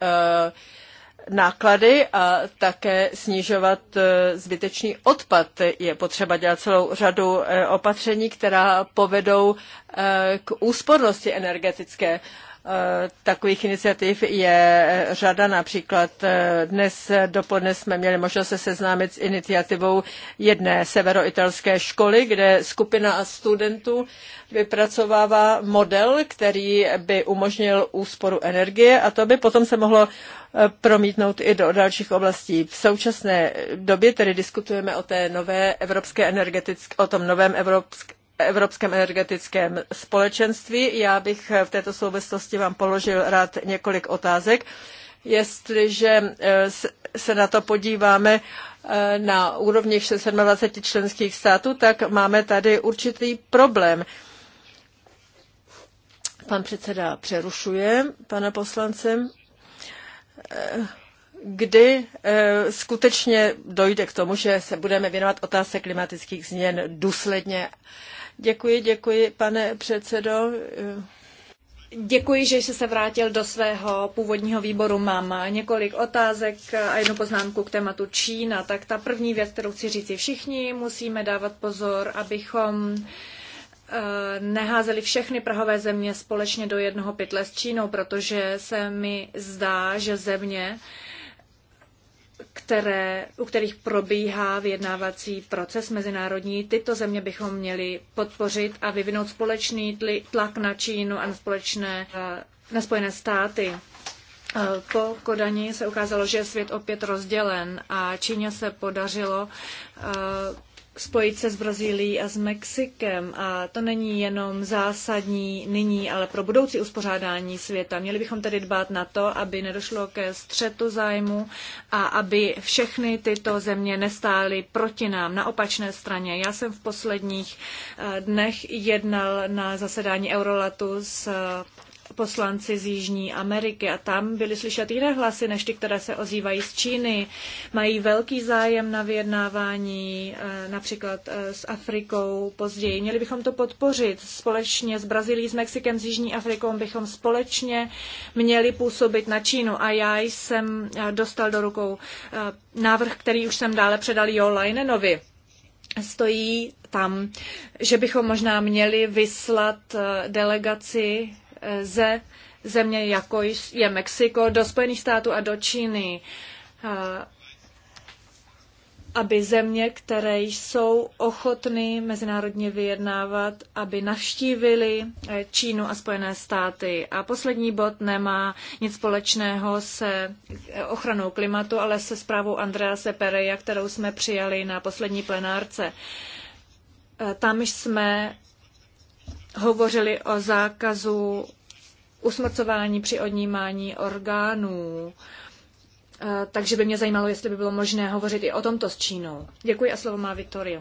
náklady a také snižovat e, zbytečný odpad. Je potřeba dělat celou řadu e, opatření, která povedou e, k úspornosti energetické. Eh, takových iniciativ je eh, řada, například eh, dnes dopoledne jsme měli možnost se seznámit s iniciativou jedné severoitalské školy, kde skupina studentů vypracovává model, který by umožnil úsporu energie a to by potom se mohlo promítnout i do dalších oblastí. V současné době tedy diskutujeme o té nové evropské energetické, o tom novém evropské Evropském energetickém společenství. Já bych v této souvislosti vám položil rád několik otázek. Jestliže eh, se na to podíváme eh, na úrovni 27 členských států, tak máme tady určitý problém. Pan předseda přerušuje pana poslance. Eh, kdy skutečně dojde k tomu, že se budeme věnovat otázce klimatických změn důsledně Děkuji, děkuji, pane předsedo. Děkuji, že jsi se vrátil do svého původního výboru. Mám několik otázek a jednu poznámku k tématu Čína. Tak ta první věc, kterou chci říct, všichni musíme dávat pozor, abychom eh, neházeli všechny prahové země společně do jednoho pytle s Čínou, protože se mi zdá, že země, které, u kterých probíhá vyjednávací proces mezinárodní. Tyto země bychom měli podpořit a vyvinout společný tlak na Čínu a na, společné, eh, na Spojené státy. Eh, po Kodani se ukázalo, že je svět opět rozdělen a Číně se podařilo eh, spojit se s Brazílií a s Mexikem. A to není jenom zásadní nyní, ale pro budoucí uspořádání světa. Měli bychom tedy dbát na to, aby nedošlo ke střetu zájmu a aby všechny tyto země nestály proti nám na opačné straně. Já jsem v posledních eh, dnech jednal na zasedání Eurolatu s poslanci z Jižní Ameriky a tam byly slyšet jiné hlasy než ty, které se ozývají z Číny. Mají velký zájem na vyjednávání eh, například eh, s Afrikou později. Měli bychom to podpořit společně s Brazílií, s Mexikem, s Jižní Afrikou bychom společně měli působit na Čínu a já jsem eh, dostal do rukou návrh, který už jsem dále předal Jo Leinenovi stojí tam, že bychom možná měli vyslat delegaci ze země, jako je Mexiko, do Spojených států a do Číny, aby země, které jsou ochotny mezinárodně vyjednávat, aby navštívili eh, Čínu a Spojené státy. A poslední bod nemá nic společného se eh, ochranou klimatu, ale se zprávou Andrease Pereja, kterou jsme přijali na poslední plenárce. Eh, tam jsme hovořili o zákazu usmrcování při odnímání orgánů. Eh, takže by mě zajímalo, jestli by bylo možné hovořit i o tomto s Čínou. Děkuji a slovo má Vittorio.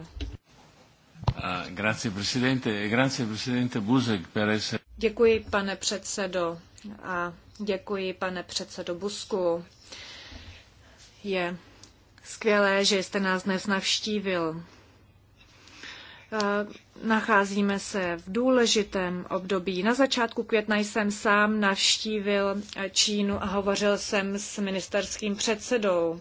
Eh, děkuji, pane předsedo, a děkuji, pane předsedo Busku. Je skvělé, že jste nás dnes navštívil. Eh, nacházíme se v důležitém období. Na začátku května jsem sám navštívil Čínu a hovořil jsem s ministerským předsedou.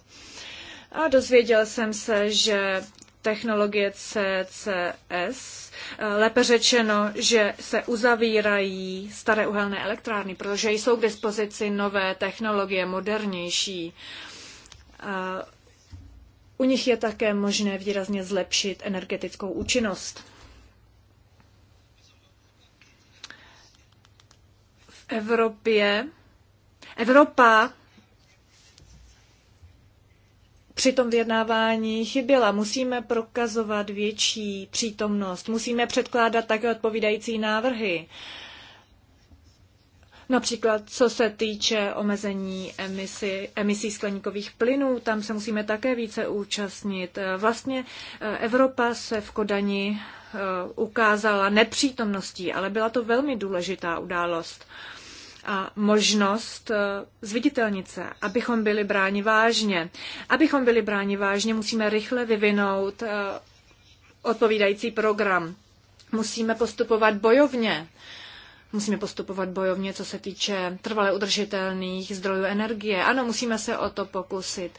A dozvěděl jsem se, že technologie CCS, eh, lépe řečeno, že se uzavírají staré uhelné elektrárny, protože jsou k dispozici nové technologie, modernější. Eh, u nich je také možné výrazně zlepšit energetickou účinnost. V Evropě Evropa při tom vyjednávání chyběla. Musíme prokazovat větší přítomnost, musíme předkládat také odpovídající návrhy. Uh, Například co se týče omezení emisí, emisí skleníkových plynů, tam se musíme také více účastnit. Vlastně eh, Evropa se v Kodani eh, ukázala nepřítomností, ale byla to velmi důležitá událost a možnost eh, zviditelnit se, abychom byli bráni vážně. Abychom byli bráni vážně, musíme rychle vyvinout odpovídající program. Musíme postupovat bojovně Musíme postupovat bojovně, co se týče trvale udržitelných zdrojů energie. Ano, musíme se o to pokusit.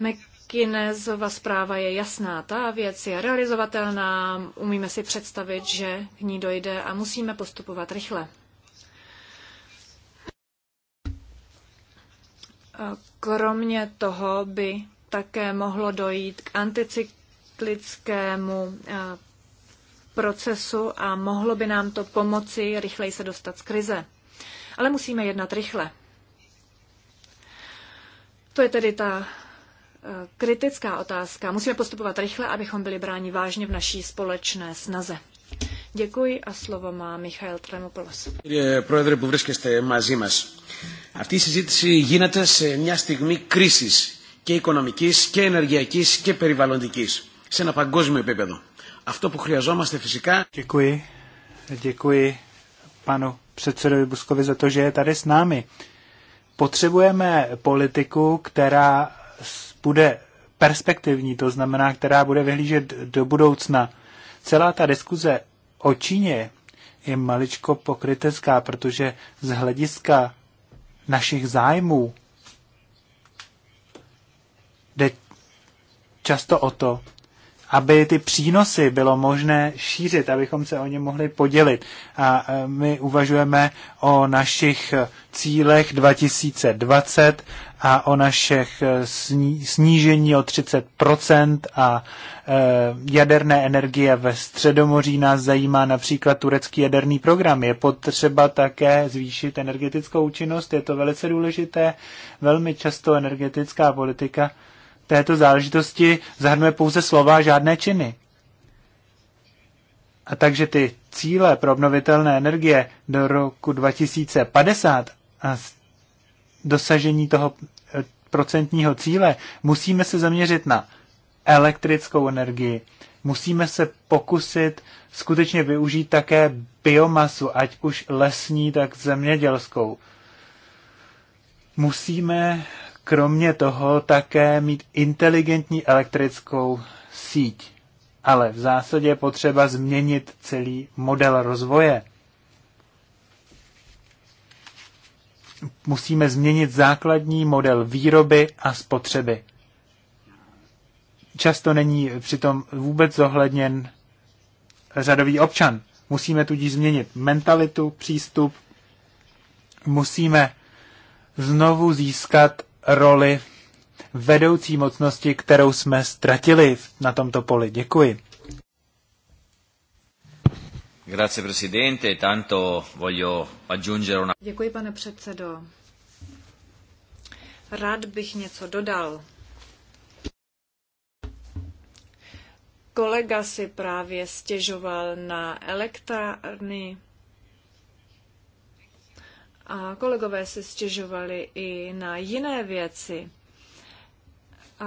McKinneyova zpráva je jasná. Ta věc je realizovatelná, umíme si představit, že k ní dojde a musíme postupovat rychle. Kromě toho by také mohlo dojít k anticyklickému eh, procesu a mohlo by nám to pomoci rychleji se dostat z krize. Ale musíme jednat rychle. To je tedy ta eh, kritická otázka. Musíme postupovat rychle, abychom byli bráni vážně v naší společné snaze. Děkuji a slovo má Michail Tremopoulos. Κύριε Πρόεδρε που βρίσκεστε μαζί μας, αυτή η συζήτηση γίνεται σε μια στιγμή κρίσης και οικονομικής και ενεργειακής και περιβαλλοντικής σε ένα παγκόσμιο επίπεδο. Αυτό που χρειαζόμαστε φυσικά... Děkuji. Děkuji panu předsedovi Buskovi za to, že je tady s námi. Potřebujeme politiku, která bude perspektivní, to znamená, která bude vyhlížet do budoucna. Celá ta diskuze o Číně je maličko pokrytecká, protože z hlediska našich zájmů jde často o to, aby ty přínosy bylo možné šířit, abychom se o ně mohli podělit. A e, my uvažujeme o našich e, cílech 2020 a o našich e, snížení o 30% a jaderné energie ve Středomoří nás zajímá například turecký jaderný program. Je potřeba také zvýšit energetickou účinnost, je to velice důležité. Velmi často energetická politika této záležitosti zahrnuje pouze slova a žádné činy. A takže ty cíle pro obnovitelné energie do roku 2050 a dosažení toho eh, procentního cíle musíme se zaměřit na elektrickou energii. Musíme se pokusit skutečně využít také biomasu, ať už lesní, tak zemědělskou. Musíme kromě toho také mít inteligentní elektrickou síť. Ale v zásadě je potřeba změnit celý model rozvoje. Musíme změnit základní model výroby a spotřeby. Často není přitom vůbec zohledněn řadový občan. Musíme tudíž změnit mentalitu, přístup. Musíme znovu získat roli vedoucí mocnosti, kterou jsme ztratili na tomto poli. Děkuji. Grazie presidente, tanto voglio aggiungere una... Děkuji, pane předsedo. Rád bych něco dodal. Kolega si právě stěžoval na elektrárny a kolegové si stěžovali i na jiné věci. A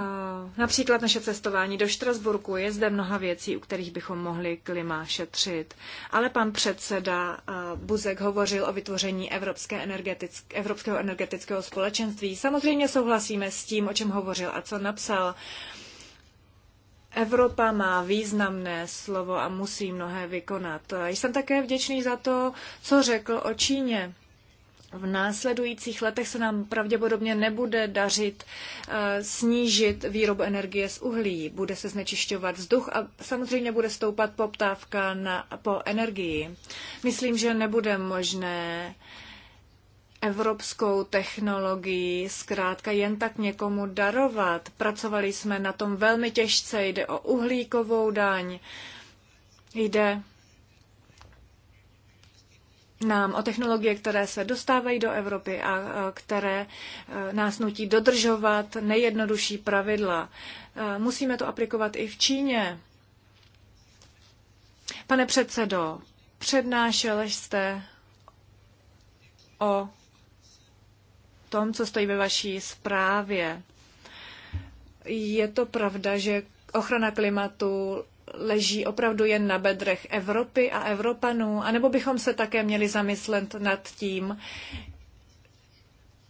například naše cestování do Štrasburku. Je zde mnoha věcí, u kterých bychom mohli klima šetřit. Ale pan předseda Buzek hovořil o vytvoření Evropské energetick- Evropského energetického společenství. Samozřejmě souhlasíme s tím, o čem hovořil a co napsal. Evropa má významné slovo a musí mnohé vykonat. Jsem také vděčný za to, co řekl o Číně v následujících letech se nám pravděpodobně nebude dařit eh, snížit výrobu energie z uhlí. Bude se znečišťovat vzduch a samozřejmě bude stoupat poptávka na, po energii. Myslím, že nebude možné evropskou technologii zkrátka jen tak někomu darovat. Pracovali jsme na tom velmi těžce, jde o uhlíkovou daň, jde nám o technologie, které se dostávají do Evropy a které e, nás nutí dodržovat nejjednodušší pravidla. E, musíme to aplikovat i v Číně. Pane předsedo, přednášel jste o tom, co stojí ve vaší zprávě. Je to pravda, že ochrana klimatu leží opravdu jen na bedrech Evropy a Evropanů, anebo bychom se také měli zamyslet nad tím,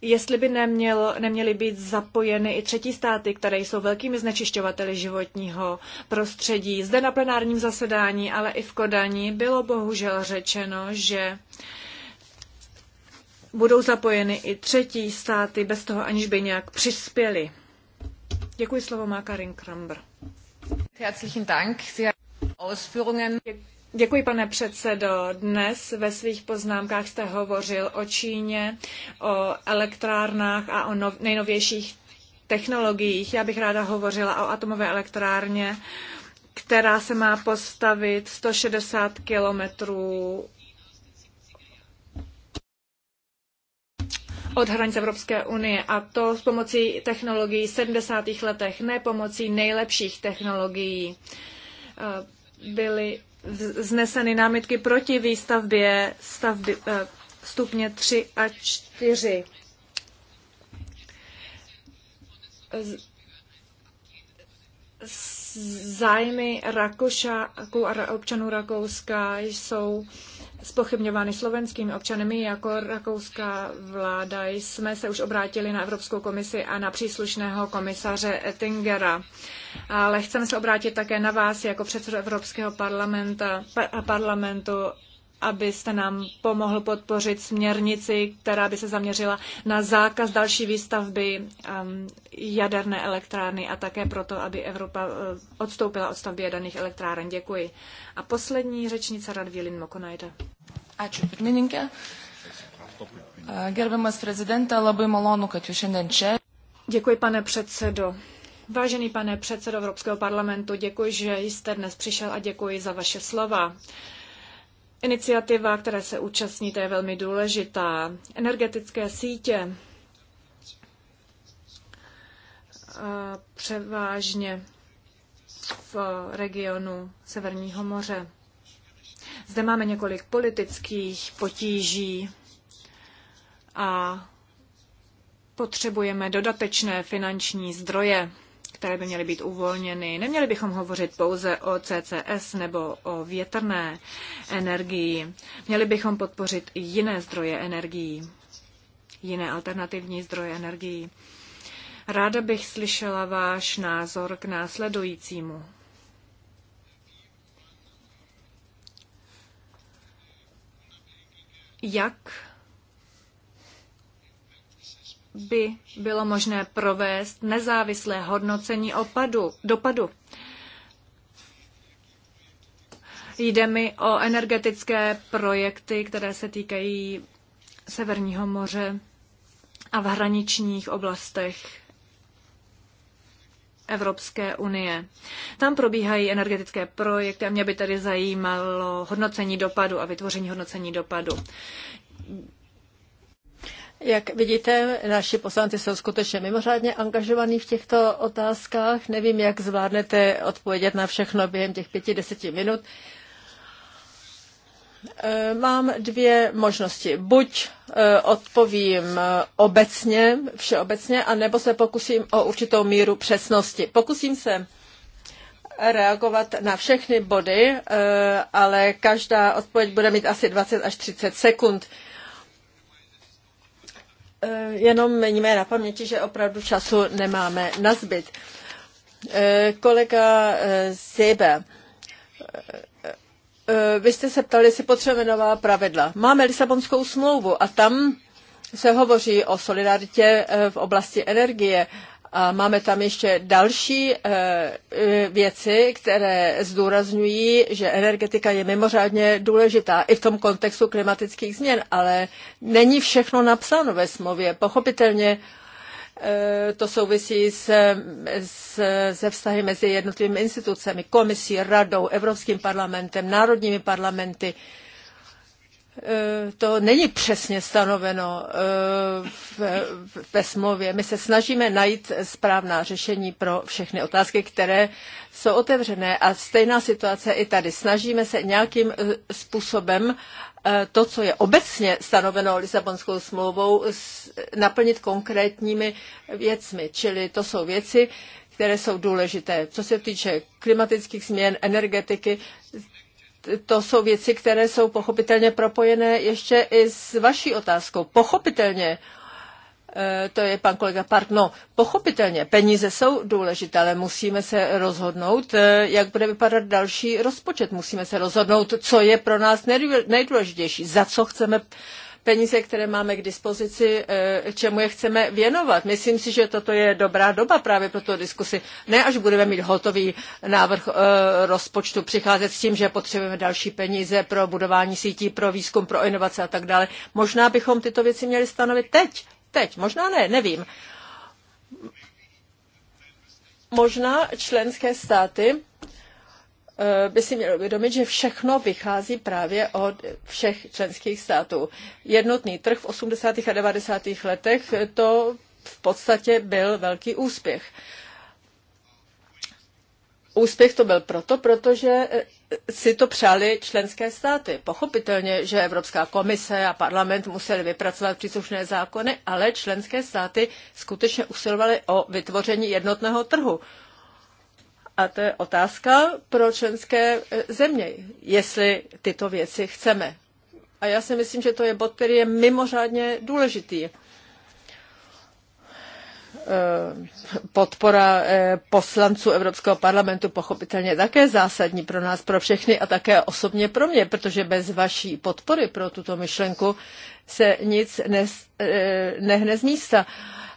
jestli by neměl, neměly být zapojeny i třetí státy, které jsou velkými znečišťovateli životního prostředí. Zde na plenárním zasedání, ale i v Kodani bylo bohužel řečeno, že budou zapojeny i třetí státy bez toho, aniž by nějak přispěli. Děkuji, slovo má Karin Kramber. Herzlichen Dank. Ausführungen. Děkuji, pane předsedo. Dnes ve svých poznámkách jste hovořil o Číně, o elektrárnách a o nejnovějších technologiích. Já bych ráda hovořila o atomové elektrárně, která se má postavit 160 kilometrů od hranic Evropské unie a to s pomocí technologií 70. letech, ne pomocí nejlepších technologií. Eh, byly zneseny námitky proti výstavbě stavby, eh, stupně 3 a 4. Zájmy Rakušáků a občanů Rakouska jsou uh, spochybňovány slovenskými občany. jako rakouská vláda jsme se už obrátili na Evropskou komisi a na příslušného komisaře Ettingera. Ale chceme se obrátit také na vás jako předsedu Evropského parlamenta, parlamentu abyste nám pomohl podpořit směrnici, která by se zaměřila na zákaz další výstavby um, jaderné elektrárny a také proto, aby Evropa uh, odstoupila od stavby jaderných elektráren. Děkuji. A poslední řečnice Radvílin Mokonajde. Ačiū pirmininkė. Gerbiamas prezidente, labai malonu, kad jūs šiandien čia. Děkuji, pane předsedo. Vážený pane předsedo Evropského parlamentu, děkuji, že jste dnes přišel a děkuji za vaše slova. Iniciativa, které se účastníte, je velmi důležitá. Energetické sítě převážně v regionu Severního moře. Zde máme několik politických potíží a potřebujeme dodatečné finanční zdroje které by měly být uvolněny. Neměli bychom hovořit pouze o CCS nebo o větrné energii. Měli bychom podpořit jiné zdroje energií, jiné alternativní zdroje energií. Ráda bych slyšela váš názor k následujícímu. Jak by bylo možné provést nezávislé hodnocení opadu, dopadu. Jde mi o energetické projekty, které se týkají Severního moře a v hraničních oblastech Evropské unie. Tam probíhají energetické projekty a mě by tady zajímalo hodnocení dopadu a vytvoření hodnocení dopadu. Jak vidíte, naši poslanci jsou skutečně mimořádně angažovaní v těchto otázkách. Nevím, jak zvládnete odpovědět na všechno během těch pěti, deseti minut. Eh, mám dvě možnosti. Buď eh, odpovím eh, obecně, všeobecně, anebo se pokusím o určitou míru přesnosti. Pokusím se reagovat na všechny body, ale každá odpověď bude mít asi 20 až 30 sekund. Eh, jenom měníme na paměti, že opravdu času nemáme na zbyt. Eh, kolega eh, Sebe, vy jste se ptali, jestli potřebujeme nová pravidla. Máme Lisabonskou smlouvu a tam se hovoří o solidaritě v oblasti energie a máme tam ještě další eh, eh, věci, které zdůrazňují, že energetika je mimořádně důležitá i v tom kontextu klimatických změn, ale není všechno napsáno ve smlouvě. Pochopitelně eh, to souvisí s, s, se vztahy mezi jednotlivými institucemi, komisí, radou, Evropským parlamentem, národními parlamenty. Eh, to není přesně stanoveno eh, ve smlouvě. My se snažíme najít správná řešení pro všechny otázky, které jsou otevřené. A stejná situace i tady. Snažíme se nějakým eh, způsobem to, co je obecně stanoveno Lisabonskou smlouvou, naplnit konkrétními věcmi. Čili to jsou věci, které jsou důležité. Co se týče klimatických změn, energetiky, to jsou věci, které jsou pochopitelně propojené ještě i s vaší otázkou. Pochopitelně, eh, to je pan kolega Park, no pochopitelně, peníze jsou důležité, ale musíme se rozhodnout, eh, jak bude vypadat další rozpočet. Musíme se rozhodnout, co je pro nás nejdůležitější, za co chceme peníze, které máme k dispozici, eh, čemu je chceme věnovat. Myslím si, že toto je dobrá doba právě pro tu diskusi. Ne až budeme mít hotový návrh eh, rozpočtu, přicházet s tím, že potřebujeme další peníze pro budování sítí, pro výzkum, pro inovace a tak dále. Možná bychom tyto věci měli stanovit teď. Teď, možná ne, nevím. Možná členské státy Eh, by si měl uvědomit, že všechno vychází právě od všech členských států. Jednotný trh v 80. a 90. letech eh, to v podstatě byl velký úspěch. Úspěch to byl proto, protože eh, si to přáli členské státy. Pochopitelně, že Evropská komise a parlament museli vypracovat příslušné zákony, ale členské státy skutečně usilovaly o vytvoření jednotného trhu. A to je otázka pro členské e, země, jestli tyto věci chceme. A já si myslím, že to je bod, který je mimořádně důležitý. E, podpora e, poslanců Evropského parlamentu pochopitelně také zásadní pro nás, pro všechny a také osobně pro mě, protože bez vaší podpory pro tuto myšlenku se nic nehne z místa.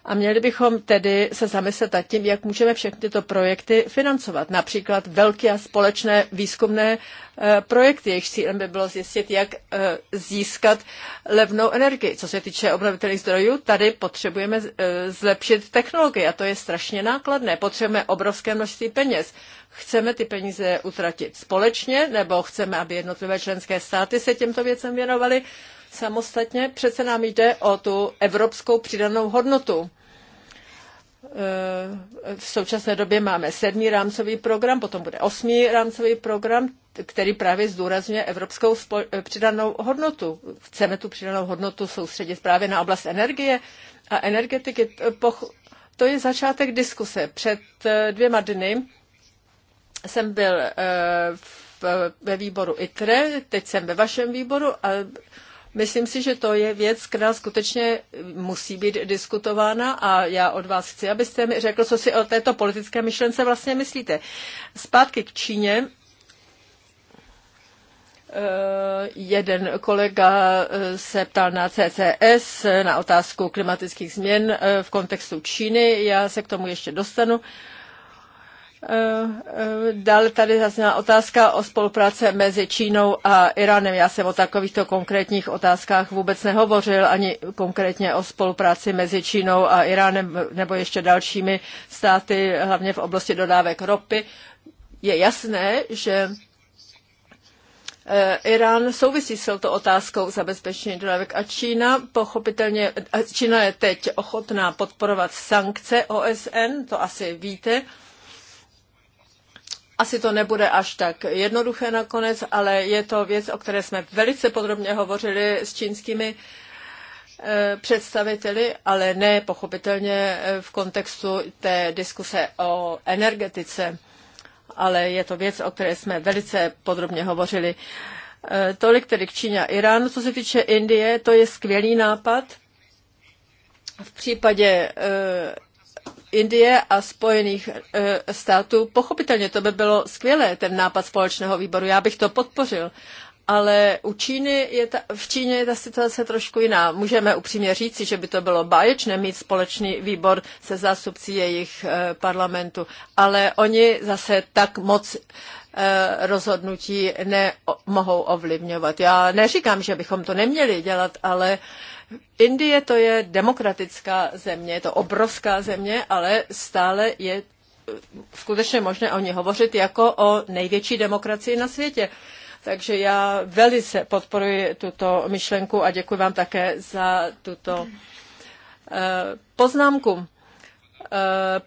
A měli bychom tedy se zamyslet nad tím, jak můžeme všechny tyto projekty financovat. Například velké a společné výzkumné eh, projekty, jejichž cílem by bylo zjistit, jak eh, získat levnou energii. Co se týče obnovitelných zdrojů, tady potřebujeme eh, zlepšit technologii a to je strašně nákladné. Potřebujeme obrovské množství peněz. Chceme ty peníze utratit společně nebo chceme, aby jednotlivé členské státy se těmto věcem věnovaly? samostatně. Přece nám jde o tu evropskou přidanou hodnotu. E, v současné době máme sedmý rámcový program, potom bude osmý rámcový program, který právě zdůrazňuje evropskou e, přidanou hodnotu. Chceme tu přidanou hodnotu soustředit právě na oblast energie a energetiky. E, to je začátek diskuse. Před dvěma dny jsem byl ve výboru ITRE, teď jsem ve vašem výboru a Myslím si, že to je věc, která skutečně musí být diskutována a já od vás chci, abyste mi řekl, co si o této politické myšlence vlastně myslíte. Zpátky k Číně. Eh, jeden kolega eh, se ptal na CCS, na otázku klimatických změn eh, v kontextu Číny. Já se k tomu ještě dostanu. Eh, eh, dále tady zazněla otázka o spolupráce mezi Čínou a Iránem. Já jsem o takovýchto konkrétních otázkách vůbec nehovořil, ani konkrétně o spolupráci mezi Čínou a Iránem nebo ještě dalšími státy, hlavně v oblasti dodávek ropy. Je jasné, že eh, Irán souvisí s touto otázkou zabezpečení dodávek a Čína pochopitelně, Čína je teď ochotná podporovat sankce OSN, to asi víte, asi to nebude až tak jednoduché nakonec, ale je to věc, o které jsme velice podrobně hovořili s čínskými eh, představiteli, ale ne pochopitelně eh, v kontextu té diskuse o energetice, ale je to věc, o které jsme velice podrobně hovořili. Eh, tolik tedy k Číně a Iránu. Co se týče Indie, to je skvělý nápad. V případě Indie a Spojených eh, států. Pochopitelně to by bylo skvělé, ten nápad společného výboru, já bych to podpořil. Ale u Číny je ta, v Číně je ta situace trošku jiná. Můžeme upřímně říci, že by to bylo báječné mít společný výbor se zástupci jejich eh, parlamentu, ale oni zase tak moc Eh, rozhodnutí nemohou ovlivňovat. Já neříkám, že bychom to neměli dělat, ale Indie to je demokratická země, je to obrovská země, ale stále je eh, skutečně možné o ní hovořit jako o největší demokracii na světě. Takže já velice podporuji tuto myšlenku a děkuji vám také za tuto eh, poznámku.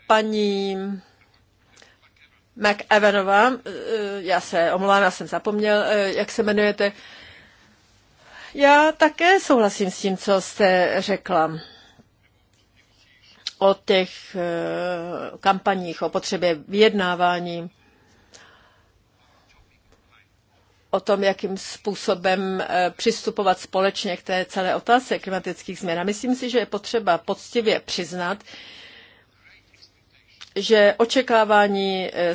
Paní McEvanová, eh, já se omlouvám, já jsem zapomněl, eh, jak se jmenujete. Já také souhlasím s tím, co jste řekla o těch eh, kampaních, o potřebě vyjednávání, o tom, jakým způsobem přistupovat společně k té celé otázce klimatických změn. A myslím si, že je potřeba poctivě přiznat, že očekávání eh,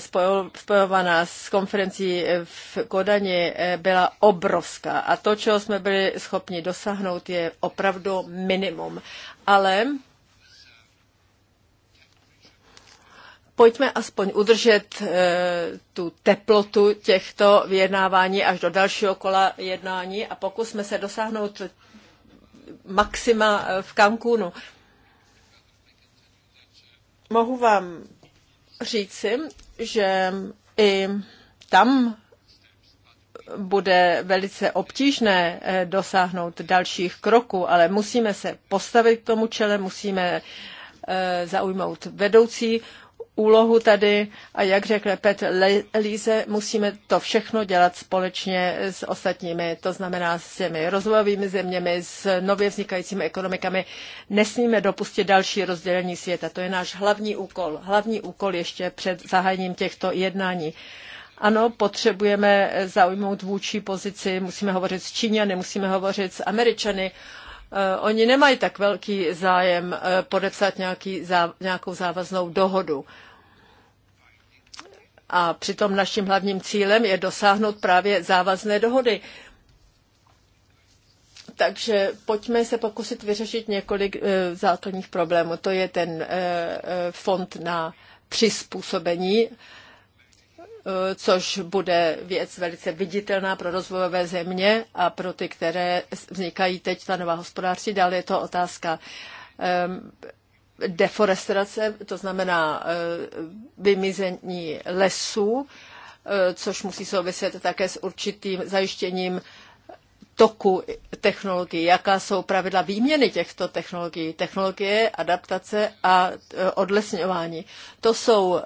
spojovaná s konferencí eh, v Kodani eh, byla obrovská a to, čeho jsme byli schopni dosáhnout, je opravdu minimum. Ale pojďme aspoň udržet tu teplotu těchto vyjednávání až do dalšího kola jednání a pokusme se dosáhnout maxima v Cancúnu mohu vám říci, že i tam bude velice obtížné eh, dosáhnout dalších kroků, ale musíme se postavit k tomu čele, musíme eh, zaujmout vedoucí úlohu tady a jak řekl Petr Líze, musíme to všechno dělat společně s ostatními, to znamená s těmi rozvojovými zeměmi, s nově vznikajícími ekonomikami. Nesmíme dopustit další rozdělení světa. To je náš hlavní úkol. Hlavní úkol ještě před zahájením těchto jednání. Ano, potřebujeme zaujmout vůči pozici, musíme hovořit s Číňany, musíme hovořit s Američany, eh, oni nemají tak velký zájem eh, podepsat nějaký, nějakou závaznou dohodu. A přitom naším hlavním cílem je dosáhnout právě závazné dohody. Takže pojďme se pokusit vyřešit několik e, eh, základních problémů. To je ten e, fond na přizpůsobení, e, což bude věc velice viditelná pro rozvojové země a pro ty, které vznikají teď ta nová hospodářství. Dále je to otázka e, deforestace, to znamená eh, vymizení lesů, eh, což musí souviset také s určitým zajištěním toku technologií, jaká jsou pravidla výměny těchto technologií, technologie, adaptace a e, odlesňování. To jsou e,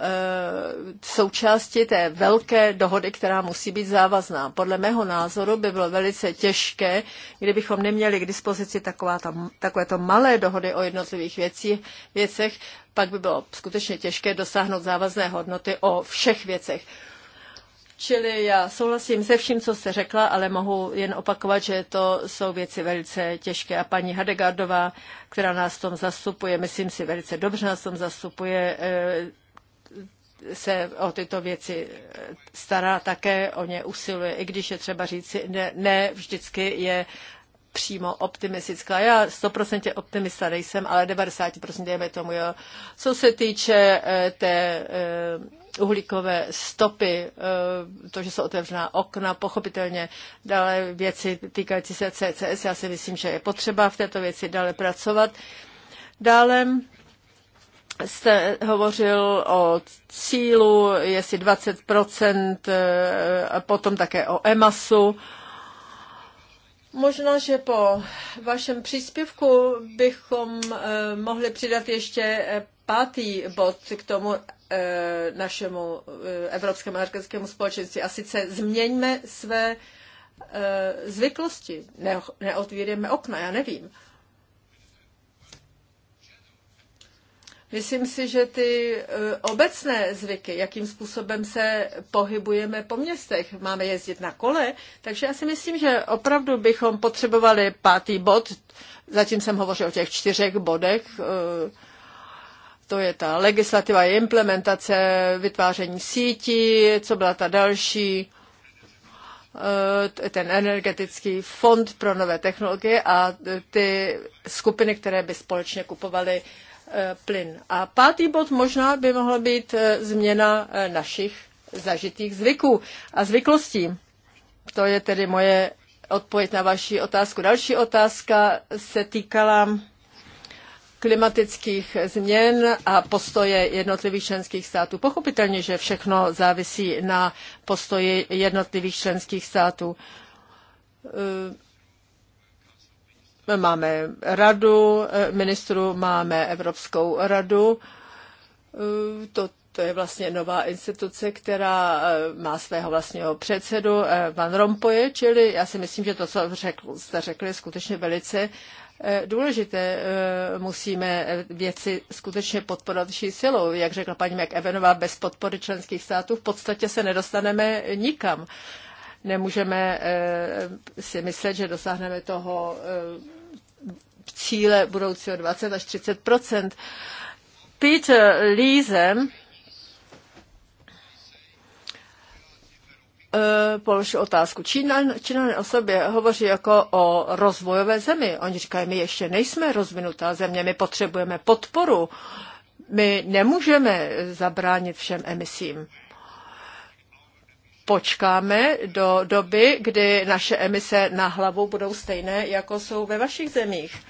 součásti té velké dohody, která musí být závazná. Podle mého názoru by bylo velice těžké, kdybychom neměli k dispozici taková tam, takovéto malé dohody o jednotlivých věcí, věcech, pak by bylo skutečně těžké dosáhnout závazné hodnoty o všech věcech. Čili já souhlasím se vším, co jste řekla, ale mohu jen opakovat, že to jsou věci velice těžké. A paní Hadegardová, která nás v tom zastupuje, myslím si, velice dobře nás v tom zastupuje, eh, se o tyto věci eh, stará také, o ně usiluje, i když je třeba říci, ne, ne vždycky je přímo optimistická. Já 100% optimista nejsem, ale 90% dejme tomu, jo. Co se týče eh, té uhlíkové stopy, eh, to, že jsou otevřená okna, pochopitelně dále věci týkající se CCS. Já si myslím, že je potřeba v této věci dále pracovat. Dále jste hovořil o cílu, jestli 20%, eh, a potom také o EMASu. Možná, že po vašem příspěvku bychom eh, mohli přidat ještě pátý bod k tomu E, našemu e, Evropskému energetickému společenství. A sice změňme své e, zvyklosti. Ne, okna, já nevím. Myslím si, že ty obecné zvyky, jakým způsobem se pohybujeme po městech, máme jezdit na kole, takže já si myslím, že opravdu bychom potřebovali pátý bod. Zatím jsem hovořil o těch čtyřech bodech to je ta legislativa, implementace, vytváření sítí, co byla ta další, eh, ten energetický fond pro nové technologie a ty skupiny, které by společně kupovaly eh, plyn. A pátý bod možná by mohla být eh, změna našich zažitých zvyků a zvyklostí. To je tedy moje odpověď na vaši otázku. Další otázka se týkala klimatických změn a postoje jednotlivých členských států. Pochopitelně, že všechno závisí na postoji jednotlivých členských států. E, máme radu e, ministrů, máme Evropskou radu. E, to, to je vlastně nová instituce, která má svého vlastního předsedu, Van Rompuy, čili já si myslím, že to, co řekl, jste řekli, je skutečně velice Eh, důležité. Eh, musíme věci skutečně podporovat vší silou. Jak řekla paní McEvenová, bez podpory členských států v podstatě se nedostaneme nikam. Nemůžeme eh, si myslet, že dosáhneme toho cíle budoucího 20 až 30 Peter Leesem E, položil otázku. Číňané Čína o sobě hovoří jako o rozvojové zemi. Oni říkají, my ještě nejsme rozvinutá země, my potřebujeme podporu. My nemůžeme zabránit všem emisím. Počkáme do doby, kdy naše emise na hlavu budou stejné, jako jsou ve vašich zemích.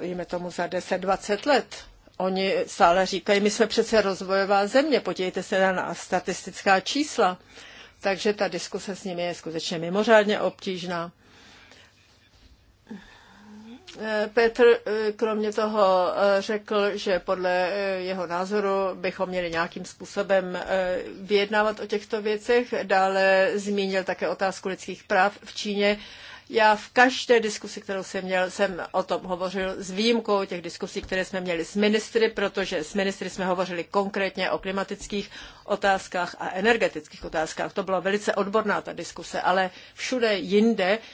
Víme tomu za 10-20 let Oni stále říkají, my jsme přece rozvojová země, podívejte se na nás, statistická čísla. Takže ta diskuse s nimi je skutečně mimořádně obtížná. Eh, Petr eh, kromě toho eh, řekl, že podle jeho názoru bychom měli nějakým způsobem vyjednávat o těchto věcech. Dále zmínil také otázku lidských práv v Číně já v každé diskusi, kterou jsem měl, jsem o tom hovořil s výjimkou těch diskusí, které jsme měli s ministry, protože s ministry jsme hovořili konkrétně o klimatických otázkách a energetických otázkách. To byla velice odborná ta diskuse, ale všude jinde uh,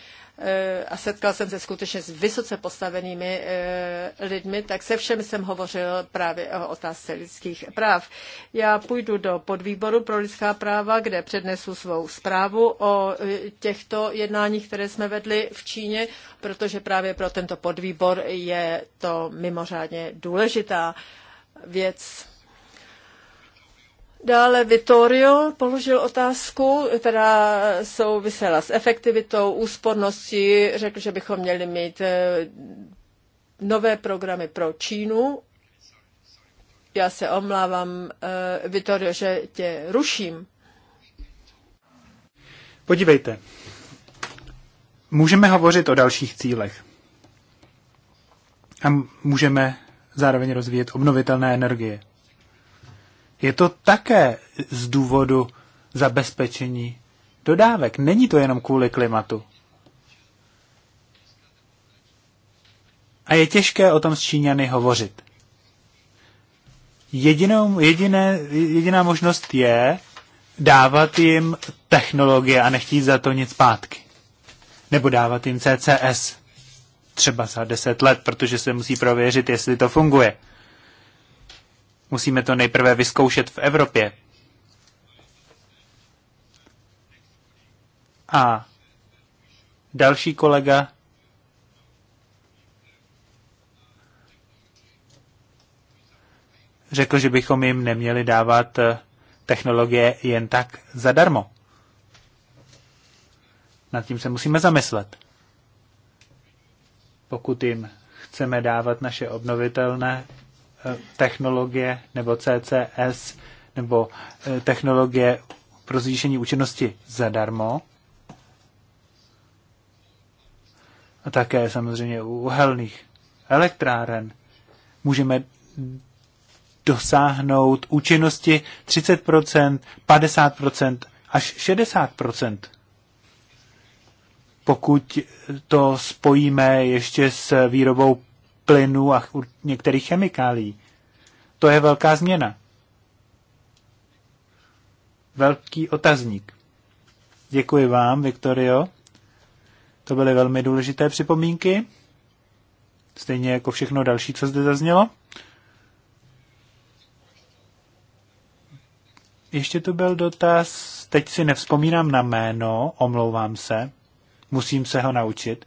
Eh, a setkal jsem se skutečně s vysoce postavenými eh, lidmi, tak se všem jsem hovořil právě o otázce lidských práv. Já půjdu do podvýboru pro lidská práva, kde přednesu svou zprávu o eh, těchto jednáních, které jsme vedli v Číně, protože právě pro tento podvýbor je to mimořádně důležitá věc. Dále Vittorio položil otázku, která souvisela s efektivitou, úsporností. Řekl, že bychom měli mít eh, nové programy pro Čínu. Já se omlávám, eh, Vittorio, že tě ruším. Podívejte, můžeme hovořit o dalších cílech. A můžeme zároveň rozvíjet obnovitelné energie. Je to také z důvodu zabezpečení dodávek. Není to jenom kvůli klimatu. A je těžké o tom s Číňany hovořit. Jedinou, jediné, jediná možnost je dávat jim technologie a nechtít za to nic zpátky. Nebo dávat jim CCS třeba za deset let, protože se musí prověřit, jestli to funguje. Musíme to nejprve vyzkoušet v Evropě. A další kolega řekl, že bychom jim neměli dávat eh, technologie jen tak zadarmo. Nad tím se musíme zamyslet. Pokud jim chceme dávat naše obnovitelné technologie nebo CCS nebo eh, technologie pro zvýšení účinnosti zadarmo. A také samozřejmě u uhelných elektráren můžeme dosáhnout účinnosti 30%, 50% až 60%. Pokud to spojíme ještě s výrobou plynu a některých chemikálí. To je velká změna. Velký otazník. Děkuji vám, Viktorio. To byly velmi důležité připomínky, stejně jako všechno další, co zde zaznělo. Ještě tu byl dotaz, teď si nevzpomínám na jméno, omlouvám se, musím se ho naučit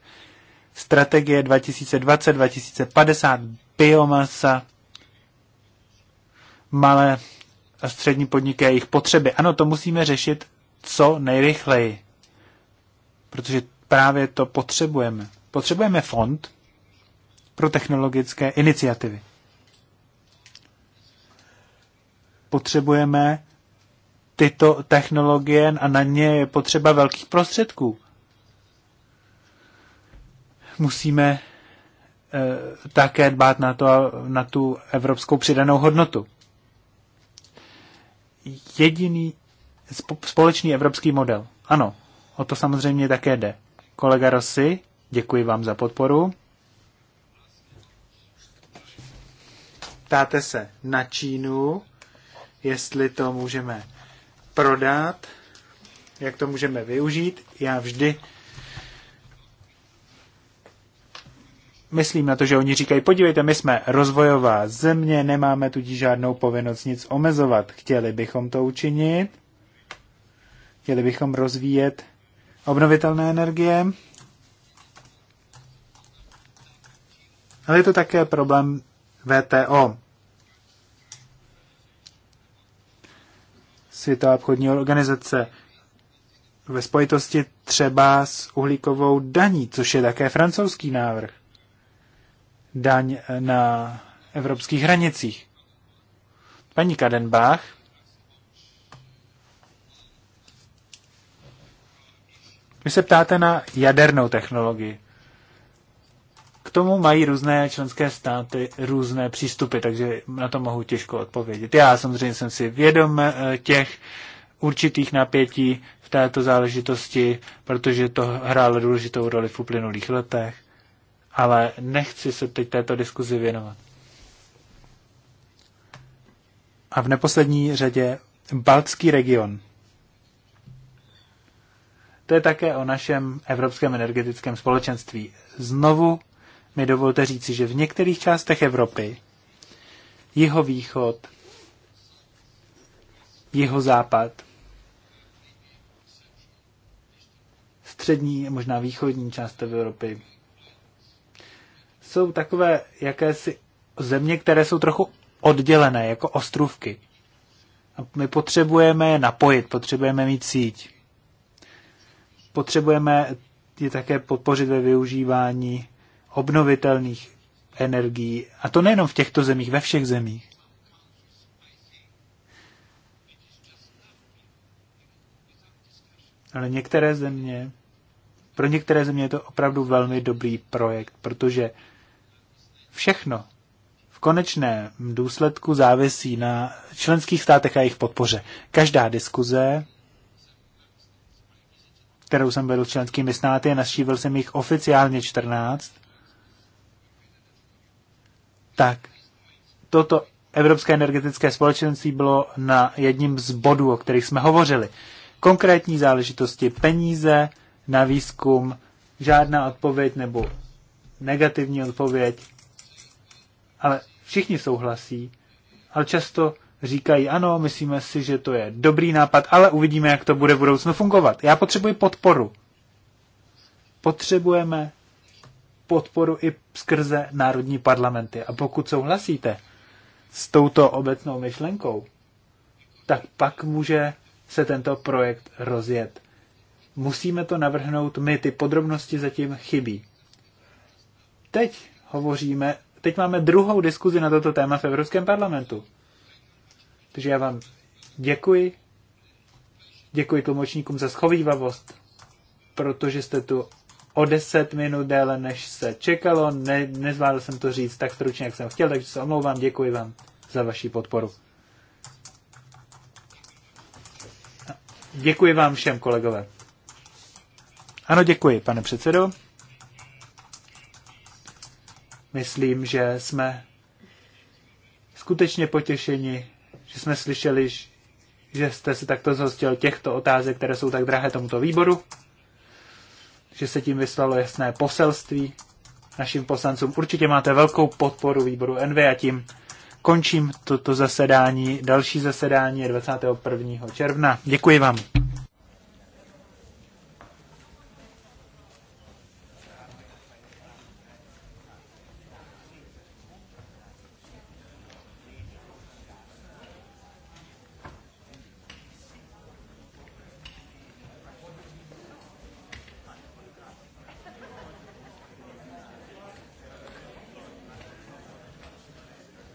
strategie 2020-2050, biomasa, malé a střední podniky a jejich potřeby. Ano, to musíme řešit co nejrychleji, protože právě to potřebujeme. Potřebujeme fond pro technologické iniciativy. Potřebujeme tyto technologie a na ně je potřeba velkých prostředků musíme eh, také dbát na, to, na tu evropskou přidanou hodnotu. Jediný společný evropský model. Ano, o to samozřejmě také jde. Kolega Rossi, děkuji vám za podporu. Ptáte se na Čínu, jestli to můžeme prodat, jak to můžeme využít. Já vždy myslím na to, že oni říkají, podívejte, my jsme rozvojová země, nemáme tudíž žádnou povinnost nic omezovat. Chtěli bychom to učinit, chtěli bychom rozvíjet obnovitelné energie. Ale je to také problém VTO. Světová obchodní organizace ve spojitosti třeba s uhlíkovou daní, což je také francouzský návrh daň na evropských hranicích. Paní Kadenbach. Vy se ptáte na jadernou technologii. K tomu mají různé členské státy různé přístupy, takže na to mohu těžko odpovědět. Já samozřejmě jsem si vědom eh, těch určitých napětí v této záležitosti, protože to hrálo důležitou roli v uplynulých letech ale nechci se teď této diskuzi věnovat. A v neposlední řadě Baltský region. To je také o našem evropském energetickém společenství. Znovu mi dovolte říci, že v některých částech Evropy, jeho východ, jeho západ, střední, možná východní část Evropy, jsou takové jakési země, které jsou trochu oddělené, jako ostrůvky. A my potřebujeme je napojit, potřebujeme mít síť. Potřebujeme je také podpořit ve využívání obnovitelných energií. A to nejenom v těchto zemích, ve všech zemích. Ale některé země, pro některé země je to opravdu velmi dobrý projekt, protože Všechno v konečném důsledku závisí na členských státech a jejich podpoře. Každá diskuze, kterou jsem vedl s členskými státy a naštívil jsem jich oficiálně 14, tak toto Evropské energetické společenství bylo na jedním z bodů, o kterých jsme hovořili. Konkrétní záležitosti, peníze na výzkum, žádná odpověď nebo negativní odpověď ale všichni souhlasí, ale často říkají, ano, myslíme si, že to je dobrý nápad, ale uvidíme, jak to bude v budoucnu fungovat. Já potřebuji podporu. Potřebujeme podporu i skrze národní parlamenty. A pokud souhlasíte s touto obecnou myšlenkou, tak pak může se tento projekt rozjet. Musíme to navrhnout my, ty podrobnosti zatím chybí. Teď hovoříme teď máme druhou diskuzi na toto téma v Evropském parlamentu. Takže já vám děkuji. Děkuji tlumočníkům za schovývavost, protože jste tu o 10 minut déle, než se čekalo. Ne, nezvládl jsem to říct tak stručně, jak jsem chtěl, takže se omlouvám. Děkuji vám za vaši podporu. Děkuji vám všem, kolegové. Ano, děkuji, pane předsedo myslím, že jsme skutečně potěšeni, že jsme slyšeli, že jste se takto zhostil těchto otázek, které jsou tak drahé tomuto výboru, že se tím vyslalo jasné poselství našim poslancům. Určitě máte velkou podporu výboru NV a tím končím toto zasedání. Další zasedání je 21. června. Děkuji vám.